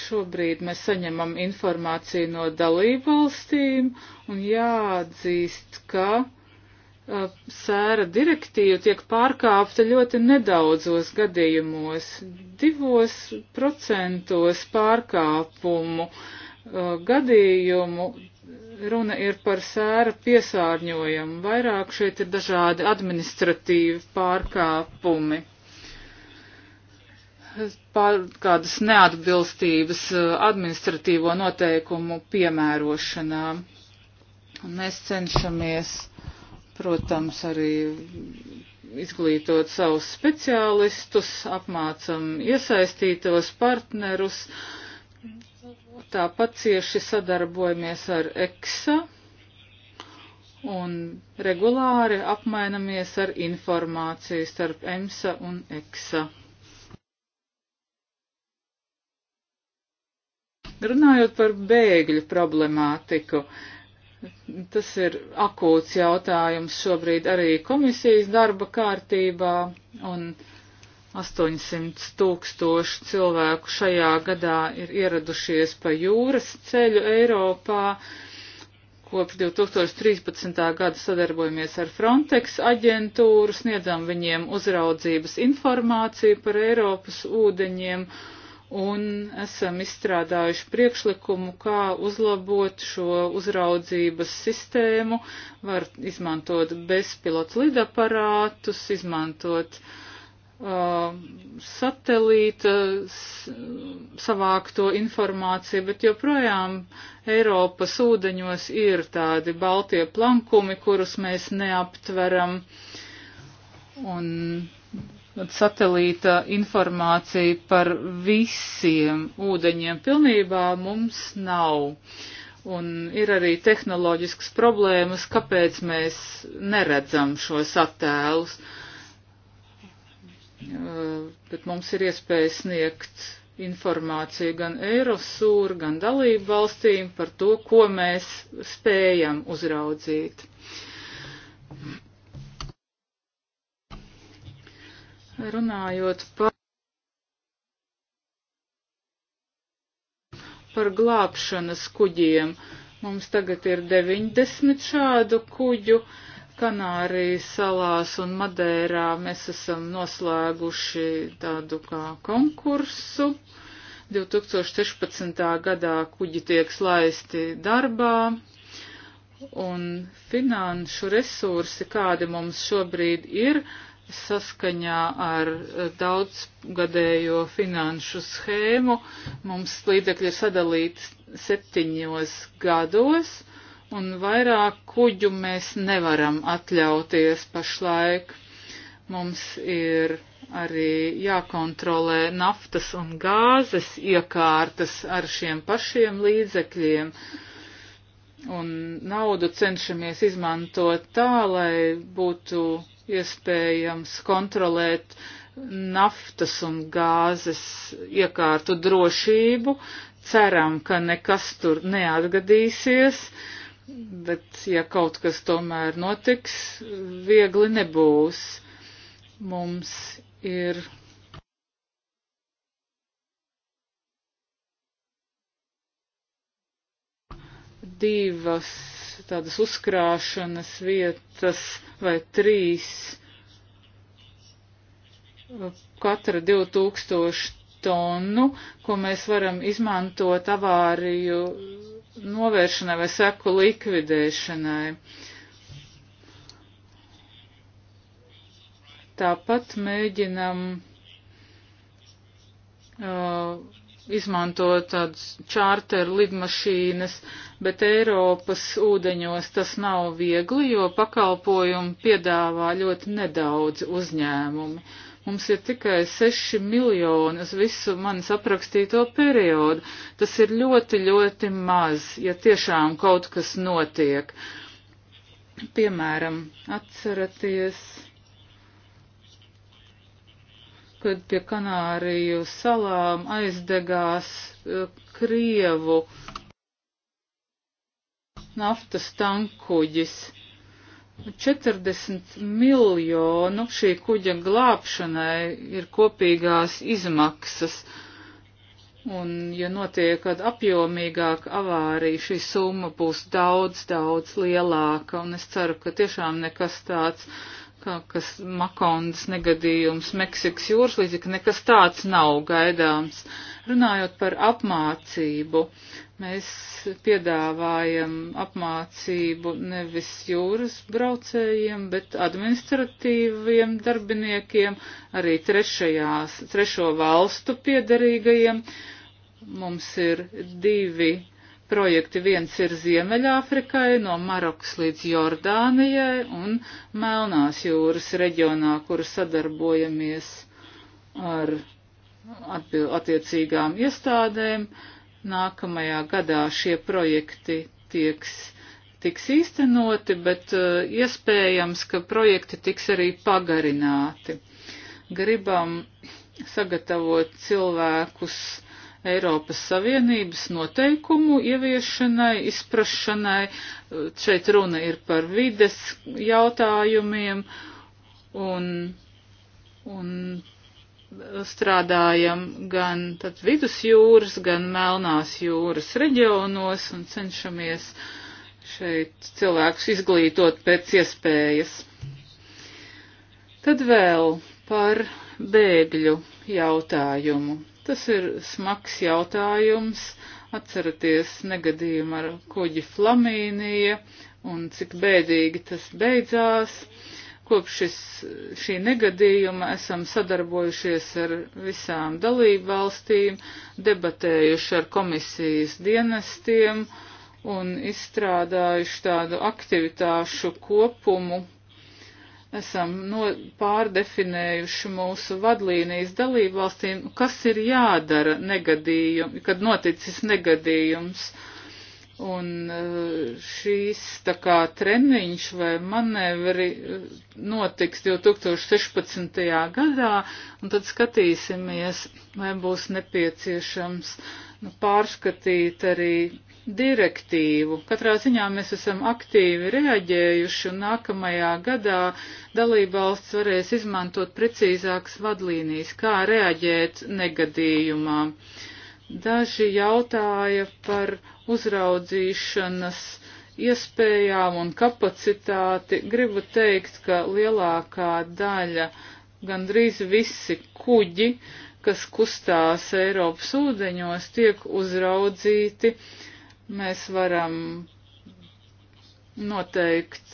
S2: Šobrīd mēs saņemam informāciju no dalībvalstīm un jāatzīst, ka uh, sēra direktīva tiek pārkāpta ļoti nedaudzos gadījumos, divos procentos pārkāpumu. Uh, Uh, gadījumu runa ir par sēra piesārņojumu. Vairāk šeit ir dažādi administratīvi pārkāpumi. Pār kādas neatbilstības uh, administratīvo noteikumu piemērošanā. Un mēs cenšamies, protams, arī izglītot savus speciālistus, apmācam iesaistītos partnerus, uh, Tāpat cieši sadarbojamies ar EXA un regulāri apmainamies ar informāciju starp EMSA un EXA. Runājot par bēgļu problemātiku, tas ir akūts jautājums šobrīd arī komisijas darba kārtībā, un 800 tūkstoši cilvēku šajā gadā ir ieradušies pa jūras ceļu Eiropā. Kopš 2013. gada sadarbojamies ar Frontex aģentūru, sniedzam viņiem uzraudzības informāciju par Eiropas ūdeņiem un esam izstrādājuši priekšlikumu, kā uzlabot šo uzraudzības sistēmu. Var izmantot bezpilots lidaparātus, izmantot uh, Uh, satelīta savākto informāciju, bet joprojām Eiropas ūdeņos ir tādi baltie plankumi, kurus mēs neaptveram. Un satelīta informācija par visiem ūdeņiem pilnībā mums nav. Un ir arī tehnoloģiskas problēmas, kāpēc mēs neredzam šos attēlus. Uh, bet mums ir iespēja sniegt informāciju gan Eirosūr, gan dalību valstīm par to, ko mēs spējam uzraudzīt. Runājot par, par glābšanas kuģiem, mums tagad ir 90 šādu kuģu. Uh, Kanārijas salās un Madērā mēs esam noslēguši tādu kā konkursu. 2016. gadā kuģi tiek laisti darbā, un finanšu resursi, kādi mums šobrīd ir, saskaņā ar eh, daudzgadējo finanšu schēmu, mums līdzekļi ir sadalīti septiņos gados un vairāk kuģu mēs nevaram atļauties pašlaik. Mums ir arī jākontrolē naftas un gāzes iekārtas ar šiem pašiem līdzekļiem, un naudu cenšamies izmantot tā, lai būtu iespējams kontrolēt naftas un gāzes iekārtu drošību. Ceram, ka nekas tur neatgadīsies. Uh, Bet, ja kaut kas tomēr notiks, viegli nebūs. Mums ir. Divas tādas uzkrāšanas vietas vai trīs, katra 2000 tonu, ko mēs varam izmantot avāriju novēršanai vai seku likvidēšanai. Tāpat mēģinam uh, izmantot tādas čārteru lidmašīnas, bet Eiropas ūdeņos tas nav viegli, jo pakalpojumu piedāvā ļoti nedaudz uzņēmumi. Mums ir tikai 6 miljoni uz visu manis aprakstīto periodu. Tas ir ļoti, ļoti maz, ja tiešām kaut kas notiek. Piemēram, atceraties, kad pie Kanāriju salām aizdegās eh, Krievu naftas tankuģis 40 miljonu šī kuģa glābšanai ir kopīgās izmaksas. Un, ja notiek kāda apjomīgāka avārija, šī summa būs daudz, daudz lielāka, un es ceru, ka tiešām nekas tāds kā kas Makondas negadījums Meksikas jūras līdzi, ka nekas tāds nav gaidāms. Runājot par apmācību, mēs piedāvājam apmācību nevis jūras braucējiem, bet administratīviem darbiniekiem, arī trešajās, trešo valstu piedarīgajiem. Mums ir divi projekti viens ir Ziemeļāfrikai, no Marokas līdz Jordānijai un Melnās jūras reģionā, kur sadarbojamies ar attiecīgām iestādēm. Nākamajā gadā šie projekti tieks, tiks īstenoti, bet uh, iespējams, ka projekti tiks arī pagarināti. Gribam sagatavot cilvēkus, Eiropas Savienības noteikumu ieviešanai, izprašanai. Šeit runa ir par vides jautājumiem un, un strādājam gan tad vidusjūras, gan Melnās jūras reģionos un cenšamies šeit cilvēkus izglītot pēc iespējas. Tad vēl par bēgļu jautājumu. Tas ir smags jautājums. Atceraties negadījumu ar kuģi Flamīnija un cik bēdīgi tas beidzās. Kopš šis, šī negadījuma esam sadarbojušies ar visām dalību valstīm, debatējuši ar komisijas dienestiem un izstrādājuši tādu aktivitāšu kopumu, esam no, pārdefinējuši mūsu vadlīnijas dalībvalstīm, kas ir jādara negadījumi, kad noticis negadījums. Un eh, šīs tā kā treniņš vai manevri eh, notiks 2016. gadā, un tad skatīsimies, vai būs nepieciešams nu, pārskatīt arī direktīvu. Katrā ziņā mēs esam aktīvi reaģējuši un nākamajā gadā dalībvalsts varēs izmantot precīzākas vadlīnijas, kā reaģēt negadījumā. Daži jautāja par uzraudzīšanas iespējām un kapacitāti. Gribu teikt, ka lielākā daļa, gandrīz visi kuģi, kas kustās Eiropas ūdeņos, tiek uzraudzīti uh, Mēs varam noteikt,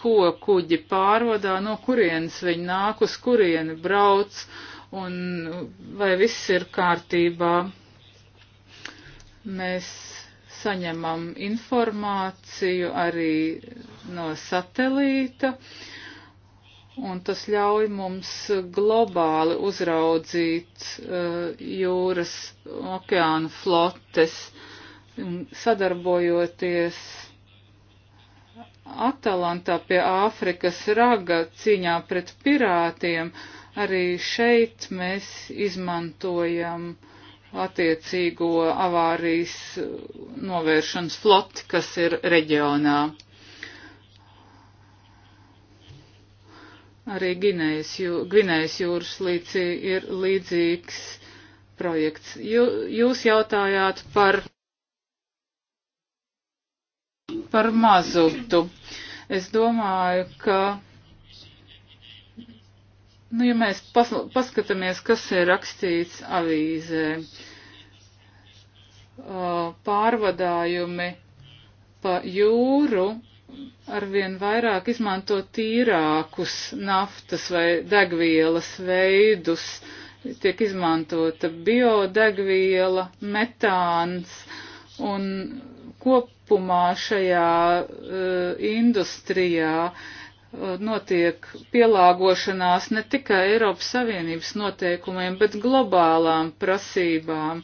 S2: ko kuģi pārvadā, no kurienes viņi nāk, uz kurieni brauc un vai viss ir kārtībā. Mēs saņemam informāciju arī no satelīta, un tas ļauj mums globāli uzraudzīt uh, jūras okeānu flotes. Uh, sadarbojoties Atalantā pie Āfrikas raga cīņā pret pirātiem, arī šeit mēs izmantojam attiecīgo avārijas novēršanas floti, kas ir reģionā. Arī Gvinējas jū, jūras līcī ir līdzīgs projekts. Jū, jūs jautājāt par par mazotu. Es domāju, ka, nu, ja mēs pas, paskatāmies, kas ir rakstīts avīzē, pārvadājumi pa jūru arvien vairāk izmanto tīrākus naftas vai degvielas veidus. Tiek izmantota biodegviela, metāns un kopumā šajā uh, eh, industrijā uh, eh, notiek pielāgošanās ne tikai Eiropas Savienības noteikumiem, bet globālām prasībām.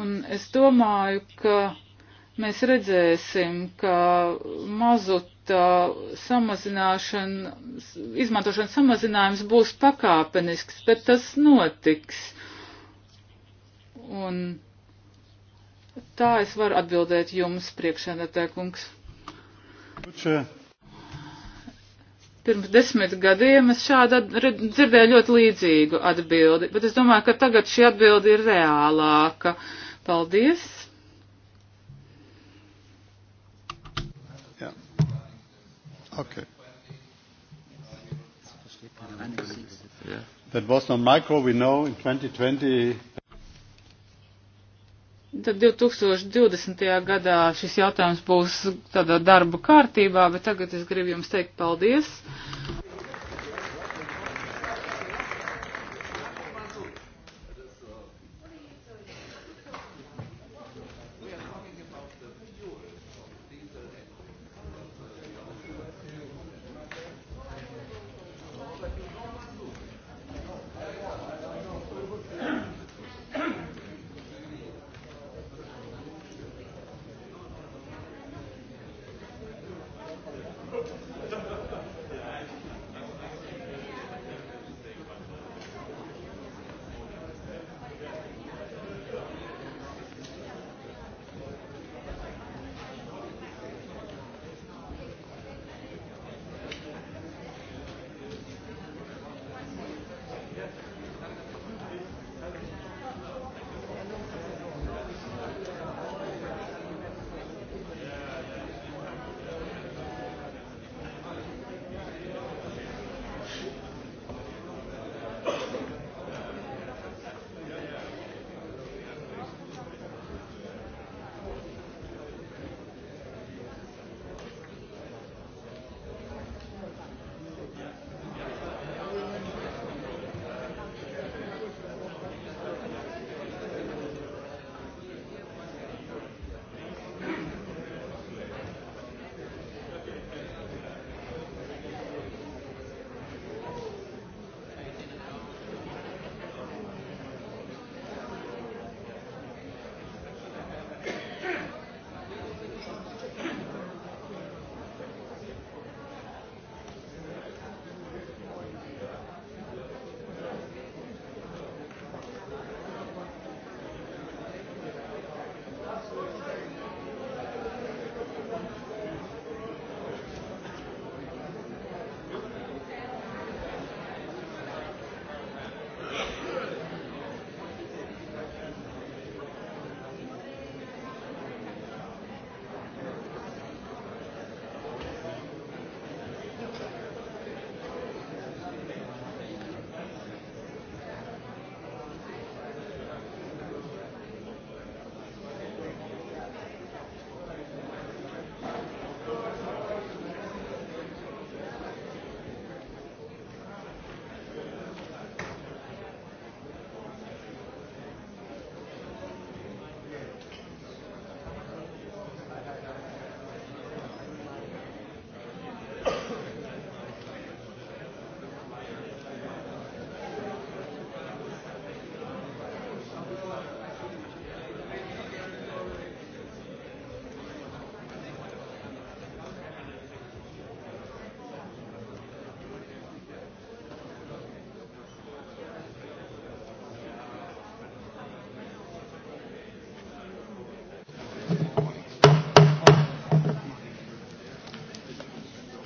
S2: Un es domāju, ka mēs redzēsim, ka mazuta samazināšana, izmantošanas samazinājums būs pakāpenisks, bet tas notiks. Un Tā es varu atbildēt jums, priekšsēdētāj kungs. Pirms desmit gadiem es šādu dzirdēju ļoti līdzīgu atbildi, bet es domāju, ka tagad šī atbildi ir reālāka. Paldies! Ja.
S1: Okay. That was on micro, we know in 2020.
S2: Tad 2020. gadā šis jautājums būs tādā darba kārtībā, bet tagad es gribu jums teikt paldies.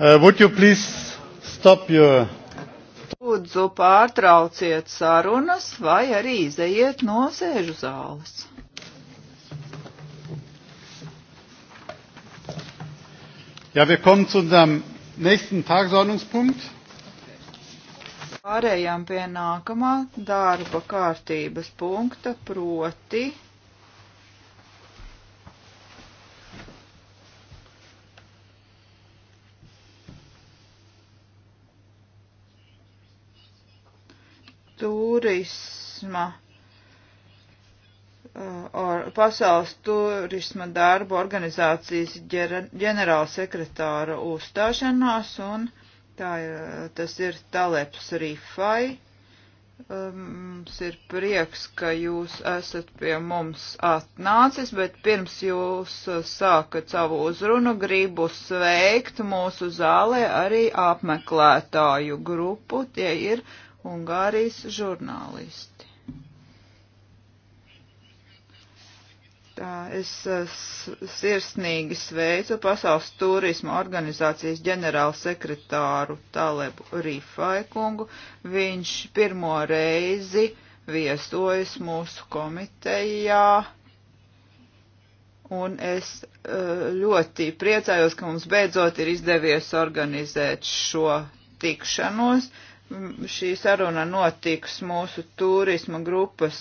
S1: Uh, would you please stop your...
S3: Lūdzu, pārtrauciet sarunas vai arī izejiet no sēžu zāles.
S1: Ja, wir kommen zu unserem nächsten
S3: Tagesordnungspunkt. Pārējām pie nākamā darba kārtības punkta, proti turisma, uh, or, pasaules turisma darba organizācijas ģenerālsekretāra uzstāšanās, un tā ir, uh, tas ir Taleps Rifai. Um, mums ir prieks, ka jūs esat pie mums atnācis, bet pirms jūs uh, sākat savu uzrunu, gribu sveikt mūsu zālē arī apmeklētāju grupu. Tie ir Ungārijas žurnālisti. Tā, es eh, sirsnīgi sveicu Pasaules turisma organizācijas ģenerālu sekretāru Talebu Rifaikungu. Viņš pirmo reizi viesojas mūsu komitejā. Un es eh, ļoti priecājos, ka mums beidzot ir izdevies organizēt šo tikšanos. Uh, Mm, šī saruna notiks mūsu turisma grupas,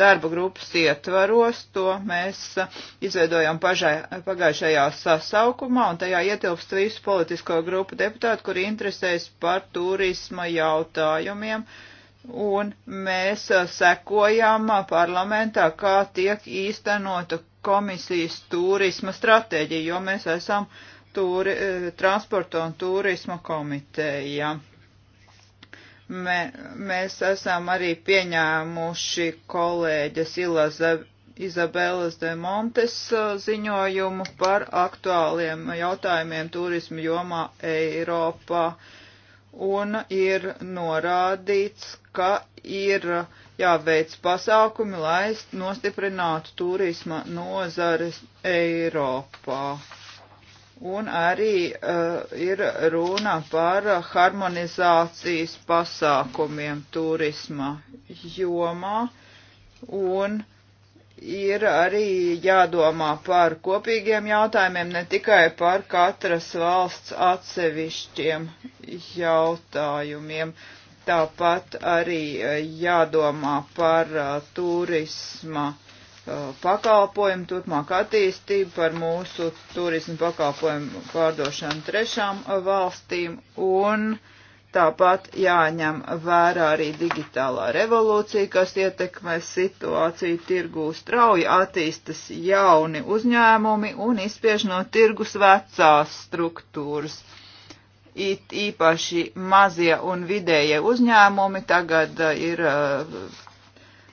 S3: darba grupas ietvaros, to mēs uh, izveidojam pažai, pagājušajā sasaukumā, un tajā ietilpst visu politisko grupu deputātu, kuri interesēs par turisma jautājumiem, un mēs uh, sekojam uh, parlamentā, kā tiek īstenota komisijas turisma stratēģija, jo mēs esam turi, transporta un turisma komiteja. Mē, mēs esam arī pieņēmuši kolēģes Ilaza Izabelas de Montes uh, ziņojumu par aktuāliem jautājumiem turismu jomā Eiropā. Un ir norādīts, ka ir jāveic pasākumi, lai nostiprinātu turisma nozares Eiropā Un arī uh, ir runa par harmonizācijas pasākumiem turisma jomā. Un ir arī jādomā par kopīgiem jautājumiem, ne tikai par katras valsts atsevišķiem jautājumiem. Tāpat arī eh, jādomā par uh, turisma Uh, pakalpojumu, turpmāk attīstību, par mūsu turismu pakalpojumu pārdošanu trešām uh, valstīm un tāpat jāņem vērā arī digitālā revolūcija, kas ietekmē situāciju tirgū strauji attīstas jauni uzņēmumi un izspiež no tirgus vecās struktūras. It īpaši mazie un vidējie uzņēmumi tagad uh, ir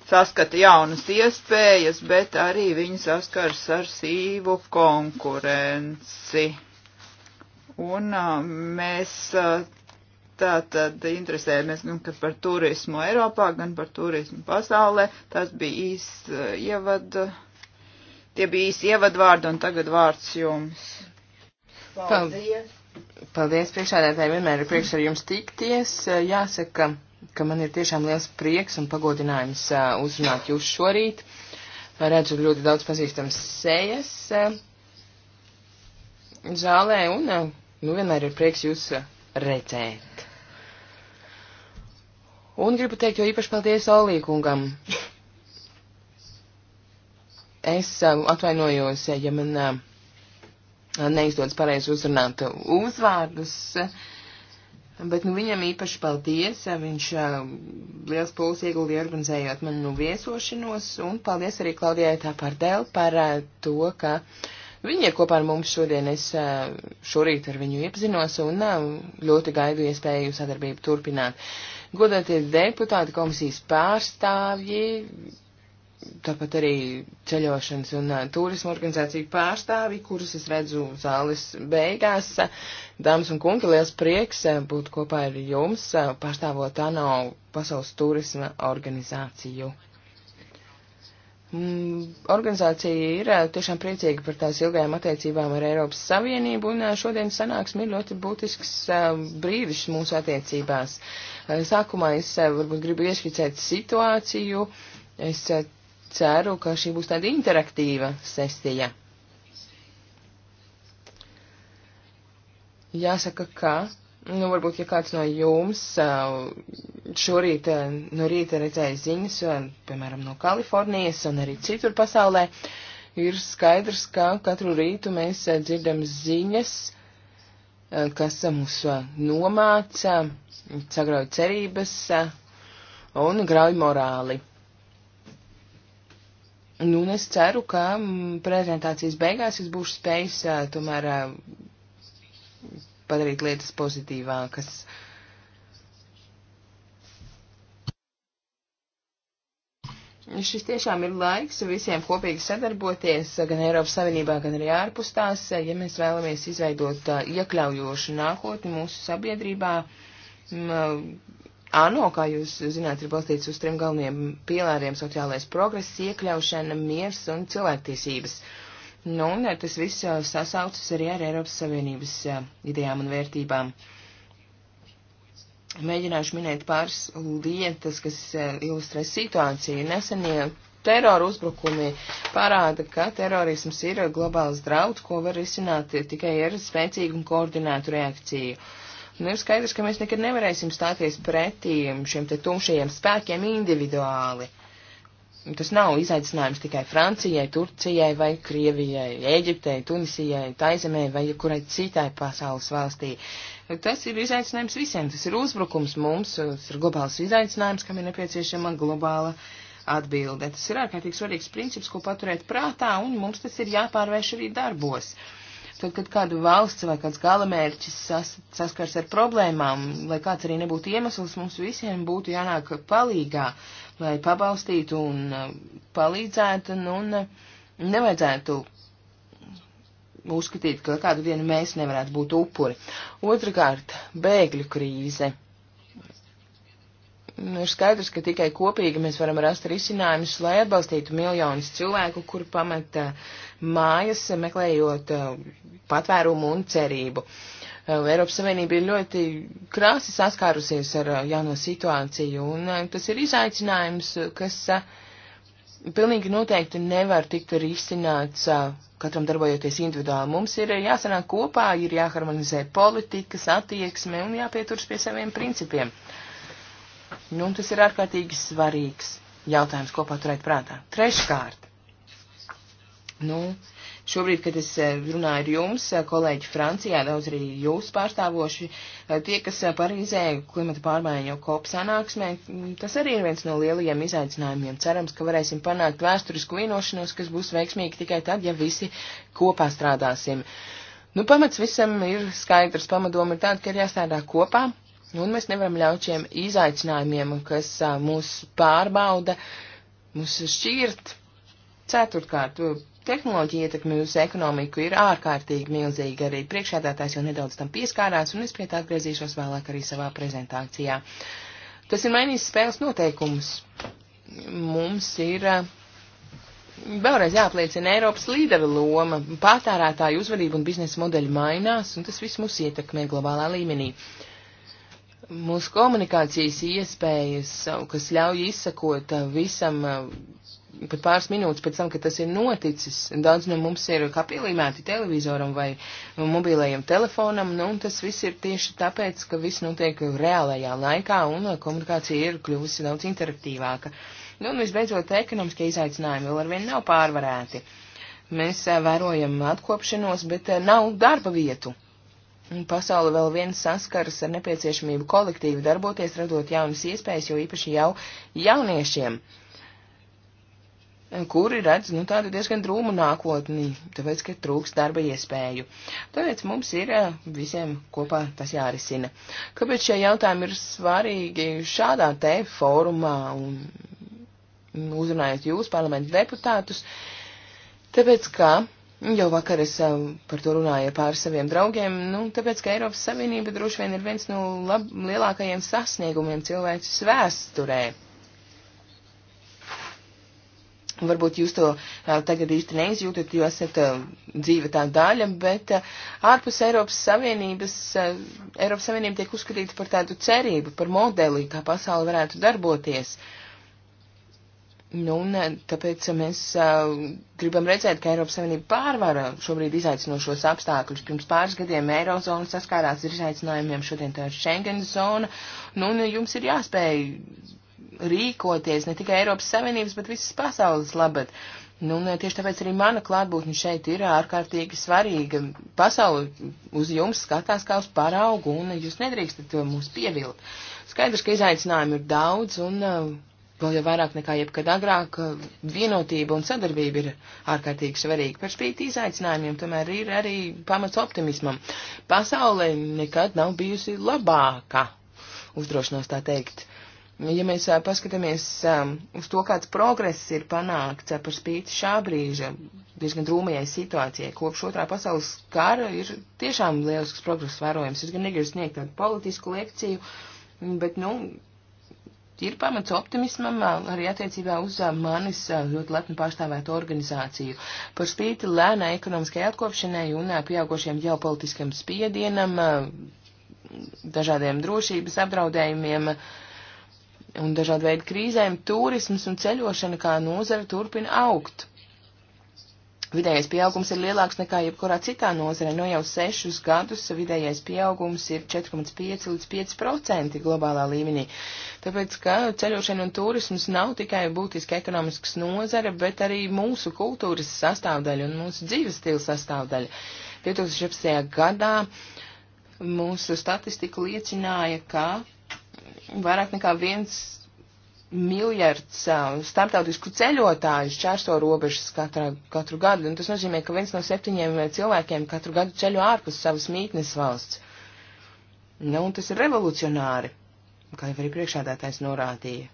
S3: saskata jaunas iespējas, bet arī viņi saskars ar sīvu konkurenci. Un mēs tā tad interesējamies gan par turismu Eiropā, gan par turismu pasaulē. Tas bija īsts ievad, tie bija īsti ievadvārdi, un
S4: tagad vārds jums.
S1: Paldies!
S4: Paldies priekšādētāji, vienmēr ir prieks ar jums tikties. Jāsaka, ka ka man ir tiešām liels prieks un pagodinājums uh, uzrunāt jūs šorīt. Redzu ļoti daudz pazīstams sejas uh, zālē un uh, nu vienmēr ir prieks jūs uh, redzēt. Un gribu teikt jau īpaši paldies Olīkungam. Es uh, atvainojos, ja man uh, neizdodas pareizi uzrunāt uzvārdus. Uh, Bet nu, viņam īpaši paldies, viņš uh, liels pūles ieguldīja organizējot manu nu, viesošanos, un paldies arī Klaudijai Tāpardēl par uh, to, ka viņa kopā ar mums šodien es uh, šorīt ar viņu iepazinos, un uh, ļoti gaidu iespēju sadarbību turpināt. Godātie deputāti, komisijas pārstāvji, tāpat arī ceļošanas un turismu organizāciju pārstāvi, kurus es redzu zāles beigās. Dāmas un kungi, liels prieks būt kopā ar jums, pārstāvot ANO pasaules turisma organizāciju. Mm, organizācija ir tiešām priecīga par tās ilgajām attiecībām ar Eiropas Savienību, un šodien sanāksme ir ļoti būtisks brīdis mūsu attiecībās. Sākumā es varbūt gribu ieskicēt situāciju. Es ceru, ka šī būs tāda interaktīva sesija. Jāsaka, ka, nu, varbūt, ja kāds no jums uh, šorīt uh, no rīta redzēja ziņas, uh, piemēram, no Kalifornijas un arī citur pasaulē, ir skaidrs, ka katru rītu mēs dzirdam ziņas, kas mūs nomāca, sagrauj cerības un grauj morāli. Nu, un es ceru, ka mm, prezentācijas beigās es būšu spējis tomēr padarīt lietas pozitīvākas. Šis tiešām ir laiks visiem kopīgi sadarboties, gan Eiropas Savienībā, gan arī ārpus tās, ja mēs vēlamies izveidot iekļaujošu nākotni mūsu sabiedrībā. M, mm, ANO, kā jūs zināt, ir balstīts uz trim galvenajiem pīlāriem - sociālais progress, iekļaušana, miers un cilvēktiesības. Nu, un eh, tas viss eh, sasaucas arī ar Eiropas Savienības eh, idejām un vērtībām. Mēģināšu minēt pāris lietas, kas ilustrē situāciju. Nesenie terora uzbrukumi parāda, ka terorisms ir globāls drauds, ko var risināt tikai ar spēcīgu un koordinētu reakciju. Uh, Nu, ir skaidrs, ka mēs nekad nevarēsim stāties pretī šiem te tumšajiem spēkiem individuāli. Tas nav izaicinājums tikai Francijai, Turcijai vai Krievijai, Eģiptei, Tunisijai, Taizemē vai kurai citai pasaules valstī. Tas ir izaicinājums visiem, tas ir uzbrukums mums, tas ir globāls izaicinājums, kam ir nepieciešama globāla atbilde. Tas ir ārkārtīgi svarīgs princips, ko paturēt prātā, un mums tas ir jāpārvērš arī darbos. Uh, Tad, kad kāda valsts vai kāds galamērķis sas, saskars ar problēmām, lai kāds arī nebūtu iemesls, mums visiem būtu jānāk palīgā, lai pabalstītu un uh, palīdzētu, nu, un, un uh, nevajadzētu uzskatīt, ka kādu dienu mēs nevarētu būt upuri. Otrakārt, bēgļu krīze. Nu, ir skaidrs, ka tikai kopīgi mēs varam rast risinājumus, lai atbalstītu miljonus cilvēku, kur pameta eh, mājas, meklējot eh, patvērumu un cerību. Eh, Eiropas Savienība ir ļoti krāsi saskārusies ar jauno situāciju, un tas ir izaicinājums, kas pilnīgi noteikti nevar tikt risināts katram darbojoties individuāli. Mums ir jāsanāk kopā, ir jāharmonizē politikas, attieksme un jāpieturas pie saviem principiem. Uh, Nu, tas ir ārkārtīgi svarīgs jautājums, ko paturēt prātā. Treškārt. Nu, šobrīd, kad es eh, runāju ar jums, eh, kolēģi Francijā, daudz arī jūs pārstāvoši, eh, tie, kas Parīzē klimata pārmaiņu kopu sanāksmē, mm, tas arī ir viens no lielajiem izaicinājumiem. Cerams, ka varēsim panākt vēsturisku vienošanos, kas būs veiksmīgi tikai tad, ja visi kopā strādāsim. Nu, pamats visam ir skaidrs, pamadoma ir tāda, ka ir jāstrādā kopā, Nu, un mēs nevaram ļaut šiem izaicinājumiem, kas a, mūs pārbauda, mūs šķirt. Ceturtkārt, tehnoloģija ietekme uz ekonomiku ir ārkārtīgi milzīga. Arī priekšēdātājs jau nedaudz tam pieskārās, un es pie tā atgriezīšos vēlāk arī savā prezentācijā. Tas ir mainījis spēles noteikumus. Mums ir a, vēlreiz jāpliecina Eiropas līdera loma, patērētāju uzvedība un biznesa modeļi mainās, un tas viss mūs ietekmē globālā līmenī. Uh, Mūsu komunikācijas iespējas, uh, kas ļauj izsakot uh, visam uh, pat pāris minūtes pēc tam, kad tas ir noticis, daudz no mums ir kapilīmēti televizoram vai mobilajam telefonam, nu, un tas viss ir tieši tāpēc, ka viss notiek reālajā laikā, un komunikācija ir kļuvusi daudz interaktīvāka. Nu, un visbeidzot, ekonomiskie izaicinājumi vēl arvien nav pārvarēti. Mēs vērojam atkopšanos, bet nav darba vietu. Pasaule vēl viens saskaras ar nepieciešamību kolektīvi darboties, radot jaunas iespējas, jo īpaši jau jauniešiem, kuri redz, nu, tādu diezgan drūmu nākotni, tāpēc, ka trūks darba iespēju. Tāpēc mums ir eh, visiem kopā tas jārisina. Kāpēc šie jautājumi ir svarīgi šādā te fórumā un uzrunājot jūs, parlamentu deputātus? Tāpēc, ka Jau vakar es um, par to runāju pār saviem draugiem, nu, tāpēc, ka Eiropas Savienība droši vien ir viens no lab, lielākajiem sasniegumiem cilvēces vēsturē. Varbūt jūs to uh, tagad īsti neizjūtat, jo esat uh, dzīve tā daļa, bet uh, ārpus Eiropas Savienības, Eiropas Savienība tiek uzskatīta par tādu cerību, par modeli, kā pasauli varētu darboties. Uh, Nu, un eh, tāpēc eh, mēs uh, gribam redzēt, ka Eiropas Savienība pārvara šobrīd izaicinošos apstākļus. Pirms pāris gadiem Eirozona saskārās ar izaicinājumiem, šodien tā ir Schengen zona. Nu, un jums ir jāspēj rīkoties ne tikai Eiropas Savienības, bet visas pasaules labad. Nu, un tieši tāpēc arī mana klātbūtne šeit ir ārkārtīgi svarīga. Pasauli uz jums skatās kā uz paraugu, un jūs nedrīkstat mūs pievilt. Skaidrs, ka izaicinājumu ir daudz, un. Uh, vēl jau vairāk nekā jebkad agrāk, vienotība un sadarbība ir ārkārtīgi svarīga. Par spīti izaicinājumiem tomēr ir arī pamats optimismam. Pasaulē nekad nav bijusi labāka, uzdrošinos tā teikt. Ja mēs paskatāmies uz to, kāds progress ir panākts par spīti šā brīža diezgan drūmajai situācijai, kopš otrā pasaules kara ir tiešām lielisks progress vērojams. Ir gan negribu sniegt tādu politisku lekciju, bet, nu, ir pamats optimismam arī attiecībā uz manis ļoti lepni pārstāvētu organizāciju. Par spīti lēnai ekonomiskai atkopšanai un pieaugošiem ģeopolitiskiem spiedienam, dažādiem drošības apdraudējumiem un dažādu veidu krīzēm, turisms un ceļošana kā nozara turpina augt. Vidējais pieaugums ir lielāks nekā jebkurā citā nozare. No nu, jau sešus gadus vidējais pieaugums ir 4,5 līdz 5% globālā līmenī. Tāpēc, ka ceļošana un turisms nav tikai būtiski ekonomisks nozare, bet arī mūsu kultūras sastāvdaļa un mūsu dzīves stila sastāvdaļa. 2017. gadā mūsu statistika liecināja, ka vairāk nekā viens miljards uh, starptautisku ceļotāju šķērso robežas katrā, katru gadu, un tas nozīmē, ka viens no septiņiem cilvēkiem katru gadu ceļo ārpus savas mītnes valsts. Nu, un tas ir revolucionāri, kā jau arī priekšādātais norādīja.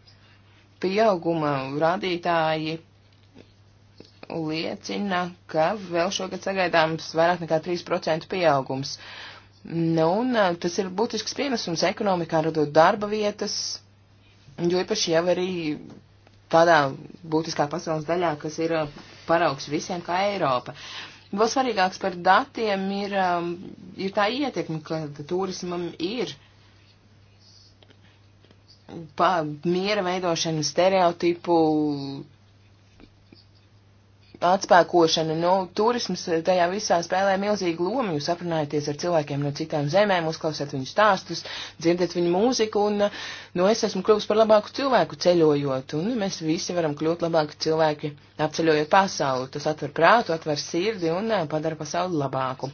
S4: Pieauguma rādītāji liecina, ka vēl šogad sagaidāms vairāk nekā 3% pieaugums. Nu, un tas ir būtisks pienesums ekonomikā, radot darba vietas, jo īpaši jau arī tādā būtiskā pasaules daļā, kas ir uh, paraugs visiem kā Eiropa. Vēl svarīgāks par datiem ir, um, ir tā ietekme, ka turismam ir pa, miera veidošana, stereotipu atspēkošana, nu, turisms tajā visā spēlē milzīgu lomu. Jūs aprunājaties ar cilvēkiem no citām zemēm, uzklausāt viņu stāstus, dzirdat viņu mūziku, un, nu, es esmu kļuvusi par labāku cilvēku ceļojot, un mēs visi varam kļūt labāki cilvēki apceļojot pasauli. Tas atver prātu, atver sirdi un eh, padara pasauli labāku.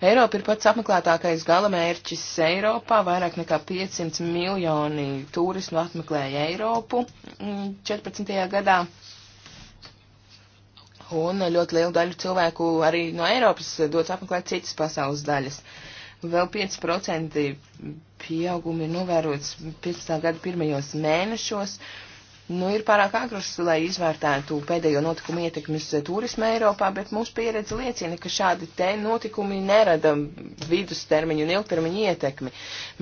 S4: Eiropa ir pats apmeklētākais galamērķis Eiropā. Vairāk nekā 500 miljoni turistu apmeklēja Eiropu 14. Mm, gadā. Un ļoti lielu daļu cilvēku arī no Eiropas dodas apmeklēt citas pasaules daļas. Vēl 5% pieaugumi ir novērots 15. gada pirmajos mēnešos. Nu, ir pārāk agrus, lai izvērtētu pēdējo notikumu ietekmes turismu Eiropā, bet mūsu pieredze liecina, ka šādi te notikumi nerada vidustermiņu un ilgtermiņu ietekmi.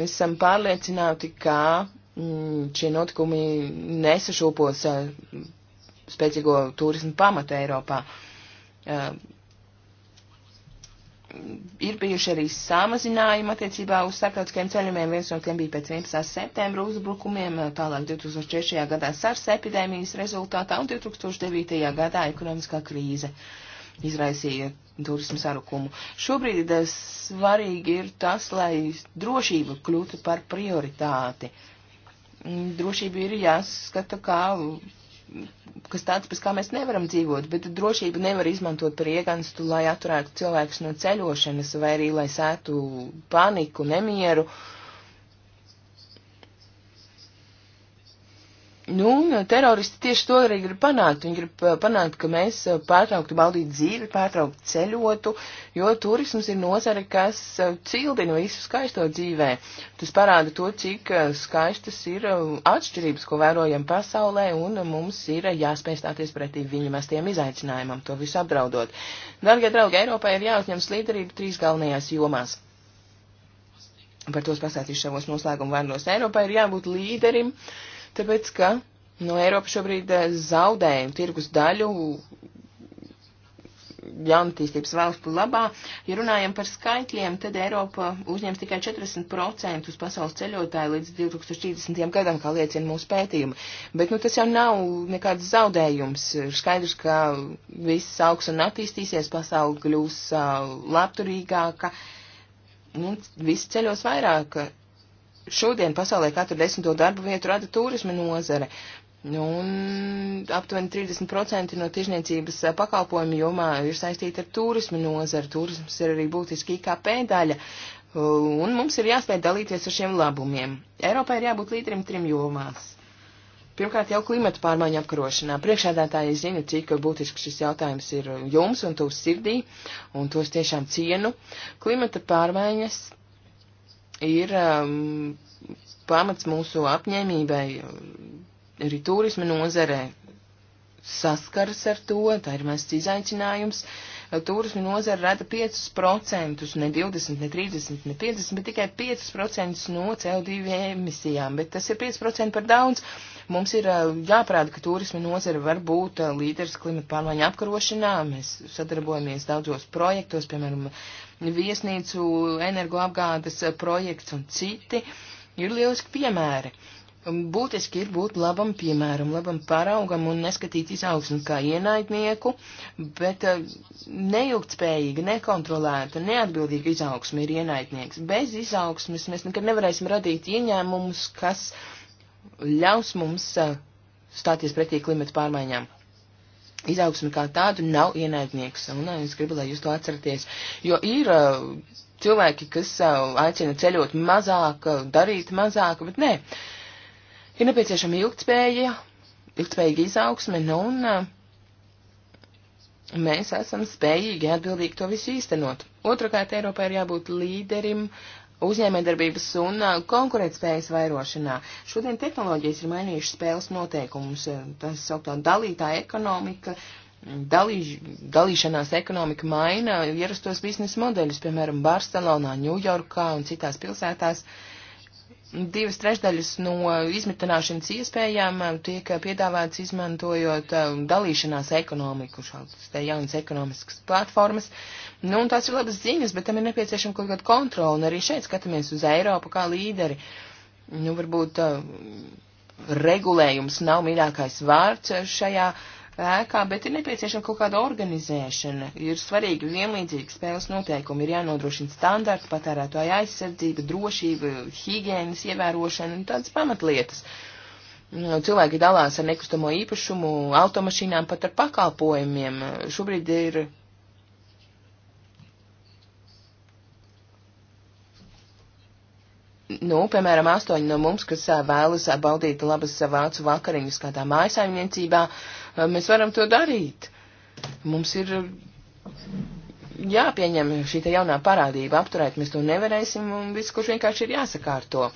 S4: Mēs esam pārliecināti, ka mm, šie notikumi nesašūpos spēcīgo turismu pamatu Eiropā. Uh, ir bijuši arī samazinājumi attiecībā uz starptautiskajiem ceļojumiem. Viens no tiem bija pēc 11. septembra uzbrukumiem, uh, tālāk 2006. gadā sars epidēmijas rezultātā un 2009. gadā ekonomiskā krīze izraisīja turismu sarukumu. Šobrīd uh, svarīgi ir tas, lai drošība kļūtu par prioritāti. Mm, drošība ir jāskata kā kas tāds, bez kā mēs nevaram dzīvot, bet drošību nevar izmantot par ieganstu, lai atturētu cilvēkus no ceļošanas vai arī, lai sētu paniku, nemieru. Uh, Nu, uh, teroristi tieši to arī grib panākt. Viņi grib uh, panākt, ka mēs uh, pārtrauktu baudīt dzīvi, pārtrauktu ceļotu, jo turisms ir nozare, kas cildina visu skaisto dzīvē. Tas parāda to, cik skaistas ir atšķirības, ko vērojam pasaulē, un mums ir jāspēj stāties pretī viņu mestiem izaicinājumam, to visu apdraudot. Dargie draugi, Eiropai ir jāuzņems līderība trīs galvenajās jomās. Par tos pasātīšu savos noslēguma vārdos. Eiropai ir jābūt līderim. Uh, Tāpēc, ka no Eiropas šobrīd eh, zaudējam tirgus daļu jaunatīstības valstu labā. Ja runājam par skaitļiem, tad Eiropa uzņems tikai 40% uz pasaules ceļotāju līdz 2030. gadam, kā liecina mūsu pētījumi. Bet nu, tas jau nav nekāds zaudējums. Ir skaidrs, ka viss augs un attīstīsies, pasauli kļūs uh, labturīgāka. Nu, visi ceļos vairāk šodien pasaulē katru desmito darbu vietu rada turisma nozare. Un aptuveni 30% no tirzniecības pakalpojumu jomā ir saistīta ar turismu nozaru. Turisms ir arī būtiski IKP daļa. Un mums ir jāspēj dalīties ar šiem labumiem. Eiropai ir jābūt līderim trim jomās. Pirmkārt, jau klimata pārmaiņu apkarošanā. Priekšādātāji zina, cik būtisks šis jautājums ir jums un tūs sirdī, un tos tiešām cienu. Klimata pārmaiņas ir um, pamats mūsu apņēmībai arī turisma nozarē saskaras ar to, tā ir mēs izaicinājums. Turisma nozara rada 5%, ne 20, ne 30, ne 50, bet tikai 5% no CO2 emisijām, bet tas ir 5% par daudz. Mums ir uh, jāprāda, ka turisma nozara var būt uh, līderis klimata pārmaiņu apkarošanā. Mēs sadarbojamies daudzos projektos, piemēram, viesnīcu energoapgādes projekts un citi ir lieliski piemēri. Būtiski ir būt labam piemēram, labam paraugam un neskatīt izaugsmu kā ienaidnieku, bet eh, nejūgtspējīga, nekontrolēta, neatbildīga izaugsme ir ienaidnieks. Bez izaugsmes mēs nekad nevarēsim radīt ieņēmumus, kas ļaus mums eh, stāties pretī klimata pārmaiņām izaugsmi kā tādu nav ienaidnieks. Un uh, es gribu, lai jūs to atceraties. Jo ir uh, cilvēki, kas uh, aicina ceļot mazāk, uh, darīt mazāk, bet nē. Ir nepieciešama ilgtspēja, ilgtspējīga izaugsme, nu, un uh, mēs esam spējīgi atbildīgi to visu īstenot. Otrakārt, Eiropā ir jābūt līderim uzņēmējdarbības un konkurētspējas vairošanā. Šodien tehnoloģijas ir mainījušas spēles noteikumus, tas sauktā dalītā ekonomika, dalīž, dalīšanās ekonomika maina ierastos biznesa modeļus, piemēram, Barcelonā, Ņujorkā un citās pilsētās. Uh, divas trešdaļas no izmitināšanas iespējām um, tiek uh, piedāvāts izmantojot um, dalīšanās ekonomiku, šādas te jaunas ekonomiskas platformas. Nu, un tās ir labas ziņas, bet tam ir nepieciešama kaut kāda kontrola, un arī šeit skatāmies uz Eiropu kā līderi. Nu, varbūt um, regulējums nav mīļākais vārds uh, šajā uh, ēkā, bet ir nepieciešama kaut kāda organizēšana. Ir svarīgi vienlīdzīgi spēles noteikumi, ir jānodrošina standarti, patērētāja aizsardzība, drošība, higienas ievērošana un tādas pamatlietas. Nu, cilvēki dalās ar nekustamo īpašumu, automašīnām, pat ar pakalpojumiem. Šobrīd ir nu, piemēram, astoņi no mums, kas vēlas baudīt labas vācu vakariņas kādā mājasaimniecībā, mēs varam to darīt. Mums ir jāpieņem šī jaunā parādība, apturēt mēs to nevarēsim, un viss, kurš vienkārši ir jāsakārto.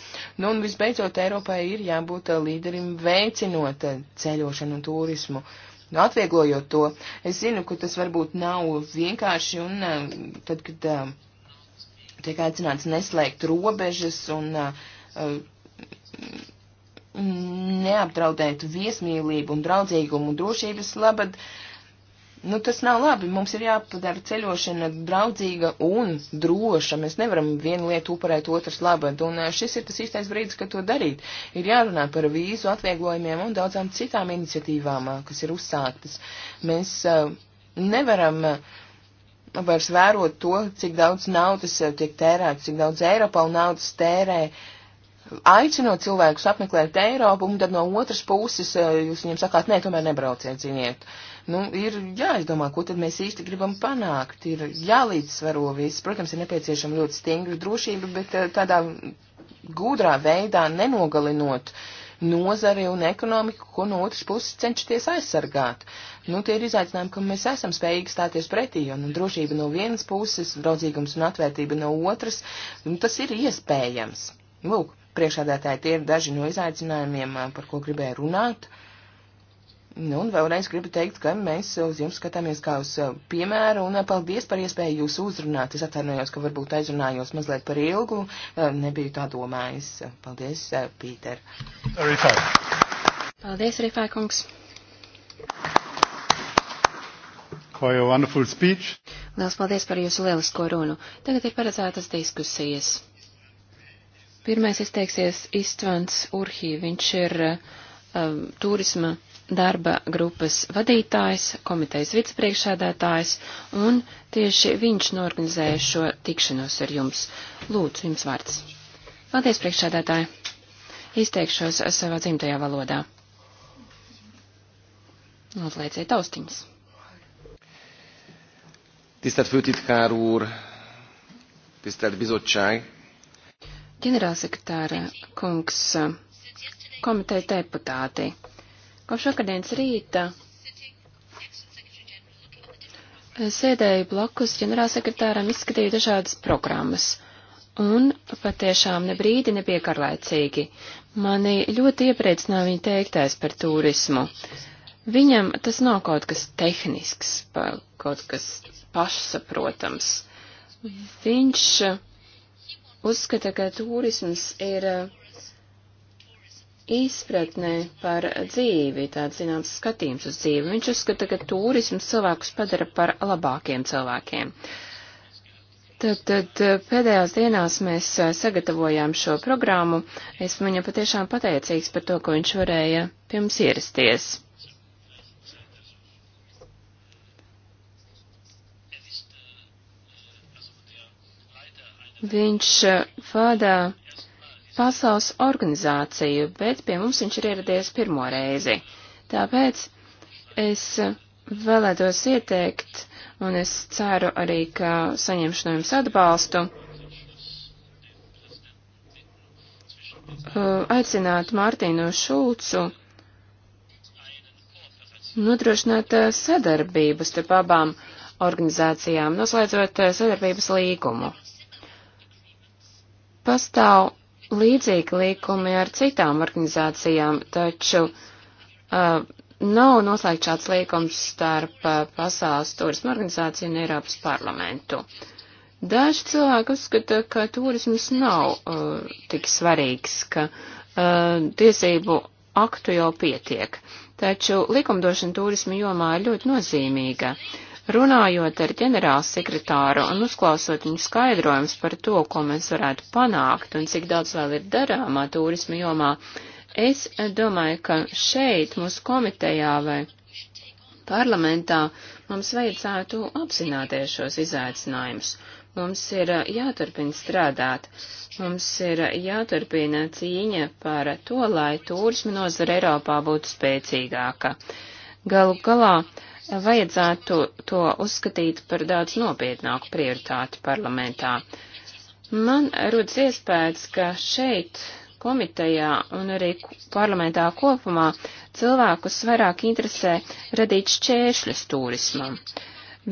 S4: Nu, un visbeidzot, Eiropai ir jābūt līderim veicinot ceļošanu un turismu. Nu, atvieglojot to, es zinu, ka tas varbūt nav vienkārši, un tad, kad tiek aicināts neslēgt robežas un uh, neapdraudēt viesmīlību un draudzīgumu un drošības labad. Nu, tas nav labi. Mums ir jāpadara ceļošana draudzīga un droša. Mēs nevaram vienu lietu upurēt otras labad. Un uh, šis ir tas īstais brīdis, kad to darīt. Ir jārunā par vīzu atvieglojumiem un daudzām citām iniciatīvām, uh, kas ir uzsāktas. Mēs uh, nevaram uh, Nu, vairs vērot to, cik daudz naudas tiek tērēts, cik daudz Eiropā un naudas tērē, aicinot cilvēkus apmeklēt Eiropu, un tad no otras puses eh, jūs viņiem sakāt, nē, tomēr nebrauciet, ziniet. Nu, ir jāizdomā, ko tad mēs īsti gribam panākt, ir jālīdzsvaro viss, protams, ir nepieciešama ļoti stingra drošība, bet eh, tādā gudrā veidā nenogalinot nozari un ekonomiku, ko no otras puses cenšaties aizsargāt. Nu, tie ir izaicinājumi, kam mēs esam spējīgi stāties pretī, un nu, drošība no vienas puses, draudzīgums un atvērtība no otras, nu, tas ir iespējams. Lūk, priekšādātāji tie ir daži no izaicinājumiem, par ko gribēju runāt. Nu, un vēlreiz gribu teikt, ka mēs uz jums skatāmies kā uz piemēru, un paldies par iespēju jūs uzrunāt. Es atvainojos, ka varbūt aizrunājos mazliet par ilgu, nebiju tā domājis. Paldies, Pīter. Rifai.
S5: Paldies, Rifai kungs
S1: for your wonderful speech.
S5: Lielas paldies par jūsu lielisko runu. Tagad ir paredzētas diskusijas. Pirmais izteiksies Istvans Urhī. Viņš ir um, uh, turisma darba grupas vadītājs, komitejas vicepriekšsēdētājs, un tieši viņš norganizēja šo tikšanos ar jums. Lūdzu, jums vārds. Paldies, priekšsēdētāji. Izteikšos savā dzimtajā valodā. Uzlieciet austiņas. Tisztelt Főtitkár úr, tisztelt bizottság! Ģenerālsekretāra kungs, komiteja deputāti, kopš vakardienas rīta sēdēju blakus ģenerālsekretāram, izskatīju dažādas programmas. Un patiešām ne brīdi nebija garlaicīgi. Mani ļoti iepriecināja viņa teiktais par turismu. Viņam tas nav kaut kas tehnisks, par kaut kas pašsaprotams. Viņš uzskata, ka turisms ir uh, izpratnē par dzīvi, tāds zināms skatījums uz dzīvi. Viņš uzskata, ka turisms cilvēkus padara par labākiem cilvēkiem. Tad, tad uh, pēdējās dienās mēs uh, sagatavojām šo programmu. Esmu viņam patiešām pateicīgs par to, ko viņš varēja pie mums ierasties. Viņš eh, vada pasaules organizāciju, bet pie mums viņš ir ieradies pirmo reizi. Tāpēc es eh, vēlētos ieteikt, un es ceru arī, ka saņemšu no jums atbalstu, eh, aicināt Mārtīnu Šulcu nodrošināt sadarbības te abām organizācijām, noslēdzot sadarbības līgumu. Pastāv līdzīgi līkumi ar citām organizācijām, taču uh, nav noslēgts šāds līkums starp uh, Pasaules turisma organizāciju un Eiropas parlamentu. Daži cilvēki uzskata, ka turisms nav uh, tik svarīgs, ka uh, tiesību aktu jau pietiek, taču likumdošana turisma jomā ir ļoti nozīmīga. Uh, Runājot ar ģenerālu sekretāru un uzklausot viņu skaidrojums par to, ko mēs varētu panākt un cik daudz vēl ir darāmā turismu jomā, es domāju, ka šeit mūsu komitejā vai parlamentā mums vajadzētu apzināties šos izaicinājumus. Mums ir jāturpina strādāt, mums ir jāturpina cīņa par to, lai turismu nozara Eiropā būtu spēcīgāka. Galu galā vajadzētu to uzskatīt par daudz nopietnāku prioritāti parlamentā. Man rodas iespējas, ka šeit komitejā un arī parlamentā kopumā cilvēkus vairāk interesē radīt šķēršļus turismam.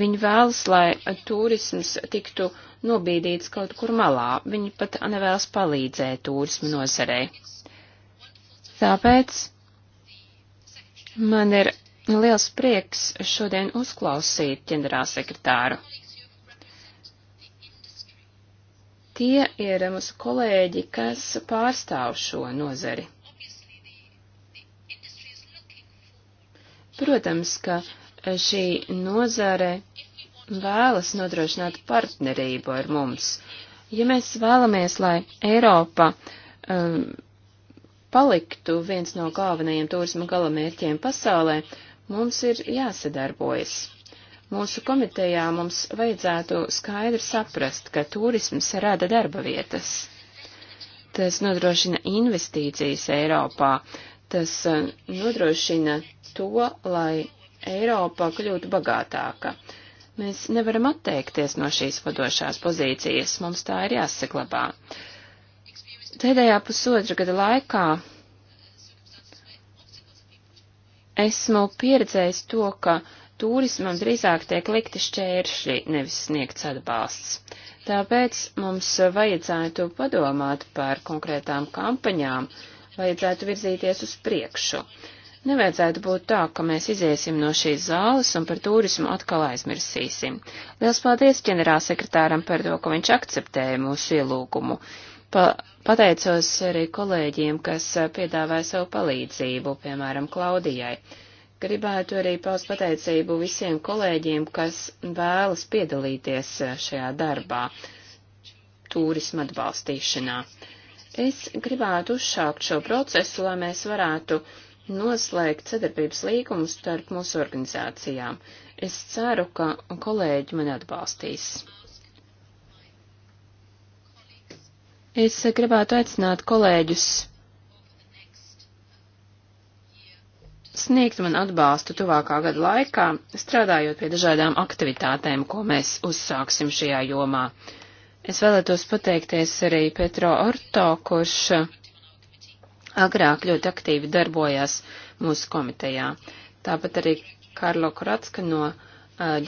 S5: Viņi vēlas, lai turisms tiktu nobīdīts kaut kur malā, viņi pat nevēlas palīdzēt turismu nozarei. Tāpēc man ir Liels prieks šodien uzklausīt ģenerālsekretāru. Tie ir mūsu kolēģi, kas pārstāv šo nozari. Protams, ka šī nozare vēlas nodrošināt partnerību ar mums. Ja mēs vēlamies, lai Eiropa um, paliktu viens no galvenajiem turisma galamērķiem pasaulē, uh, Mums ir jāsadarbojas. Mūsu komitejā mums vajadzētu skaidri saprast, ka turisms rada darba vietas. Tas nodrošina investīcijas Eiropā, tas e, nodrošina to, lai Eiropa kļūtu bagātāka. Mēs nevaram atteikties no šīs vadošās pozīcijas, mums tā ir jāsaglabā. Pēdējā pusotra gada laikā Esmu pieredzējis to, ka turismam drīzāk tiek likti šķēršļi, nevis sniegts atbalsts. Tāpēc mums vajadzētu padomāt par konkrētām kampaņām, vajadzētu virzīties uz priekšu. Nevajadzētu būt tā, ka mēs iziesim no šīs zāles un par turismu atkal aizmirsīsim. Liels paldies ģenerālsekretāram par to, ka viņš akceptēja mūsu ielūgumu. Pa pateicos arī kolēģiem, kas eh, piedāvāja savu palīdzību, piemēram, Klaudijai. Gribētu arī paust pateicību visiem kolēģiem, kas vēlas piedalīties eh, šajā darbā turisma atbalstīšanā. Es gribētu uzšākt šo procesu, lai mēs varētu noslēgt sadarbības līgumu starp mūsu organizācijām. Es ceru, ka kolēģi mani atbalstīs. Es gribētu aicināt kolēģus sniegt man atbalstu tuvākā gada laikā, strādājot pie dažādām aktivitātēm, ko mēs uzsāksim šajā jomā. Es vēlētos pateikties arī Petro Orto, kurš agrāk ļoti aktīvi darbojās mūsu komitejā. Tāpat arī Karlo Kuratska no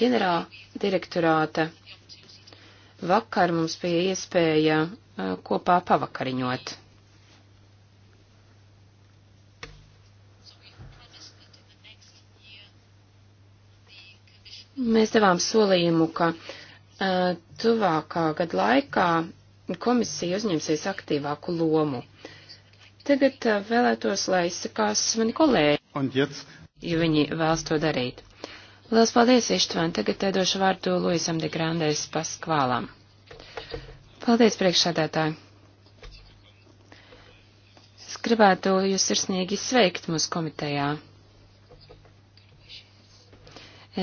S5: ģenerāla direktorāta. Vakar mums bija iespēja kopā pavakariņot. Mēs devām solījumu, ka uh, tuvākā gada laikā komisija uzņemsies aktīvāku lomu. Tagad uh, vēlētos, lai izsakās mani kolēģi, ja viņi vēlas to darīt. Lielas paldies, Ištvān, tagad došu vārdu Luisam de Grandes Paskvālam. Paldies, priekšsādātāji! Es gribētu jūs sirsnīgi sveikt mūsu komitejā.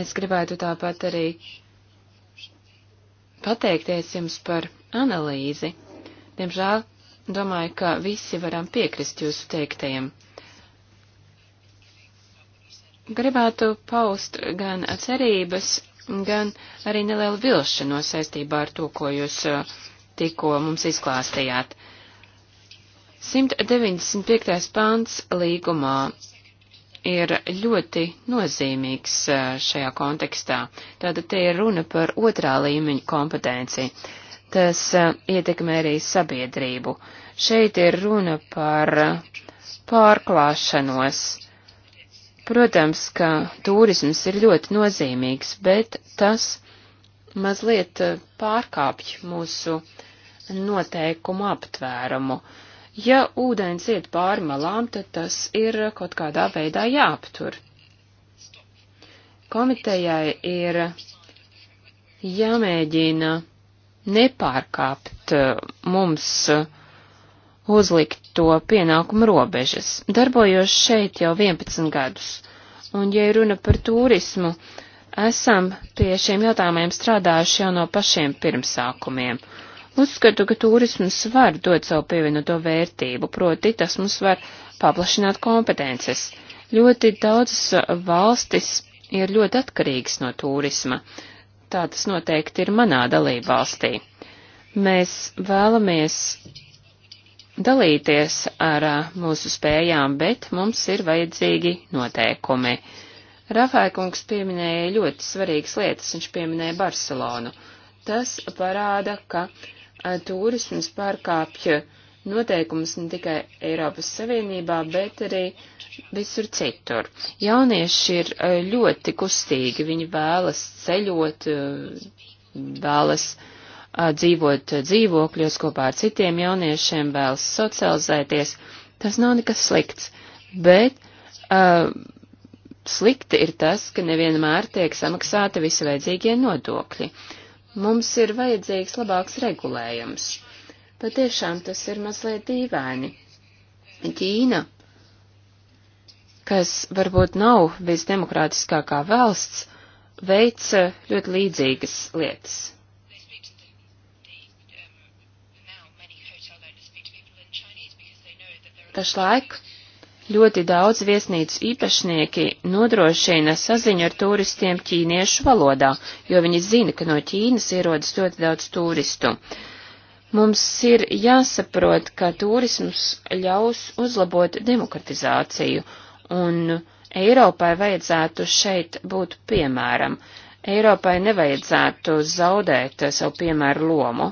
S5: Es gribētu tāpat arī pateikties jums par analīzi. Diemžēl domāju, ka visi varam piekrist jūsu teiktajiem. Gribētu paust gan cerības, gan arī nelielu vilšanos saistībā ar to, ko jūs tikko mums izklāstījāt. 195. pāns līgumā ir ļoti nozīmīgs šajā kontekstā. Tātad te ir runa par otrā līmeņa kompetenci. Tas ietekmē arī sabiedrību. Šeit ir runa par pārklāšanos. Protams, ka turisms ir ļoti nozīmīgs, bet tas mazliet pārkāpj mūsu uh, noteikumu aptvērumu. Ja ūdens iet pāri malām, tad tas ir kaut kādā veidā jāaptur. Komitejai ir jāmēģina nepārkāpt uh, mums uh, uzlikt to pienākumu robežas. Darbojos šeit jau 11 gadus, un, ja runa par turismu, esam pie šiem jautājumiem strādājuši jau no pašiem pirmsākumiem, Uzskatu, ka turisms var dot savu pievienoto vērtību, proti tas mums var paplašināt kompetences. Ļoti daudzas valstis ir ļoti atkarīgas no turisma. Tā tas noteikti ir manā dalība valstī. Mēs vēlamies dalīties ar mūsu spējām, bet mums ir vajadzīgi noteikumi. Rafēkungs pieminēja ļoti svarīgas lietas, viņš pieminēja Barcelonu. Tas parāda, ka turisms pārkāpj noteikumus ne tikai Eiropas Savienībā, bet arī visur citur. Jaunieši ir eh, ļoti kustīgi, viņi vēlas ceļot, eh, vēlas eh, dzīvot dzīvokļos kopā ar citiem jauniešiem, vēlas socializēties. Tas nav nekas slikts, bet uh, slikti ir tas, ka nevienmēr tiek samaksāti visi vajadzīgie nodokļi. Uh, Mums ir vajadzīgs labāks regulējums. Patiešām tas ir mazliet dīvaini. Ķīna, kas varbūt nav visdemokrātiskākā valsts, veic ļoti līdzīgas lietas. Pašlaik Ļoti daudz viesnīcu īpašnieki nodrošina saziņu ar turistiem ķīniešu valodā, jo viņi zina, ka no Ķīnas ierodas ļoti daudz turistu. Mums ir jāsaprot, ka turisms ļaus uzlabot demokratizāciju, un Eiropai vajadzētu šeit būt piemēram. Eiropai nevajadzētu zaudēt savu piemēru lomu.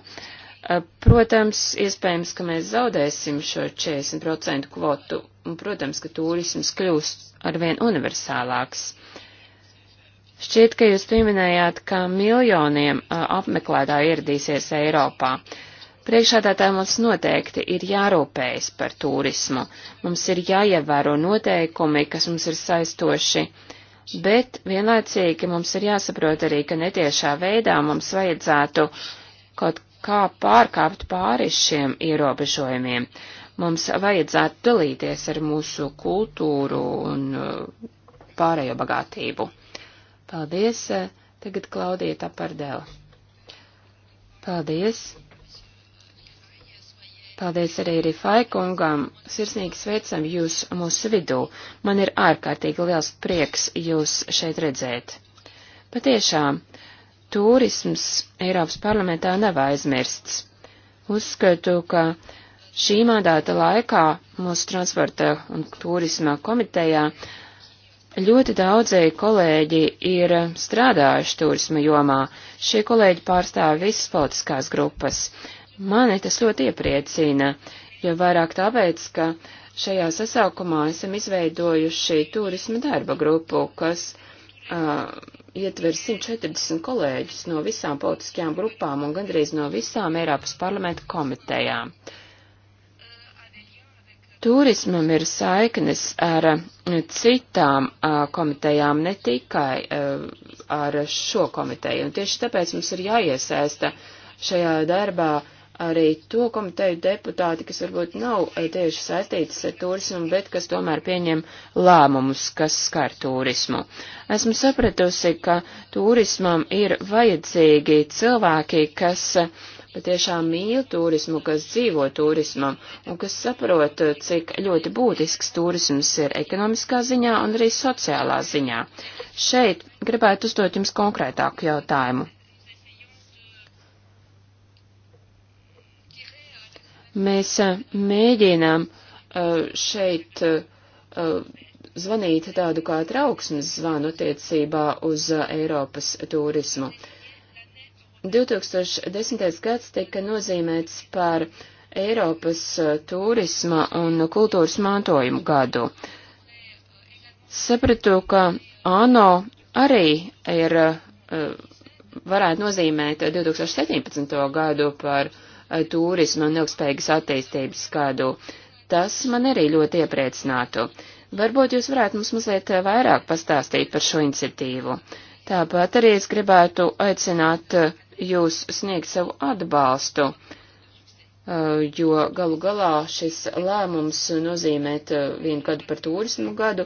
S5: Protams, iespējams, ka mēs zaudēsim šo 40% kvotu un, protams, ka turisms kļūst arvien universālāks. Šķiet, ka jūs pieminējāt, ka miljoniem apmeklētāju ieradīsies Eiropā. Priekšādātāji mums noteikti ir jārūpējas par turismu. Mums ir jāievēro noteikumi, kas mums ir saistoši, bet vienlaicīgi mums ir jāsaprot arī, ka netiešā veidā mums vajadzētu kaut kā pārkāpt pāri šiem ierobežojumiem. Uh, Mums vajadzētu dalīties ar mūsu kultūru un uh, pārējo bagātību. Paldies! Uh, tagad Klaudija Tapardēla. Paldies! Paldies arī Rifai kungam. Sirsnīgi sveicam jūs mūsu vidū. Man ir ārkārtīgi liels prieks jūs šeit redzēt. Patiešām, turisms Eiropas parlamentā nav aizmirsts. Uzskatu, ka Šī mandāta laikā mūsu transporta un turisma komitejā ļoti daudzēji kolēģi ir strādājuši turisma jomā. Šie kolēģi pārstāv visas politiskās grupas. Mani tas ļoti iepriecina, jo vairāk tāpēc, ka šajā sasaukumā esam izveidojuši turisma darba grupu, kas uh, ietver 140 kolēģus no visām politiskajām grupām un gandrīz no visām Eiropas parlamenta komitejām. Uh, Turismam ir saiknes ar eh, citām eh, komitejām, ne tikai eh, ar šo komiteju. Un tieši tāpēc mums ir jāiesaista šajā darbā arī to komiteju deputāti, kas varbūt nav tieši saistītas ar turismu, bet kas tomēr pieņem lēmumus, kas skar turismu. Esmu sapratusi, ka turismam ir vajadzīgi cilvēki, kas uh, patiešām mīl turismu, kas dzīvo turismam un kas saprot, eh, cik ļoti būtisks turisms ir ekonomiskā ziņā un arī sociālā ziņā. Šeit gribētu uzdot jums konkrētāku jautājumu. Mēs eh, mēģinām eh, šeit zvanīt tādu kā trauksmes zvanu attiecībā uz Eiropas turismu. 2010. gads tika nozīmēts par Eiropas eh, turisma un kultūras mantojumu gadu. Sapratu, ka ANO arī ir, eh, varētu nozīmēt 2017. gadu par eh, turismu un ilgspējīgas attīstības gadu. Tas man arī ļoti iepriecinātu. Varbūt jūs varētu mums mazliet vairāk pastāstīt par šo iniciatīvu. Tāpat arī es gribētu aicināt jūs sniegt savu atbalstu, uh, jo galu galā šis lēmums nozīmēt uh, vienu gadu par turismu gadu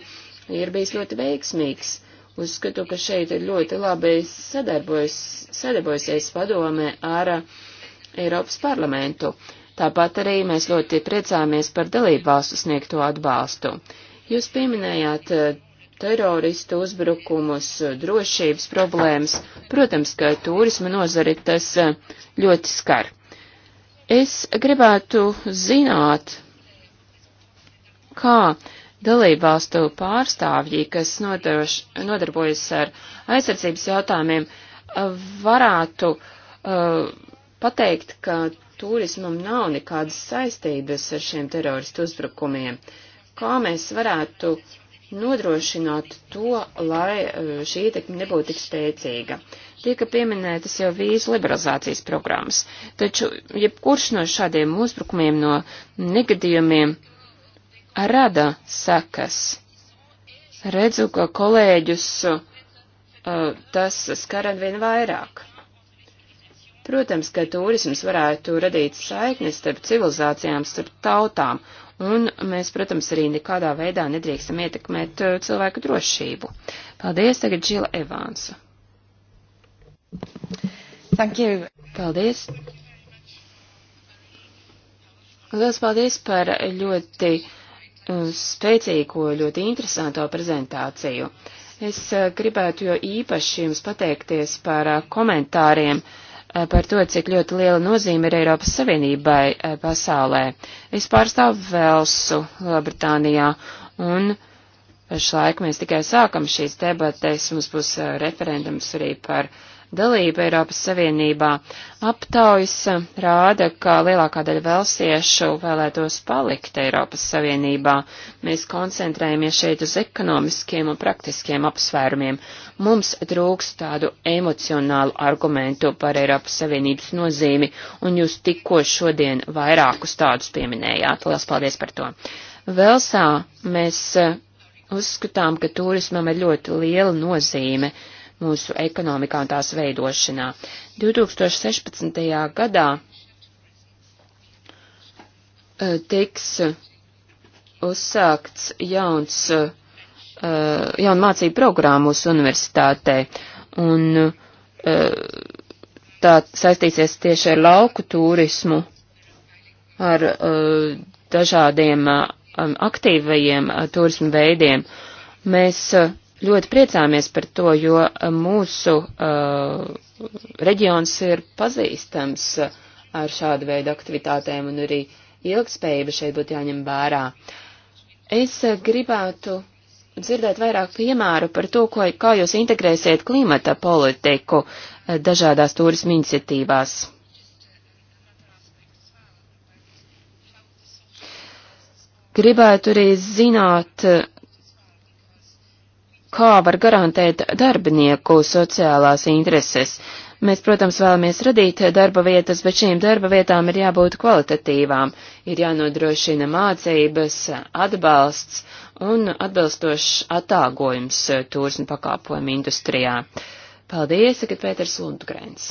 S5: ir bijis ļoti veiksmīgs. Uzskatu, ka šeit ir ļoti labi sadarbojusies padome ar uh, Eiropas parlamentu. Tāpat arī mēs ļoti priecāmies par dalību valstu sniegto atbalstu. Jūs pieminējāt teroristu uzbrukumus, drošības problēmas. Protams, ka turisma nozari tas eh, ļoti skar. Es gribētu zināt, kā dalībvalstu pārstāvji, kas nodarš, nodarbojas ar aizsardzības jautājumiem, varētu uh, pateikt, ka turismam nav nekādas saistības ar šiem teroristu uzbrukumiem. Kā mēs varētu uh, nodrošināt to, lai eh, šī ietekme nebūtu tik spēcīga. Tika pieminētas jau vīzu liberalizācijas programmas, taču jebkurš no šādiem uzbrukumiem, no negadījumiem rada sekas. Redzu, ka kolēģus uh, tas skar arvien vairāk. Protams, ka turisms varētu radīt saiknes starp civilizācijām, starp tautām, un mēs, protams, arī nekādā veidā nedrīkstam ietekmēt eh, cilvēku drošību. Paldies, tagad Žila Evānsa. Thank you. Paldies. Liels paldies par ļoti eh, spēcīgo, ļoti interesanto prezentāciju. Es eh, gribētu jo īpaši jums pateikties par komentāriem. Uh, Eh, par to, cik ļoti liela nozīme ir Eiropas Savienībai eh, pasaulē. Es pārstāvu Velsu Lielbritānijā un pašlaik mēs tikai sākam šīs debates, mums būs eh, referendums arī par uh, dalību Eiropas Savienībā. Aptaujas eh, rāda, ka lielākā daļa velsiešu vēlētos palikt Eiropas Savienībā. Mēs koncentrējamies šeit uz ekonomiskiem un praktiskiem apsvērumiem. Mums trūks tādu emocionālu argumentu par Eiropas Savienības nozīmi, un jūs tikko šodien vairākus tādus pieminējāt. Lielas paldies par to! Velsā mēs eh, uzskatām, ka turismam ir ļoti liela nozīme mūsu ekonomikā un tās veidošanā. 2016. gadā e, tiks uzsākts jauns, e, jauna mācība programma mūsu universitātē, un e, tā saistīsies tieši ar lauku turismu, ar dažādiem aktīvajiem turismu veidiem. Mēs ļoti priecāmies par to, jo eh, mūsu uh, reģions ir pazīstams eh, ar šādu veidu aktivitātēm un arī ilgspējība šeit būtu jāņem vērā. Es gribētu dzirdēt vairāk piemēru par to, ko, kā jūs integrēsiet klimata politiku dažādās turismu iniciatīvās. Gribētu arī zināt, kā var garantēt darbinieku sociālās intereses. Mēs, protams, vēlamies radīt darba vietas, bet šīm darba vietām ir jābūt kvalitatīvām, ir jānodrošina mācības, atbalsts un atbilstošs atāgojums turismu pakāpojumu industrijā. Paldies, ka Pēters Lundgrēns.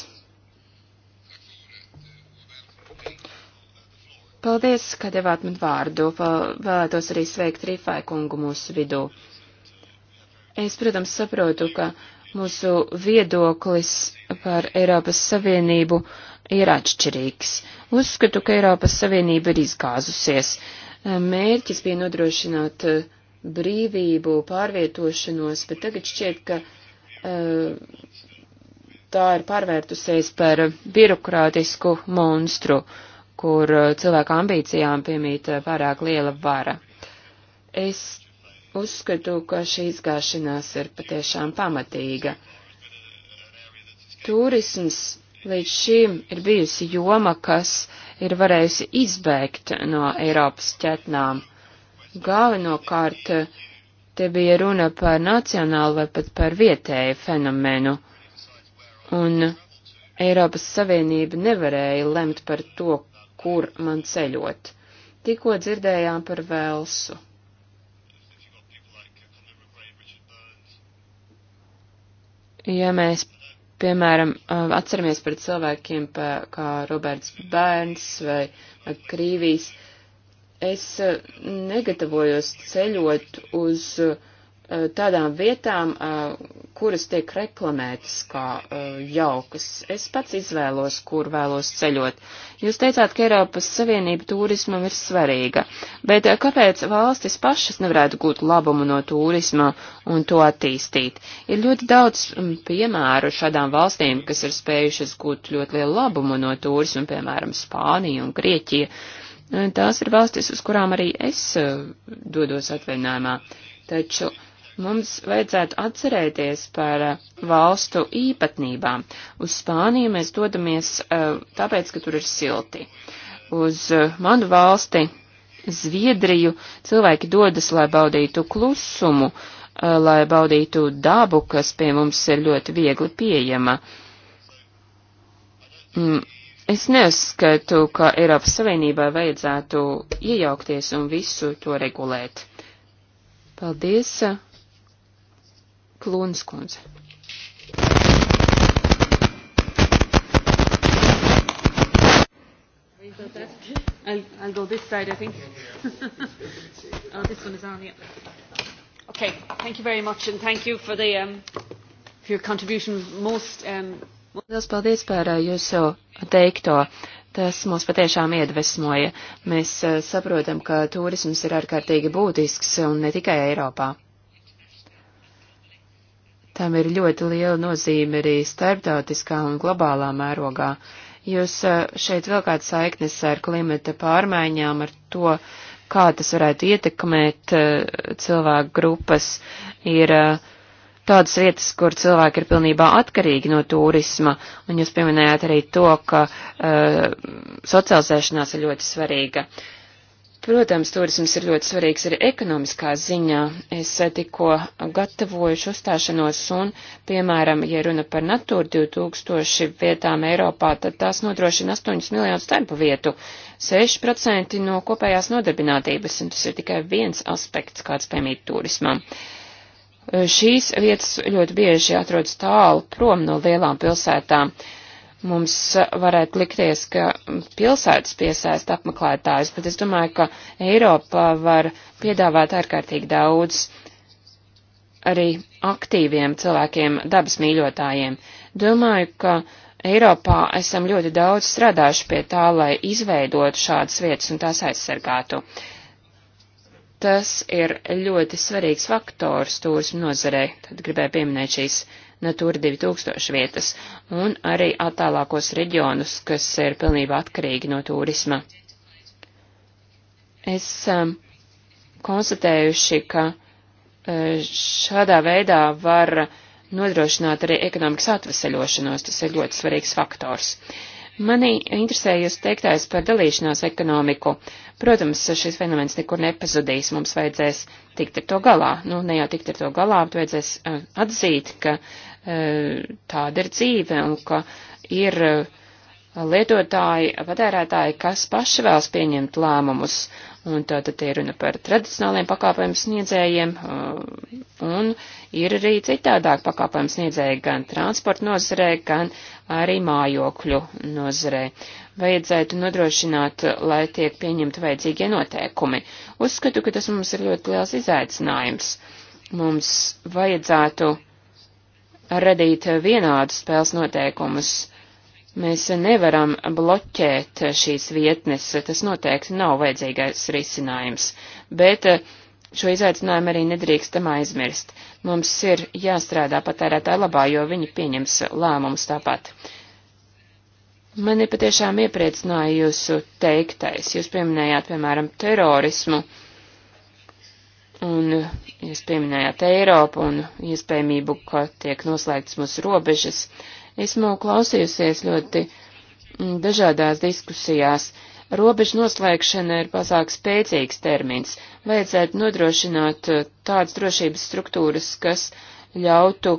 S5: Paldies, ka devāt man vārdu. Vēlētos arī sveikt Rīfai kungu mūsu vidū. Es, protams, saprotu, ka mūsu viedoklis par Eiropas Savienību ir atšķirīgs. Uzskatu, ka Eiropas Savienība ir izgāzusies. Mērķis bija nodrošināt eh, brīvību, pārvietošanos, bet tagad šķiet, ka uh, tā ir pārvērtusies par birokrātisku monstru, kur eh, cilvēku ambīcijām piemīt pārāk liela vara. Es uzskatu, ka šī izgāšanās ir patiešām pamatīga. Turisms līdz šim ir bijusi joma, kas ir varējusi izbēgt no Eiropas ķetnām. Galvenokārt te bija runa par nacionālu vai pat par vietēju fenomenu, un Eiropas Savienība nevarēja lemt par to, kur man ceļot. Tikko dzirdējām par Velsu. ja mēs, piemēram, atceramies par cilvēkiem pa, kā Roberts Bērns vai, vai Krīvīs, es negatavojos ceļot uz uh, Eh, tādām vietām, eh, kuras tiek reklamētas kā eh, jaukas. Es pats izvēlos, kur vēlos ceļot. Jūs teicāt, ka Eiropas Savienība turismam ir svarīga, bet kāpēc valstis pašas nevarētu gūt labumu no turisma un to attīstīt? Ir ļoti daudz mm, piemēru šādām valstīm, kas ir spējušas gūt ļoti lielu labumu no turisma, piemēram, Spānija un Grieķija. Tās ir valstis, uz kurām arī es dodos atvaļinājumā. Taču uh, Mums vajadzētu atcerēties par eh, valstu īpatnībām. Uz Spāniju mēs dodamies eh, tāpēc, ka tur ir silti. Uz eh, manu valsti, Zviedriju, cilvēki dodas, lai baudītu klusumu, lai baudītu dabu, kas pie mums ir ļoti viegli pieejama. Mm, es neuzskatu, ka Eiropas Savienībai vajadzētu iejaukties un visu to regulēt. Paldies! Klūnas kundze. I'll, I'll go this side, I think. [LAUGHS] oh, this one is on, yeah. Okay, thank you very much, and thank you for the um, for your contribution. Most. Um, Liels paldies par uh, jūsu teikto. Tas mūs patiešām iedvesmoja. Mēs uh, saprotam, ka turisms ir ārkārtīgi būtisks un ne tikai Eiropā. Tam ir ļoti liela nozīme arī starptautiskā un globālā mērogā. Jūs šeit vilkāt saiknes ar klimata pārmaiņām, ar to, kā tas varētu ietekmēt cilvēku grupas, ir tādas vietas, kur cilvēki ir pilnībā atkarīgi no turisma, un jūs pieminējāt arī to, ka uh, socializēšanās ir ļoti svarīga. Uh, Protams, turisms ir ļoti svarīgs arī ekonomiskā ziņā. Es eh, tikko gatavojuši uzstāšanos un, piemēram, ja runa par Natūru 2000 vietām Eiropā, tad tās nodrošina 8 miljonus darba vietu, 6% no kopējās nodarbinātības, un tas ir tikai viens aspekts, kāds piemīt turismam. Šīs vietas ļoti bieži atrodas tālu prom no lielām pilsētām. Uh, mums varētu likties, ka pilsētas piesaista apmeklētājus, bet es domāju, ka Eiropa var piedāvāt ārkārtīgi daudz arī aktīviem cilvēkiem, dabas mīļotājiem. Domāju, ka Eiropā esam ļoti daudz strādājuši pie tā, lai izveidotu šādas vietas un tās aizsargātu. Tas ir ļoti svarīgs faktors turismu nozarei, tad gribēju pieminēt šīs Natūra 2000 vietas un arī attālākos reģionus, kas ir pilnībā atkarīgi no turisma. Es um, konstatējuši, ka uh, šādā veidā var nodrošināt arī ekonomikas atveseļošanos, tas ir ļoti svarīgs faktors. Mani interesē jūs teiktais par dalīšanās ekonomiku. Protams, šis fenomens nekur nepazudīs, mums vajadzēs tikt ar to galā. Nu, ne jau tikt ar to galā, bet vajadzēs uh, atzīt, ka E, tāda ir dzīve un ka ir e, lietotāji, patērētāji, kas paši vēlas pieņemt lēmumus. Un tātad te ir runa par tradicionāliem pakāpojumu sniedzējiem, e, un ir arī citādāk pakāpojumu sniedzēji gan transporta nozarē, gan arī mājokļu nozarē. Vajadzētu nodrošināt, lai tiek pieņemti vajadzīgie noteikumi. Uzskatu, ka tas mums ir ļoti liels izaicinājums. Mums vajadzētu uh, radīt vienādas spēles noteikumus. Mēs nevaram bloķēt šīs vietnes, tas noteikti nav vajadzīgais risinājums, bet eh, šo izaicinājumu arī nedrīkstam aizmirst. Mums ir jāstrādā patērētāju labā, jo viņi pieņems lēmumus tāpat. Mani patiešām iepriecināja jūsu teiktais. Jūs pieminējāt, piemēram, terorismu Un jūs pieminējāt Eiropu un iespējamību, ka tiek noslēgts mūsu robežas. Esmu klausījusies ļoti dažādās diskusijās. Robežu noslēgšana ir pasāk spēcīgs termins. Vajadzētu nodrošināt uh, tādas drošības struktūras, kas ļautu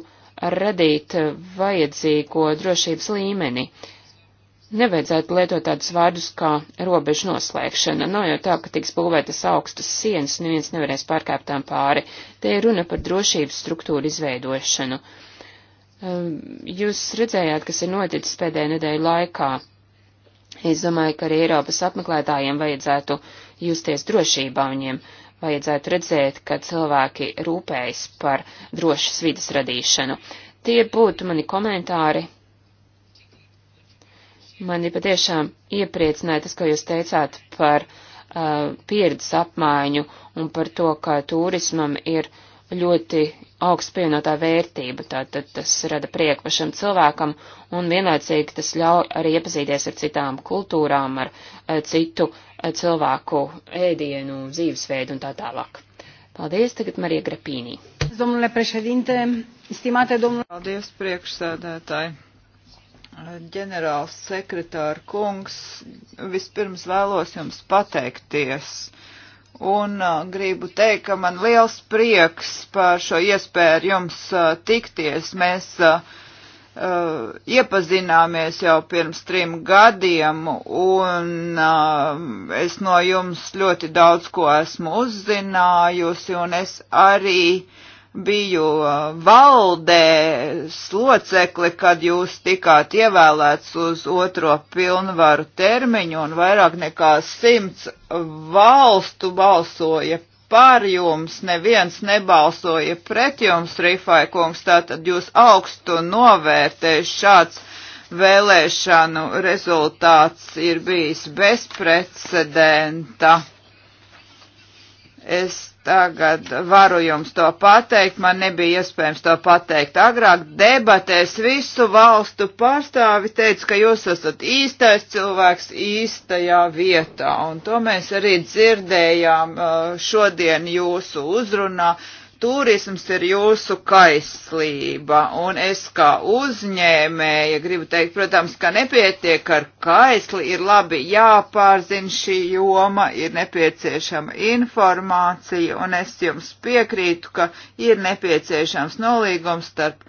S5: radīt uh, vajadzīgo drošības līmeni. Uh, nevajadzētu lietot tādus vārdus kā robežu noslēgšana. Nav jau tā, ka tiks būvētas augstas sienas, neviens nevarēs pārkāpt tām pāri. Te ir runa par drošības struktūru izveidošanu. Um, jūs redzējāt, kas ir noticis pēdējā nedēļa laikā. Es domāju, ka arī Eiropas apmeklētājiem vajadzētu justies drošībā viņiem. Vajadzētu redzēt, ka cilvēki rūpējas par drošas vidas radīšanu. Tie būtu mani komentāri Mani patiešām iepriecināja tas, ko jūs teicāt par uh, pieredzes apmaiņu un par to, ka turismam ir ļoti augsts pievienotā vērtība. Tātad tas rada prieku pašam cilvēkam un vienlaicīgi tas ļauj arī iepazīties ar citām kultūrām, ar uh, citu uh, cilvēku ēdienu, dzīvesveidu un tā tālāk. Paldies, tagad Marija Grapīnī. Domnule președinte,
S3: stimate domnule. Paldies, priekšsēdētāji ģenerāls
S5: sekretāra
S3: kungs, vispirms vēlos jums pateikties. Un uh, gribu teikt, ka man liels prieks par šo iespēju ar jums uh, tikties. Mēs uh, Uh, iepazināmies jau pirms trim gadiem, un uh, es no jums ļoti daudz ko esmu uzzinājusi, un es arī uh, biju uh, valdē slocekli, kad jūs tikāt ievēlēts uz otro pilnvaru termiņu un vairāk nekā simts valstu balsoja par jums, neviens nebalsoja pret jums, Rifai kungs, tātad jūs augstu novērtējat šāds vēlēšanu rezultāts ir bijis bezprecedenta. Es tagad varu jums to pateikt, man nebija iespējams to pateikt agrāk. Debatēs visu valstu pārstāvi teica, ka jūs esat īstais cilvēks īstajā vietā, un to mēs arī dzirdējām uh, šodien jūsu uzrunā turisms ir jūsu kaislība, un es kā uzņēmēja gribu teikt, protams, ka nepietiek ar kaisli, ir labi jāpārzina šī joma, ir nepieciešama informācija, un es jums piekrītu, ka ir nepieciešams nolīgums starp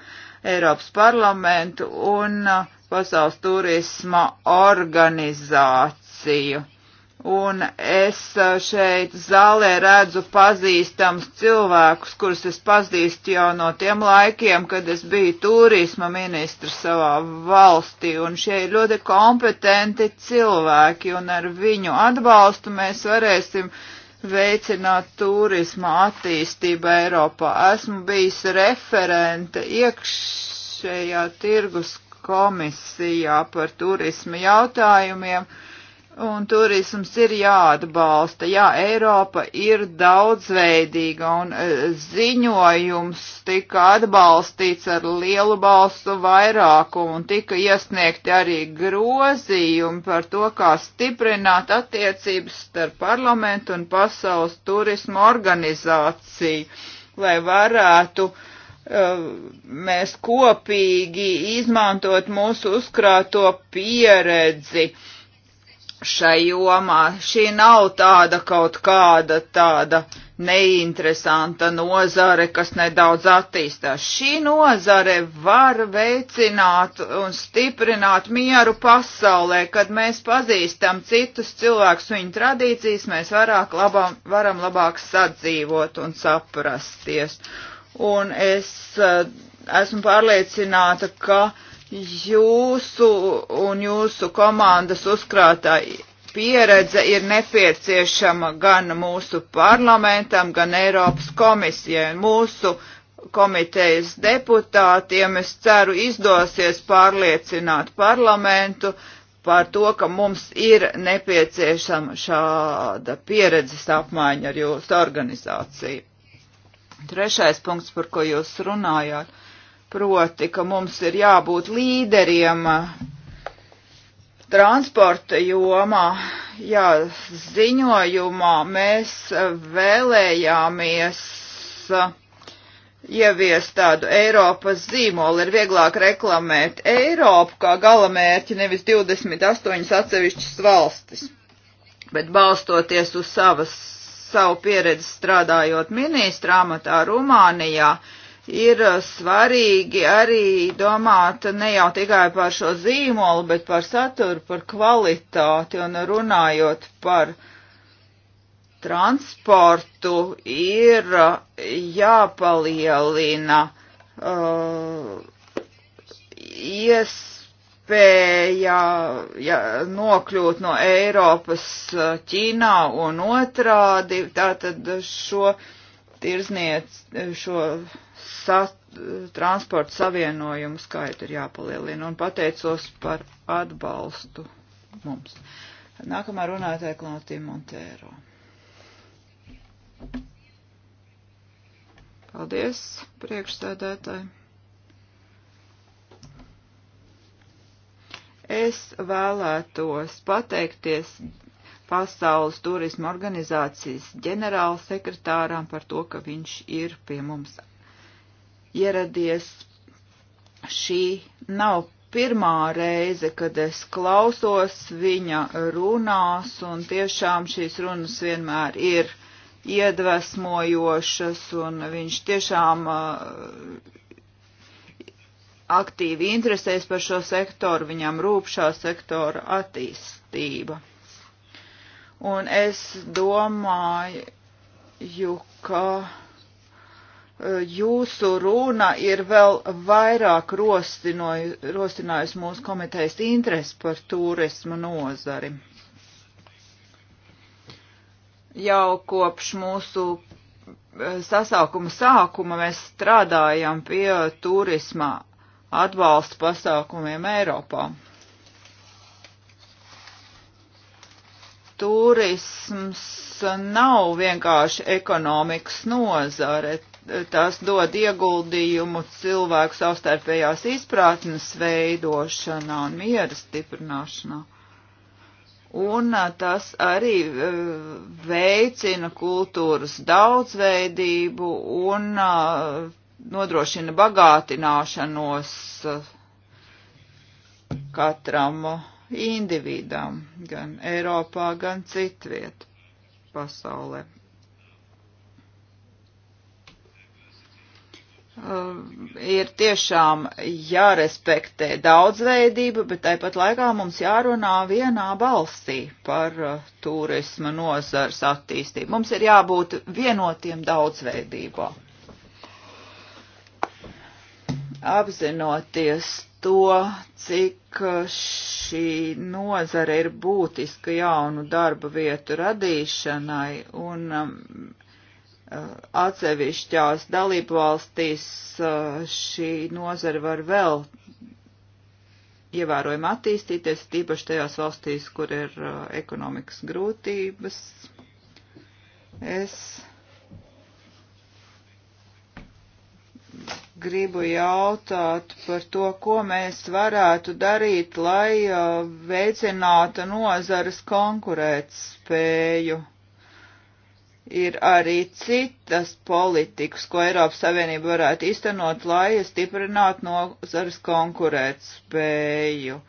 S3: Eiropas parlamentu un uh, Pasaules turisma organizāciju Un es uh, šeit zālē redzu pazīstams cilvēkus, kurus es pazīstu jau no tiem laikiem, kad es biju turisma ministrs savā valstī. Un šie ir ļoti kompetenti cilvēki, un ar viņu atbalstu mēs varēsim veicināt turisma attīstību Eiropā. Esmu bijis referente iekšējā tirgus komisijā par turisma jautājumiem Un turisms ir jāatbalsta. Jā, Eiropa ir daudzveidīga un e, ziņojums tika atbalstīts ar lielu balsu vairākumu un tika iesniegti arī grozījumi par to, kā stiprināt attiecības starp parlamentu un pasaules turismu organizāciju, lai varētu uh, mēs kopīgi izmantot mūsu uzkrāto pieredzi šai jomā. Šī nav tāda kaut kāda tāda neinteresanta nozare, kas nedaudz attīstās. Šī nozare var veicināt un stiprināt mieru pasaulē, kad mēs pazīstam citus cilvēkus, viņu tradīcijas, mēs vairāk labam, varam labāk sadzīvot un saprasties. Un es eh, esmu pārliecināta, ka uh, Jūsu un jūsu komandas uzkrātā pieredze ir nepieciešama gan mūsu parlamentam, gan Eiropas komisijai. Mūsu komitejas deputātiem es ceru izdosies pārliecināt parlamentu par to, ka mums ir nepieciešama šāda pieredzes apmaiņa ar jūsu organizāciju. Trešais punkts, par ko jūs runājāt proti, ka mums ir jābūt līderiem uh, transporta jomā. Jā, ziņojumā mēs uh, vēlējāmies uh, ieviest tādu Eiropas zīmolu, ir vieglāk reklamēt Eiropu kā galamērķi, nevis 28 atsevišķas valstis, bet balstoties uz savas, savu pieredzi strādājot ministrā matā Rumānijā, uh, ir uh, svarīgi arī domāt ne jau tikai par šo zīmolu, bet par saturu, par kvalitāti un runājot par transportu ir uh, jāpalielina uh, iespēja ja, nokļūt no Eiropas uh, Ķīnā un otrādi, tātad šo tirzniec, šo sa transporta savienojumu skaitu ir jāpalielina un pateicos par atbalstu mums. Nākamā runātāja Klautīna Montēro. Paldies, priekšsēdētāji. Es vēlētos pateikties Pasaules turisma organizācijas ģenerālsekretāram par to, ka viņš ir pie mums ieradies. Šī nav pirmā reize, kad es klausos viņa runās, un tiešām šīs runas vienmēr ir iedvesmojošas, un viņš tiešām uh, aktīvi interesēs par šo sektoru, viņam rūp šā sektora attīstība. Un es domāju, ka jūsu runa ir vēl vairāk rostinājusi mūsu komitejas interesi par turismu nozari. Jau kopš mūsu e, sasaukuma sākuma mēs strādājam pie turisma atbalsta pasākumiem Eiropā. Turisms nav vienkārši ekonomikas nozare, tās dod ieguldījumu cilvēku savstarpējās izpratnes veidošanā un miera stiprināšanā. Un tas arī e, veicina kultūras daudzveidību un nodrošina bagātināšanos katram individam, gan Eiropā, gan citviet pasaulē. ir tiešām jārespektē daudzveidība, bet tāpat laikā mums jārunā vienā balsī par uh, turisma nozars attīstību. Mums ir jābūt vienotiem daudzveidībā. Apzinoties to, cik uh, šī nozara ir būtiska jaunu darba vietu radīšanai un um, atsevišķās dalību valstīs šī nozara var vēl ievērojami attīstīties, tīpaši tajās valstīs, kur ir ekonomikas grūtības. Es gribu jautāt par to, ko mēs varētu darīt, lai veicinātu nozares konkurētspēju. spēju ir arī citas politikas, ko Eiropas Savienība varētu iztenot, lai stiprinātu nozares konkurētspēju.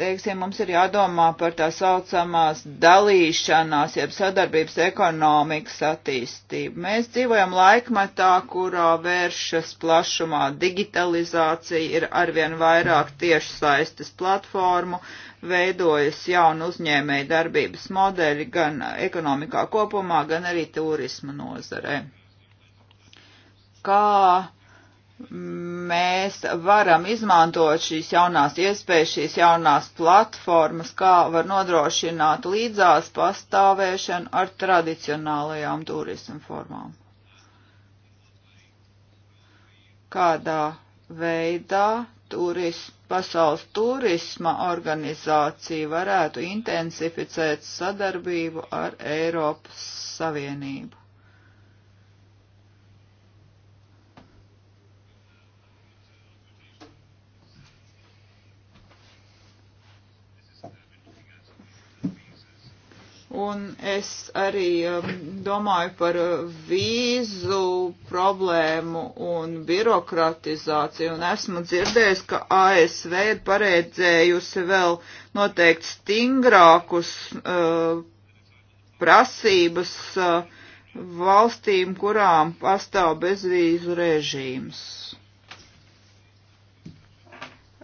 S3: Teiksim, mums ir jādomā par tā saucamās dalīšanās, jeb sadarbības ekonomikas attīstību. Mēs dzīvojam laikmatā, kurā vēršas plašumā digitalizācija, ir arvien vairāk tiešsaistes platformu, uh, veidojas jauni uzņēmēji darbības modeļi gan ekonomikā kopumā, gan arī turisma nozarē. Kā mēs varam izmantot šīs jaunās iespējas, šīs jaunās platformas, kā var nodrošināt līdzās pastāvēšanu ar tradicionālajām turismu formām? Kādā veidā turis, Pasaules turisma organizācija varētu intensificēt sadarbību ar Eiropas Savienību. Un es arī um, domāju par uh, vīzu problēmu un birokratizāciju, un esmu dzirdējis, ka ASV ir paredzējusi vēl noteikti stingrākus uh, prasības uh, valstīm, kurām pastāv bezvīzu režīms.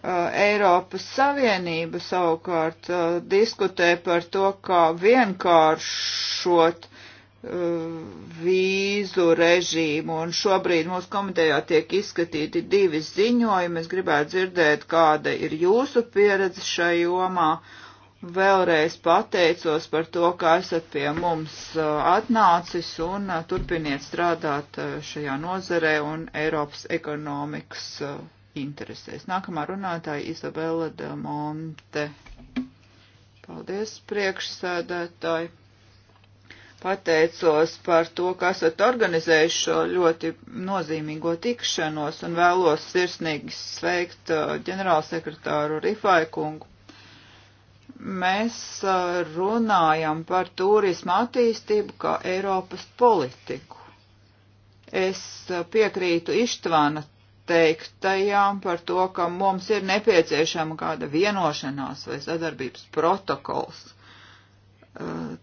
S3: Eh, Eiropas Savienība savukārt eh, diskutē par to, kā vienkāršot eh, vīzu režīmu, un šobrīd mūsu komitejā tiek izskatīti divi ziņojumi. Es gribētu dzirdēt, kāda ir jūsu pieredze šai jomā. Vēlreiz pateicos par to, ka esat pie mums atnācis un turpiniet strādāt šajā nozarē un Eiropas ekonomikas interesēs. Nākamā runātāja Izabela de Monte. Paldies, priekšsēdētāji. Pateicos par to, ka esat organizējuši šo ļoti nozīmīgo tikšanos un vēlos sirsnīgi sveikt uh, ģenerālsekretāru Rifaikungu mēs uh, runājam par turismu attīstību kā Eiropas politiku. Es uh, piekrītu Ištvāna teiktajām par to, ka mums ir nepieciešama kāda vienošanās vai sadarbības protokols. Uh,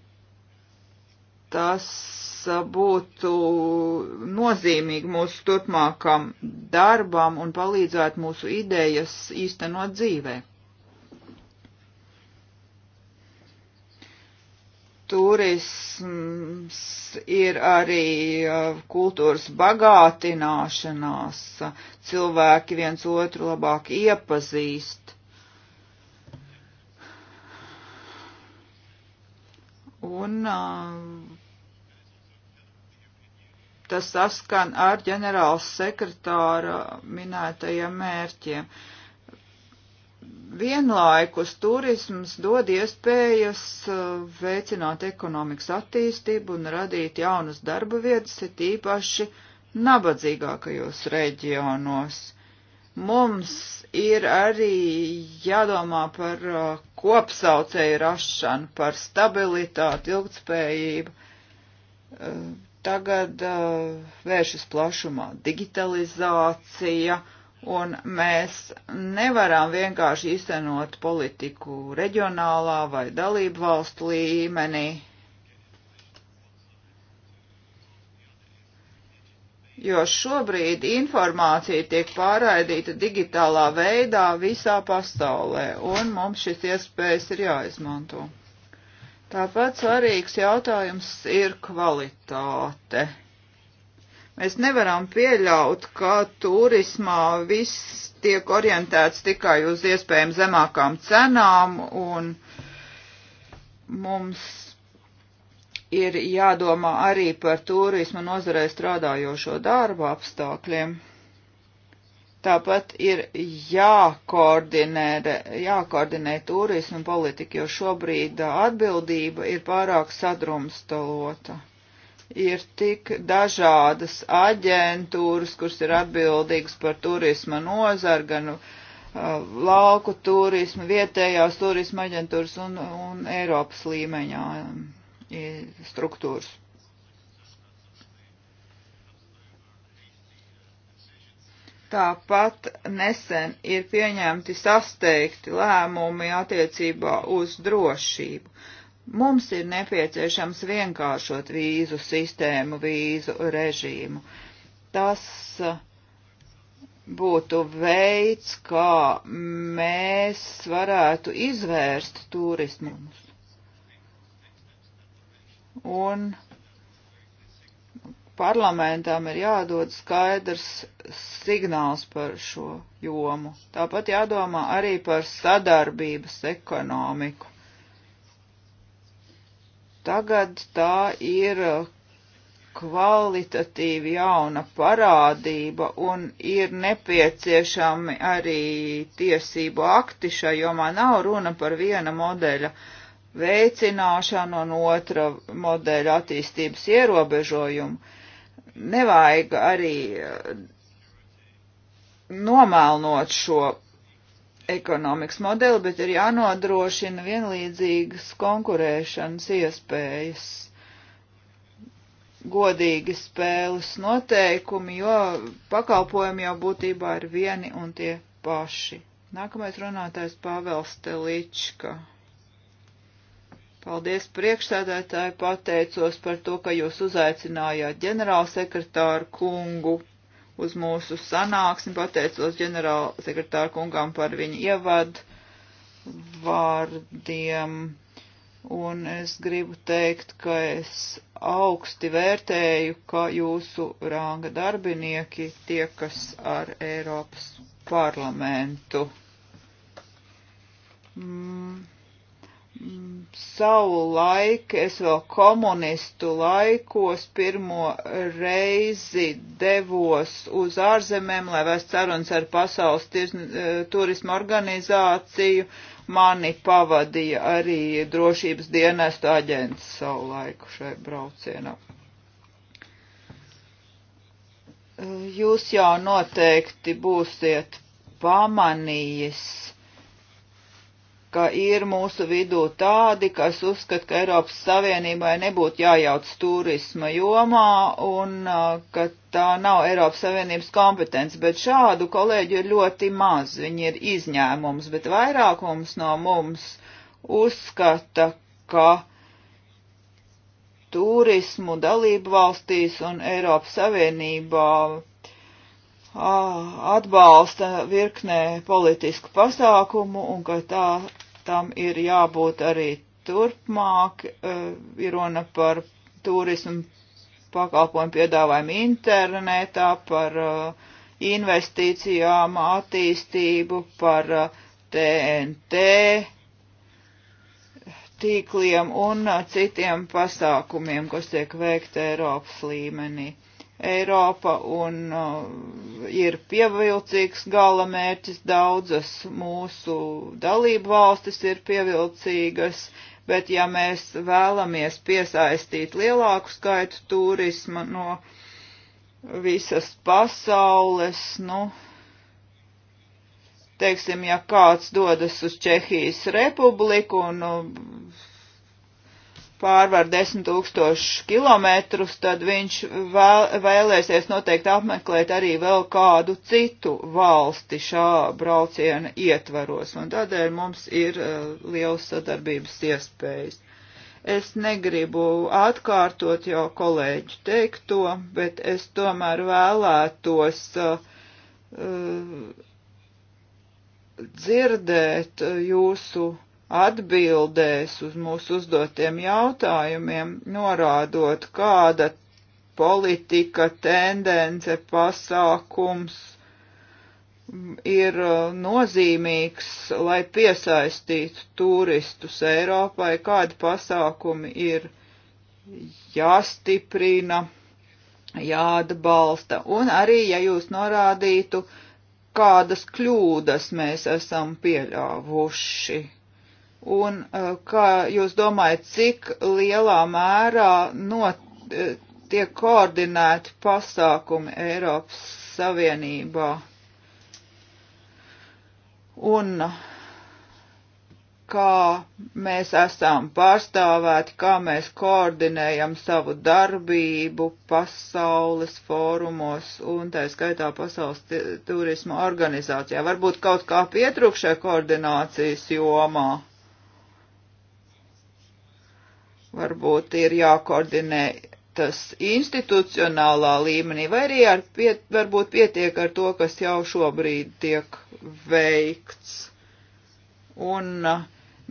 S3: tas būtu nozīmīgi mūsu turpmākam darbam un palīdzētu mūsu idejas īstenot dzīvē. turisms ir arī uh, kultūras bagātināšanās, cilvēki viens otru labāk iepazīst. Un uh, tas saskan ar ģenerāls sekretāra minētajiem mērķiem. Uh, vienlaikus turisms dod iespējas uh, veicināt ekonomikas attīstību un radīt jaunas darba vietas, ir tīpaši nabadzīgākajos reģionos. Mums ir arī jādomā par uh, kopsaucēju rašanu, par stabilitāti, ilgtspējību. Uh, tagad vēršas plašumā digitalizācija Un mēs nevaram vienkārši iztenot politiku reģionālā vai dalību valstu līmenī. jo šobrīd informācija tiek pārraidīta digitālā veidā visā pasaulē, un mums šis iespējas ir jāizmanto. Tāpat svarīgs jautājums ir kvalitāte. Mēs nevaram pieļaut, ka turismā viss tiek orientēts tikai uz iespējām zemākām cenām un mums ir jādomā arī par turisma nozarē strādājošo darbu apstākļiem. Tāpat ir jākoordinē, jākoordinē turismu politika, jo šobrīd atbildība ir pārāk sadrumstalota ir tik dažādas aģentūras, kuras ir atbildīgas par turisma nozaru, gan uh, lauku turismu, vietējās turisma aģentūras un, un Eiropas līmeņā um, struktūras. Tāpat nesen ir pieņemti sasteigti lēmumi attiecībā uz drošību. Uh, Mums ir nepieciešams vienkāršot vīzu sistēmu, vīzu režīmu. Tas uh, būtu veids, kā mēs varētu izvērst turismus. Un parlamentām ir jādod skaidrs signāls par šo jomu. Tāpat jādomā arī par sadarbības ekonomiku Tagad tā ir kvalitatīvi jauna parādība un ir nepieciešami arī tiesību akti šai jomā. Nav runa par viena modeļa veicināšanu un otra modeļa attīstības ierobežojumu. Nevajag arī eh, nomēlnot šo ekonomikas modeli, bet ir jānodrošina vienlīdzīgas konkurēšanas iespējas, godīgi spēles noteikumi, jo pakalpojumi jau būtībā ir vieni un tie paši. Nākamais runātājs Pāvels Telička. Paldies priekšsēdētāji, pateicos par to, ka jūs uzaicinājāt ģenerālsekretāru kungu uz mūsu sanāksmi, pateicos ģenerāla sekretāra kungām par viņu ievadu vārdiem. Un es gribu teikt, ka es augsti vērtēju, ka jūsu rāga darbinieki tiekas ar Eiropas parlamentu. Mm savu laiku, es vēl komunistu laikos pirmo reizi devos uz ārzemēm, lai vēst sarunas ar pasaules tirsni, eh, turismu organizāciju. Mani pavadīja arī drošības dienestu aģents savu laiku šai braucienā. Eh, jūs jau noteikti būsiet pamanījis ka ir mūsu vidū tādi, kas uzskata, ka Eiropas Savienībai nebūtu jājauc turisma jomā un ka tā nav Eiropas Savienības kompetence, bet šādu kolēģu ir ļoti maz, viņi ir izņēmums, bet vairākums no mums uzskata, ka turismu dalību valstīs un Eiropas Savienībā atbalsta virknē politisku pasākumu un ka tā tam ir jābūt arī turpmāk. E, ir runa par turismu pakalpojumu piedāvājumu internetā, par e, investīcijām, attīstību, par TNT e, tīkliem un citiem pasākumiem, kas tiek veikti Eiropas līmenī Eiropa un uh, ir pievilcīgs gala mērķis, daudzas mūsu dalību valstis ir pievilcīgas, bet ja mēs vēlamies piesaistīt lielāku skaitu turisma no visas pasaules, nu, teiksim, ja kāds dodas uz Čehijas republiku un nu, pārvar 10 tūkstošu kilometrus, tad viņš vēl, vēlēsies noteikti apmeklēt arī vēl kādu citu valsti šā brauciena ietvaros, un tādēļ mums ir uh, liels sadarbības iespējas. Es negribu atkārtot jau kolēģu teikto, bet es tomēr vēlētos uh, uh, dzirdēt jūsu uh, atbildēs uz mūsu uzdotiem jautājumiem, norādot, kāda politika, tendence, pasākums ir uh, nozīmīgs, lai piesaistītu turistus Eiropai, kādi pasākumi ir jāstiprina, jāatbalsta, un arī, ja jūs norādītu, kādas kļūdas mēs esam pieļāvuši Un eh, kā jūs domājat, cik lielā mērā not, eh, tiek koordinēti pasākumi Eiropas Savienībā? Un kā mēs esam pārstāvēti, kā mēs koordinējam savu darbību pasaules fórumos un tā skaitā pasaules turisma organizācijā. Varbūt kaut kā pietrūkšē koordinācijas jomā. Varbūt ir jākoordinē tas institucionālā līmenī, vai arī ar piet, varbūt pietiek ar to, kas jau šobrīd tiek veikts. Un uh,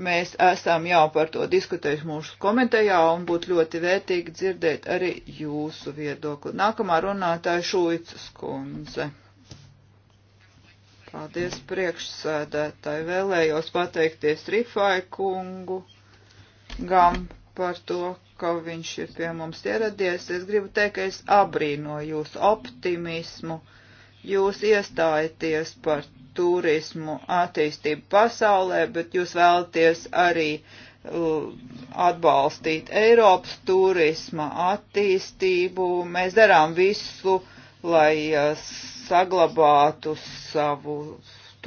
S3: mēs esam jau par to diskutējuši mūsu komentējā un būtu ļoti vērtīgi dzirdēt arī jūsu viedokli. Nākamā runātāja Šūicas kundze. Paldies priekšsēdētāji. Vēlējos pateikties Rifai kungu. Gam par to, ka viņš ir pie mums ieradies. Es gribu teikt, ka es abrīnoju jūsu optimismu. Jūs iestājaties par turismu attīstību pasaulē, bet jūs vēlaties arī uh, atbalstīt Eiropas turisma attīstību. Mēs darām visu, lai uh, saglabātu savu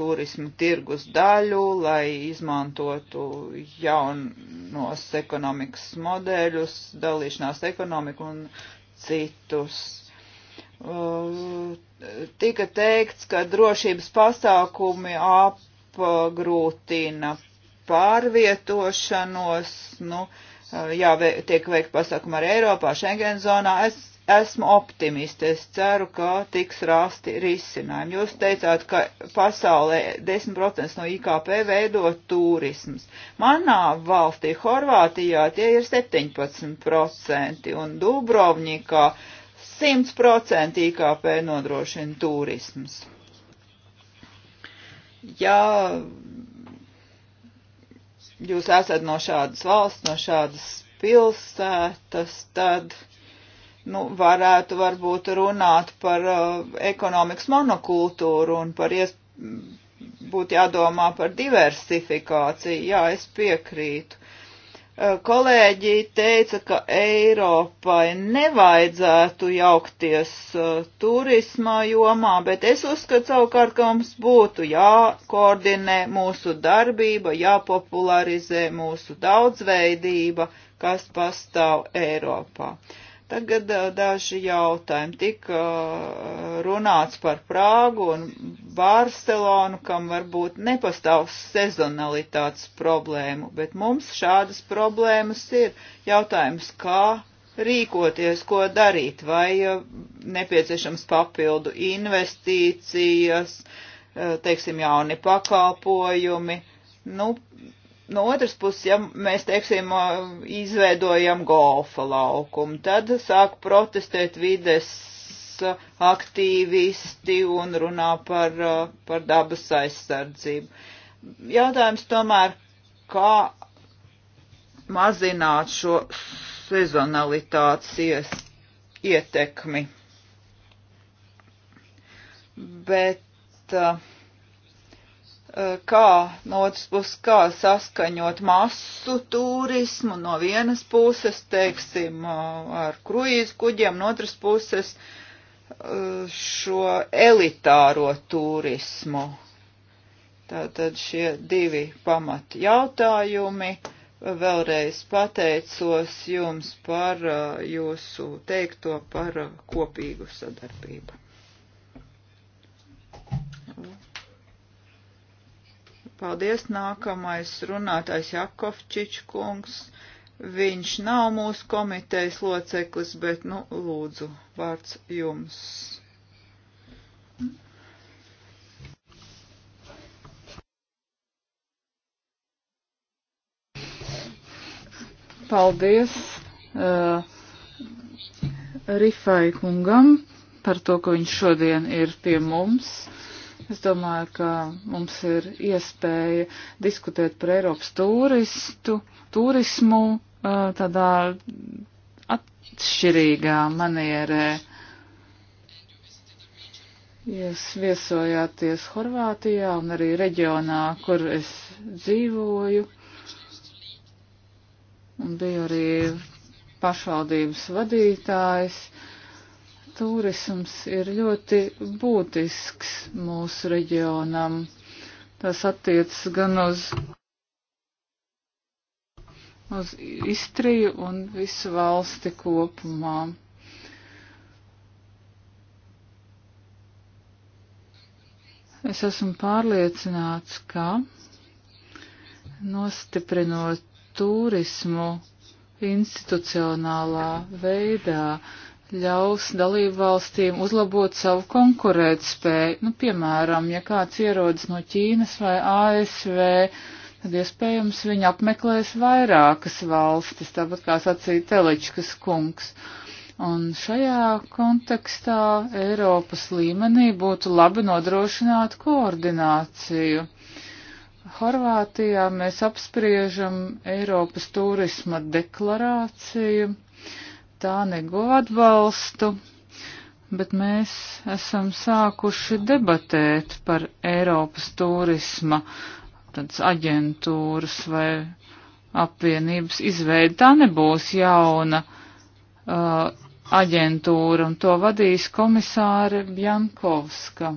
S3: turismu tirgus daļu, lai izmantotu jaunos ekonomikas modeļus, dalīšanās ekonomiku un citus. Uh, tika teikts, ka drošības pasākumi apgrūtina pārvietošanos, nu, uh, jā, tiek veikt pasākumi arī Eiropā, Schengen zonā. Es esmu optimisti. Es ceru, ka tiks rasti risinājumi. Jūs teicāt, ka pasaulē 10% no IKP veido turisms. Manā valstī, Horvātijā, tie ir 17% un Dubrovnikā 100% IKP nodrošina turisms. Ja jūs esat no šādas valsts, no šādas pilsētas, tad nu, varētu varbūt runāt par uh, ekonomikas monokultūru un par ies, būtu jādomā par diversifikāciju. Jā, es piekrītu. Uh, kolēģi teica, ka Eiropai nevajadzētu jaukties uh, turisma jomā, bet es uzskatu savukārt, ka mums būtu jākoordinē mūsu darbība, jāpopularizē mūsu daudzveidība, kas pastāv Eiropā. Uh, Tagad daži jautājumi. Tika runāts par Prāgu un Barcelonu, kam varbūt nepastāv sezonalitātes problēmu, bet mums šādas problēmas ir. Jautājums, kā rīkoties, ko darīt, vai nepieciešams papildu investīcijas, teiksim, jauni pakalpojumi. Nu, no otras puses, ja mēs, teiksim, izveidojam golfa laukumu, tad sāk protestēt vides aktīvisti un runā par, par dabas aizsardzību. Jautājums tomēr, kā mazināt šo sezonalitātes ietekmi. Bet uh, Eh, kā no otras puses, kā saskaņot masu turismu no vienas puses, teiksim, eh, ar kruīzu kuģiem, no otras puses eh, šo elitāro turismu. Tātad šie divi pamati jautājumi. Vēlreiz pateicos jums par jūsu teikto par kopīgu sadarbību. Paldies, nākamais runātājs Jakovčič kungs. Viņš nav mūsu komitejas loceklis, bet, nu, lūdzu, vārds jums.
S2: Paldies uh, Rifai kungam par to, ka viņš šodien ir pie mums. Uh, Es domāju, ka mums ir iespēja diskutēt par Eiropas turistu, turismu tādā atšķirīgā manierē. Jūs viesojāties Horvātijā un arī reģionā, kur es dzīvoju, un biju arī pašvaldības vadītājs. Uh, Tūrisms ir ļoti būtisks mūsu reģionam. Tas attiecas gan uz, uz Istriju un visu valsti kopumā. Es esmu pārliecināts, ka nostiprinot turismu institucionālā veidā, ļaus dalībvalstīm uzlabot savu konkurētspēju. Nu, piemēram, ja kāds ierodas no Ķīnas vai ASV, tad iespējams viņi apmeklēs vairākas valstis, tāpat kā sacīja Telečkas kungs. Un šajā kontekstā Eiropas līmenī būtu labi nodrošināt koordināciju. Horvātijā mēs apspriežam Eiropas turisma deklarāciju tā neguva atbalstu, bet mēs esam sākuši debatēt par Eiropas turisma tāds aģentūras vai apvienības izveidi. Tā nebūs jauna uh, aģentūra, un to vadīs komisāre Bjankovska.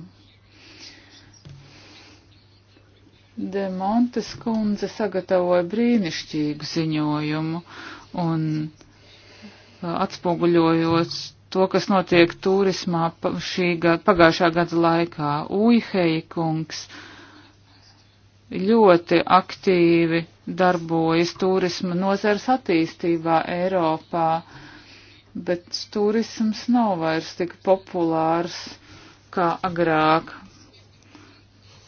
S2: De Montes kundze sagatavoja brīnišķīgu ziņojumu, un atspoguļojot to, kas notiek turismā šī gada, pagājušā gada laikā. Uihei kungs ļoti aktīvi darbojas turisma nozars attīstībā Eiropā, bet turisms nav vairs tik populārs kā agrāk.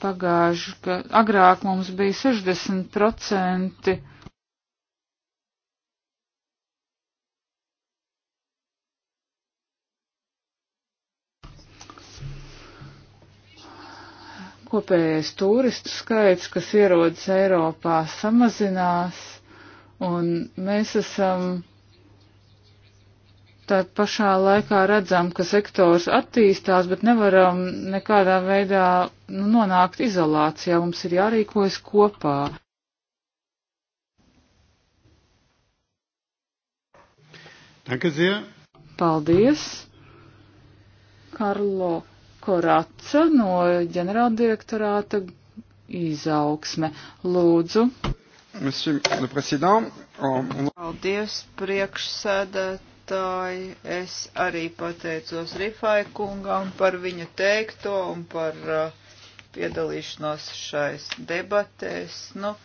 S2: Pagājuši, ka agrāk mums bija 60% Kopējais turistu skaits, kas ierodas Eiropā, samazinās, un mēs esam tā pašā laikā redzam, ka sektors attīstās, bet nevaram nekādā veidā nu, nonākt izolācijā. Mums ir jārīkojas kopā. Danke sehr. Paldies. Karlo Koraca no ģenerāldirektorāta izaugsme. Lūdzu.
S5: Monsieur le Président.
S2: On...
S3: Paldies, priekšsēdētāji. Es arī pateicos Rifai kungam par viņa teikto un par uh, piedalīšanos šais debatēs. Nu, uh,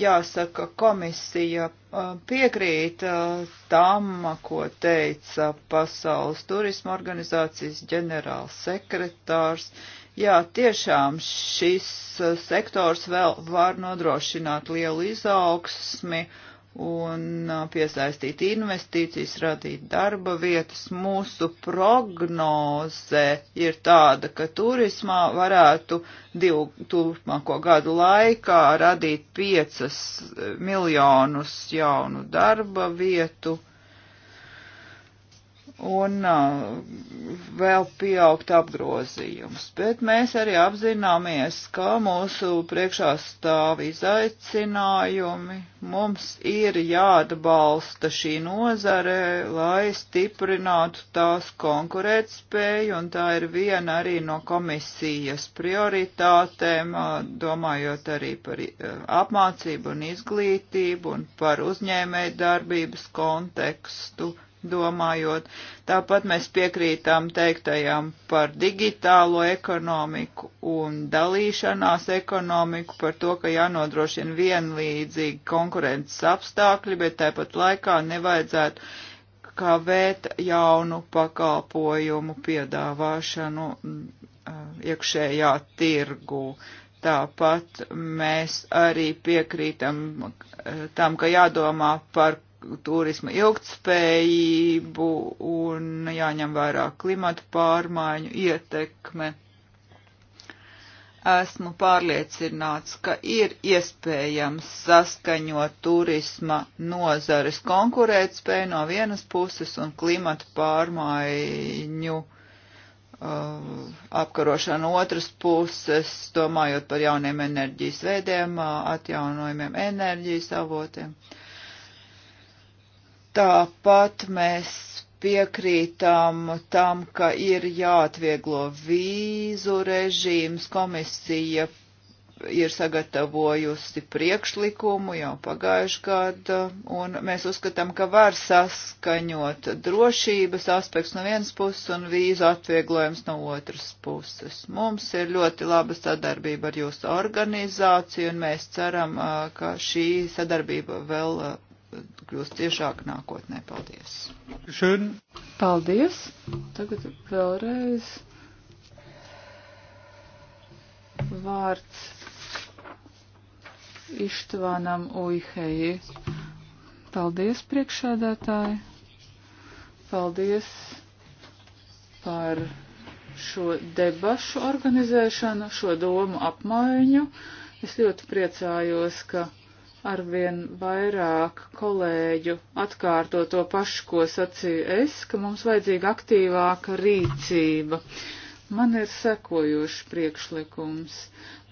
S3: jāsaka, komisija piekrīt tam, ko teica Pasaules turisma organizācijas ģenerāls sekretārs. Jā, tiešām šis sektors vēl var nodrošināt lielu izaugsmi un piesaistīt investīcijas, radīt darba vietas. Mūsu prognoze ir tāda, ka turismā varētu divu turpmāko gadu laikā radīt 5 miljonus jaunu darba vietu un uh, vēl pieaugt apgrozījums. Bet mēs arī apzināmies, ka mūsu priekšā stāv izaicinājumi. Mums ir jāatbalsta šī nozare, lai stiprinātu tās konkurētspēju, un tā ir viena arī no komisijas prioritātēm, uh, domājot arī par uh, apmācību un izglītību un par uzņēmēju darbības kontekstu domājot. Tāpat mēs piekrītām teiktajām par digitālo ekonomiku un dalīšanās ekonomiku, par to, ka jānodrošina vienlīdzīgi konkurences apstākļi, bet tāpat laikā nevajadzētu kavēt jaunu pakalpojumu piedāvāšanu mm, eh, iekšējā tirgū. Tāpat mēs arī piekrītam eh, tam, ka jādomā par turisma ilgtspējību un jāņem vērā klimatu pārmaiņu ietekme. Esmu pārliecināts, ka ir iespējams saskaņot turisma nozares konkurētspēju no vienas puses un klimatu pārmaiņu uh, apkarošana otras puses, domājot par jauniem enerģijas veidiem, uh, atjaunojumiem enerģijas avotiem. Uh, Tāpat mēs piekrītam tam, ka ir jāatvieglo vīzu režīms. Komisija ir sagatavojusi priekšlikumu jau pagājušajā gadā, un mēs uzskatām, ka var saskaņot drošības aspekts no vienas puses un vīzu atvieglojums no otras puses. Mums ir ļoti laba sadarbība ar jūsu organizāciju, un mēs ceram, uh, ka šī sadarbība vēl uh, kļūst ciešāk nākotnē. Paldies!
S2: Šön. Paldies! Tagad vēlreiz vārds Ištvanam Uiheji. Paldies, priekšādātāji! Paldies par šo debašu organizēšanu, šo domu apmaiņu. Es ļoti priecājos, ka arvien vairāk kolēģu atkārto to pašu, ko sacīju es, ka mums vajadzīga aktīvāka rīcība. Man ir sekojošs priekšlikums.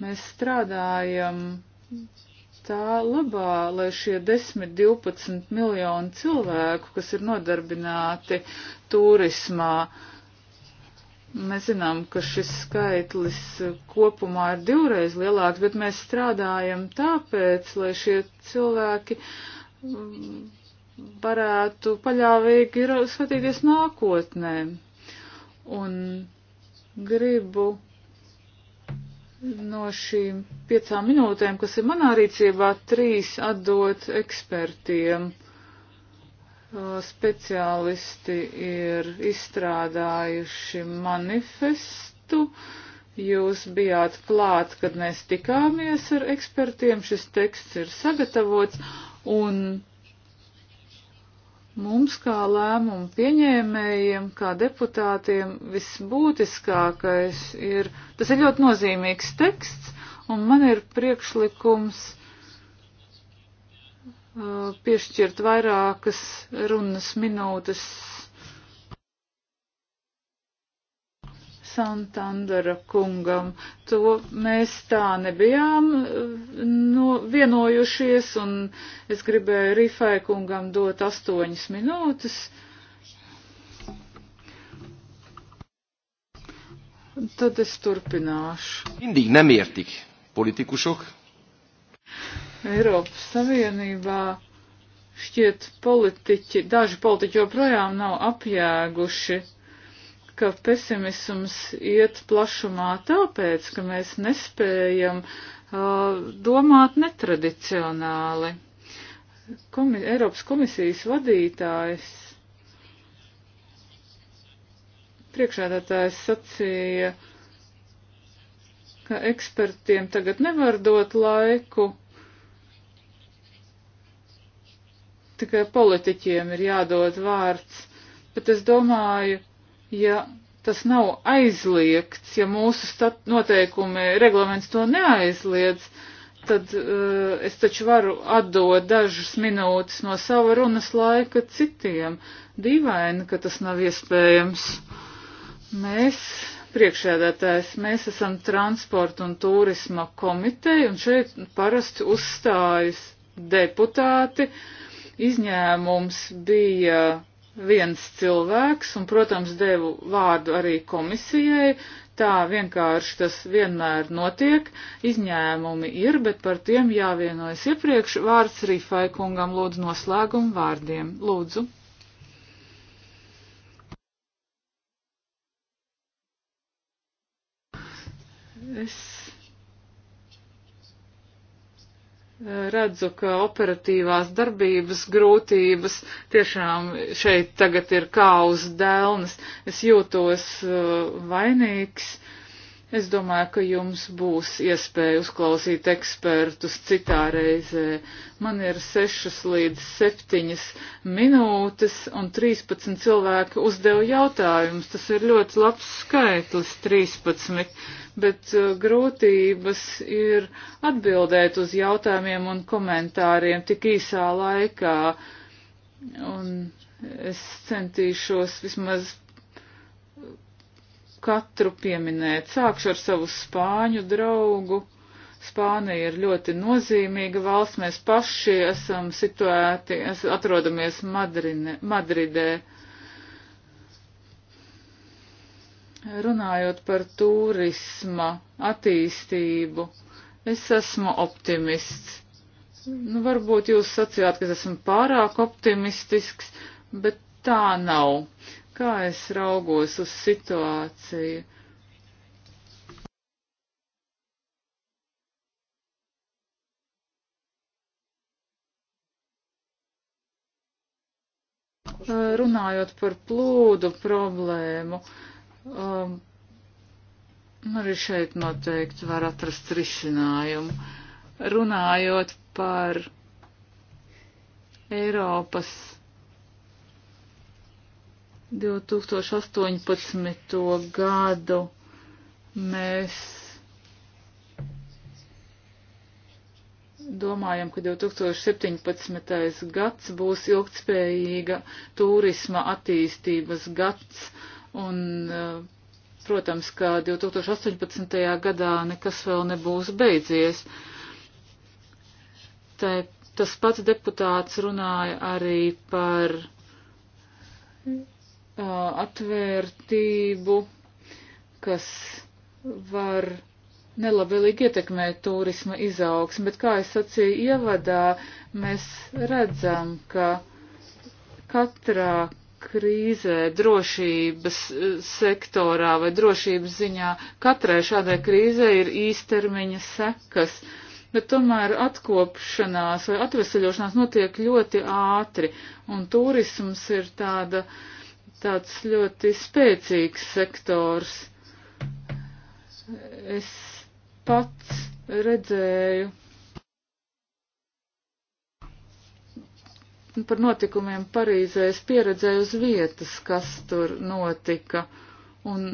S2: Mēs strādājam tā labā, lai šie 10-12 miljoni cilvēku, kas ir nodarbināti turismā, uh, Mēs zinām, ka šis skaitlis kopumā ir divreiz lielāks, bet mēs strādājam tāpēc, lai šie cilvēki mm, varētu paļāvīgi skatīties nākotnē. Un gribu no šīm piecām minūtēm, kas ir manā rīcībā, trīs atdot ekspertiem speciālisti ir izstrādājuši manifestu. Jūs bijāt klāt, kad mēs tikāmies ar ekspertiem. Šis teksts ir sagatavots un mums kā lēmumu pieņēmējiem, kā deputātiem visbūtiskākais ir, tas ir ļoti nozīmīgs teksts un man ir priekšlikums Uh, piešķirt vairākas runas minūtes Santandara kungam. To mēs tā nebijām uh, no, vienojušies, un es gribēju Rifai kungam dot astoņas minūtes. Tad es turpināšu. Mindig
S3: nemértik politikusok.
S2: Eiropas Savienībā šķiet politiķi, daži politiķi joprojām nav apjēguši, ka pesimisms iet plašumā tāpēc, ka mēs nespējam uh, domāt netradicionāli. Komi Eiropas komisijas vadītājs priekšādātājs sacīja, ka ekspertiem tagad nevar dot laiku tikai politiķiem ir jādod vārds, bet es domāju, ja tas nav aizliegts, ja mūsu stat, noteikumi, reglaments to neaizliedz, tad uh, es taču varu atdot dažas minūtes no sava runas laika citiem. Dīvaini, ka tas nav iespējams. Mēs, priekšēdētājs, mēs esam transporta un turisma komiteja, un šeit parasti uzstājas deputāti, uh, Izņēmums bija viens cilvēks un, protams, devu vārdu arī komisijai. Tā vienkārši tas vienmēr notiek. Izņēmumi ir, bet par tiem jāvienojas iepriekš. Vārds Rīfai kungam lūdzu noslēgumu vārdiem. Lūdzu. Es redzu, ka operatīvās darbības grūtības tiešām šeit tagad ir kā uz dēlnes. Es jūtos uh, vainīgs Es domāju, ka jums būs iespēja uzklausīt ekspertus citā reizē. Man ir 6 līdz 7 minūtes un 13 cilvēki uzdeva jautājumus. Tas ir ļoti labs skaitlis 13, bet uh, grūtības ir atbildēt uz jautājumiem un komentāriem tik īsā laikā. Un es centīšos vismaz katru pieminēt. Sākšu ar savu spāņu draugu. Spānija ir ļoti nozīmīga valsts. Mēs paši esam situēti, es atrodamies Madrine, Madridē. Runājot par turisma attīstību, es esmu optimists. Nu, varbūt jūs sacījāt, ka es esmu pārāk optimistisks, bet tā nav kā es raugos uz situāciju. Eh, runājot par plūdu problēmu, um, arī šeit noteikti var atrast risinājumu. Runājot par Eiropas 2018. gadu mēs domājam, ka 2017. gads būs ilgtspējīga turisma attīstības gads un, eh, protams, ka 2018. gadā nekas vēl nebūs beidzies. Tā, tas pats deputāts runāja arī par atvērtību, kas var nelabvēlīgi ietekmēt turisma izaugsmu, bet kā es sacīju ievadā, mēs redzam, ka katrā krīzē drošības sektorā vai drošības ziņā katrai šādai krīzē ir īstermiņa sekas, bet tomēr atkopšanās vai atvesaļošanās notiek ļoti ātri, un turisms ir tāda uh, tāds ļoti spēcīgs sektors. Es pats redzēju par notikumiem Parīzē, es pieredzēju uz vietas, kas tur notika. Un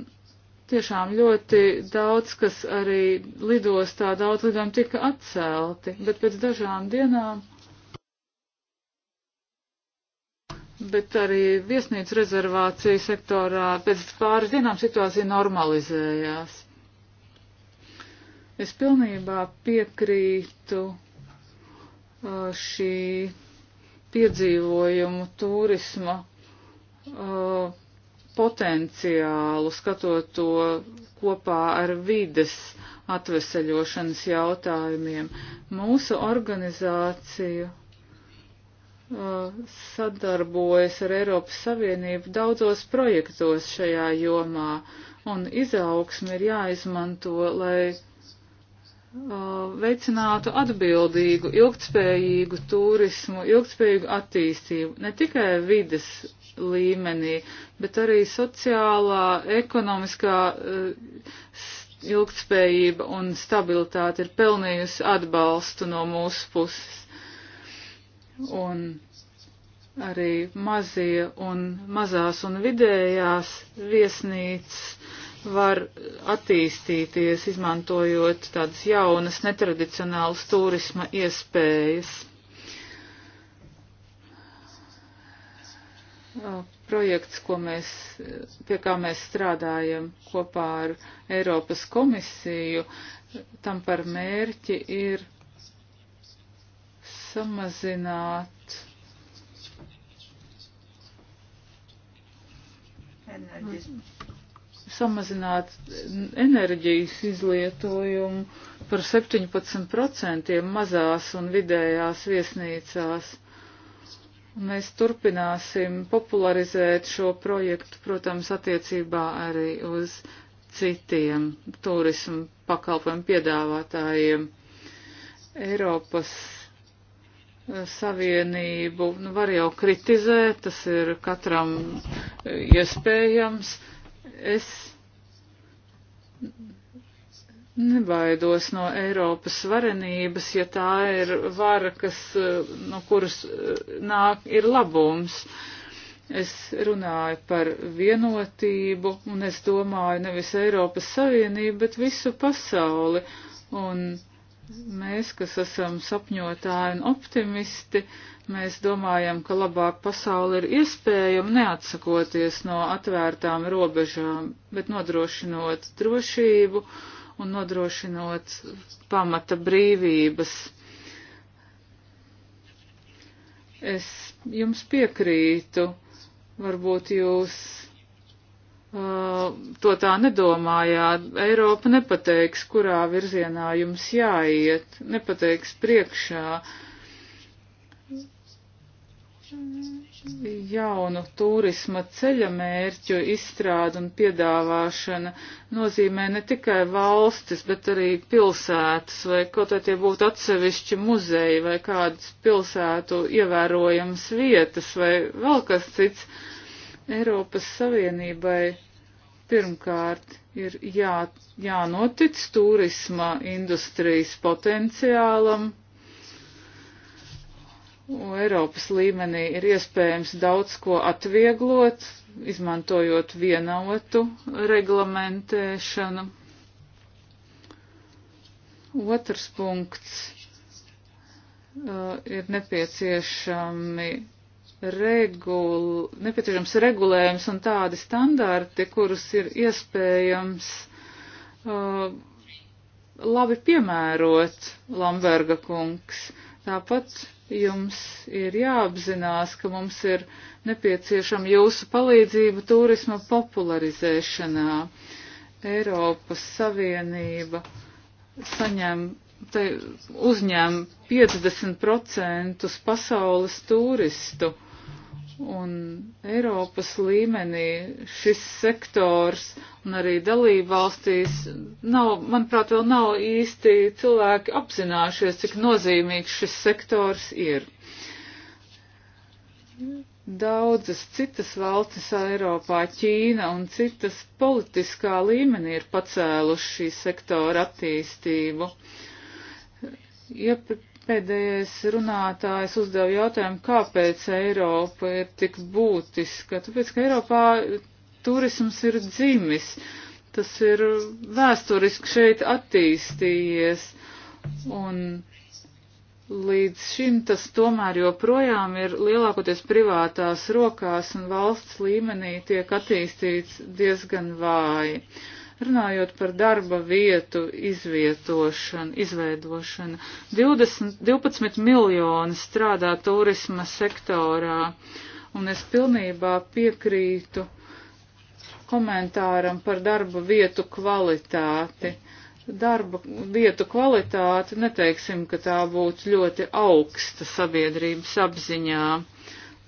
S2: tiešām ļoti daudz, kas arī lidostā, daudz lidojumu tika atcelti, bet pēc dažām dienām bet arī viesnīcu rezervāciju sektorā pēc pāris dienām situācija normalizējās. Es pilnībā piekrītu uh, šī piedzīvojumu turisma uh, potenciālu, skatot to kopā ar vides atveseļošanas jautājumiem. Mūsu organizācija sadarbojas ar Eiropas Savienību daudzos projektos šajā jomā, un izaugsme ir jāizmanto, lai uh, veicinātu atbildīgu, ilgtspējīgu turismu, ilgtspējīgu attīstību, ne tikai vides līmenī, bet arī sociālā, ekonomiskā uh, ilgtspējība un stabilitāte ir pelnījusi atbalstu no mūsu puses un arī mazie un mazās un vidējās viesnīcas var attīstīties, izmantojot tādas jaunas, netradicionālas turisma iespējas. Projekts, ko mēs, pie kā mēs strādājam kopā ar Eiropas komisiju, tam par mērķi ir samazināt enerģijas. samazināt enerģijas izlietojumu par 17% mazās un vidējās viesnīcās. Mēs turpināsim popularizēt šo projektu, protams, attiecībā arī uz citiem turismu pakalpojumu piedāvātājiem. Eiropas savienību. Nu, var jau kritizēt, tas ir katram e, iespējams. Es nebaidos no Eiropas varenības, ja tā ir vara, kas, e, no kuras e, nāk, ir labums. Es runāju par vienotību, un es domāju nevis Eiropas Savienību, bet visu pasauli. Un Mēs, kas esam sapņotāji un optimisti, mēs domājam, ka labāk pasauli ir iespējama neatsakoties no atvērtām robežām, bet nodrošinot drošību un nodrošinot pamata brīvības. Es jums piekrītu, varbūt jūs uh, to tā nedomājāt. Eiropa nepateiks, kurā virzienā jums jāiet, nepateiks priekšā jaunu turisma ceļa mērķu izstrāda un piedāvāšana nozīmē ne tikai valstis, bet arī pilsētas, vai kaut vai tie būtu atsevišķi muzeji vai kādas pilsētu ievērojams vietas vai vēl kas cits Eiropas Savienībai pirmkārt ir jā, jānotic turisma industrijas potenciālam. Un Eiropas līmenī ir iespējams daudz ko atvieglot, izmantojot vienotu reglamentēšanu. Otrs punkts uh, ir nepieciešami regul, nepieciešams regulējums un tādi standarti, kurus ir iespējams uh, labi piemērot, Lamberga kungs. Tāpat jums ir jāapzinās, ka mums ir nepieciešama jūsu palīdzība turisma popularizēšanā. Eiropas Savienība saņem, te, uzņem 50% pasaules turistu. Uh, Un Eiropas līmenī šis sektors un arī dalībvalstīs nav, manuprāt, vēl nav īsti cilvēki apzinājušies, cik nozīmīgs šis sektors ir. Daudzas citas valstis Eiropā, Ķīna un citas politiskā līmenī ir pacēluši šī sektora attīstību. Ja Pēdējais runātājs uzdeva jautājumu, kāpēc Eiropa ir tik būtiska. Tāpēc, ka Eiropā turisms ir dzimis, tas ir vēsturiski šeit attīstījies. Un līdz šim tas tomēr joprojām ir lielākoties privātās rokās un valsts līmenī tiek attīstīts diezgan vāji. Uh, Runājot par darba vietu izvietošanu, izveidošanu, 20, 12 miljoni strādā turisma sektorā, un es pilnībā piekrītu komentāram par darba vietu kvalitāti. Darba vietu kvalitāti neteiksim, ka tā būtu ļoti augsta sabiedrības apziņā.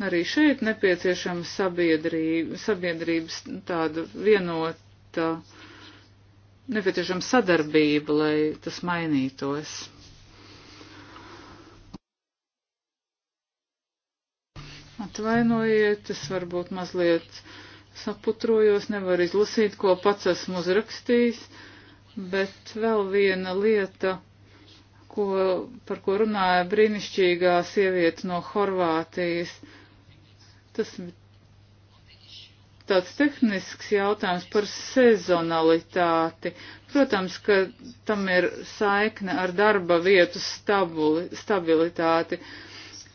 S2: Arī šeit nepieciešama sabiedrība, sabiedrības tāda vienota nepieciešama sadarbība, lai tas mainītos. Atvainojiet, es varbūt mazliet saputrojos, nevaru izlasīt, ko pats esmu uzrakstījis, bet vēl viena lieta, ko, par ko runāja brīnišķīgā sieviete no Horvātijas. Tas tāds tehnisks jautājums par sezonalitāti. Protams, ka tam ir saikne ar darba vietu stabuli, stabilitāti.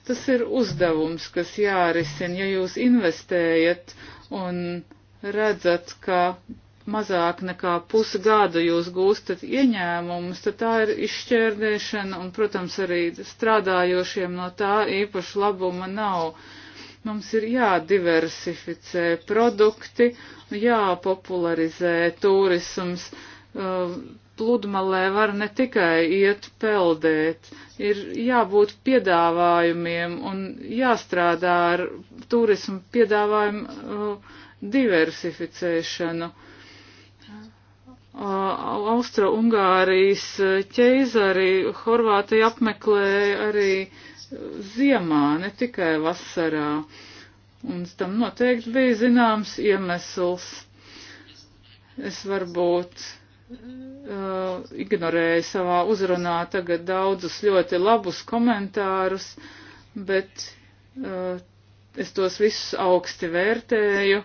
S2: Tas ir uzdevums, kas jārisina, ja jūs investējat un redzat, ka mazāk nekā pusgadu jūs gūstat ieņēmumus, tad tā ir izšķērdēšana un, protams, arī strādājošiem no tā īpaši labuma nav Mums ir jādiversificē produkti, jāpopularizē turisms. Uh, pludmalē var ne tikai iet peldēt, ir jābūt piedāvājumiem un jāstrādā ar turismu piedāvājumu uh, diversificēšanu. Uh, Austra-Ungārijas ķeizari Horvātija apmeklēja arī ziemā, ne tikai vasarā. Un tam noteikti bija zināms iemesls. Es varbūt uh, ignorēju savā uzrunā tagad daudzus ļoti labus komentārus, bet uh, es tos visus augsti vērtēju.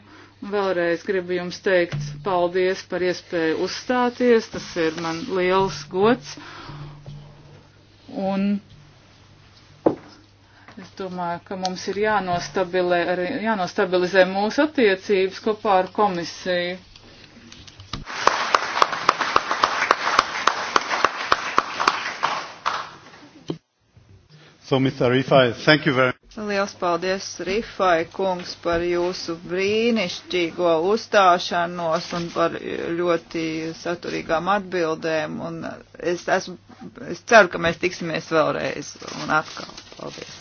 S2: Vēlreiz gribu jums teikt paldies par iespēju uzstāties, tas ir man liels gods. Un Es domāju, ka mums ir arī, jānostabilizē mūsu attiecības kopā ar komisiju.
S1: So, Rifai, very...
S3: Liels paldies, Rifai kungs, par jūsu brīnišķīgo uzstāšanos un par ļoti saturīgām atbildēm. Un es, esmu, es ceru, ka mēs tiksimies vēlreiz
S2: un atkal. Paldies!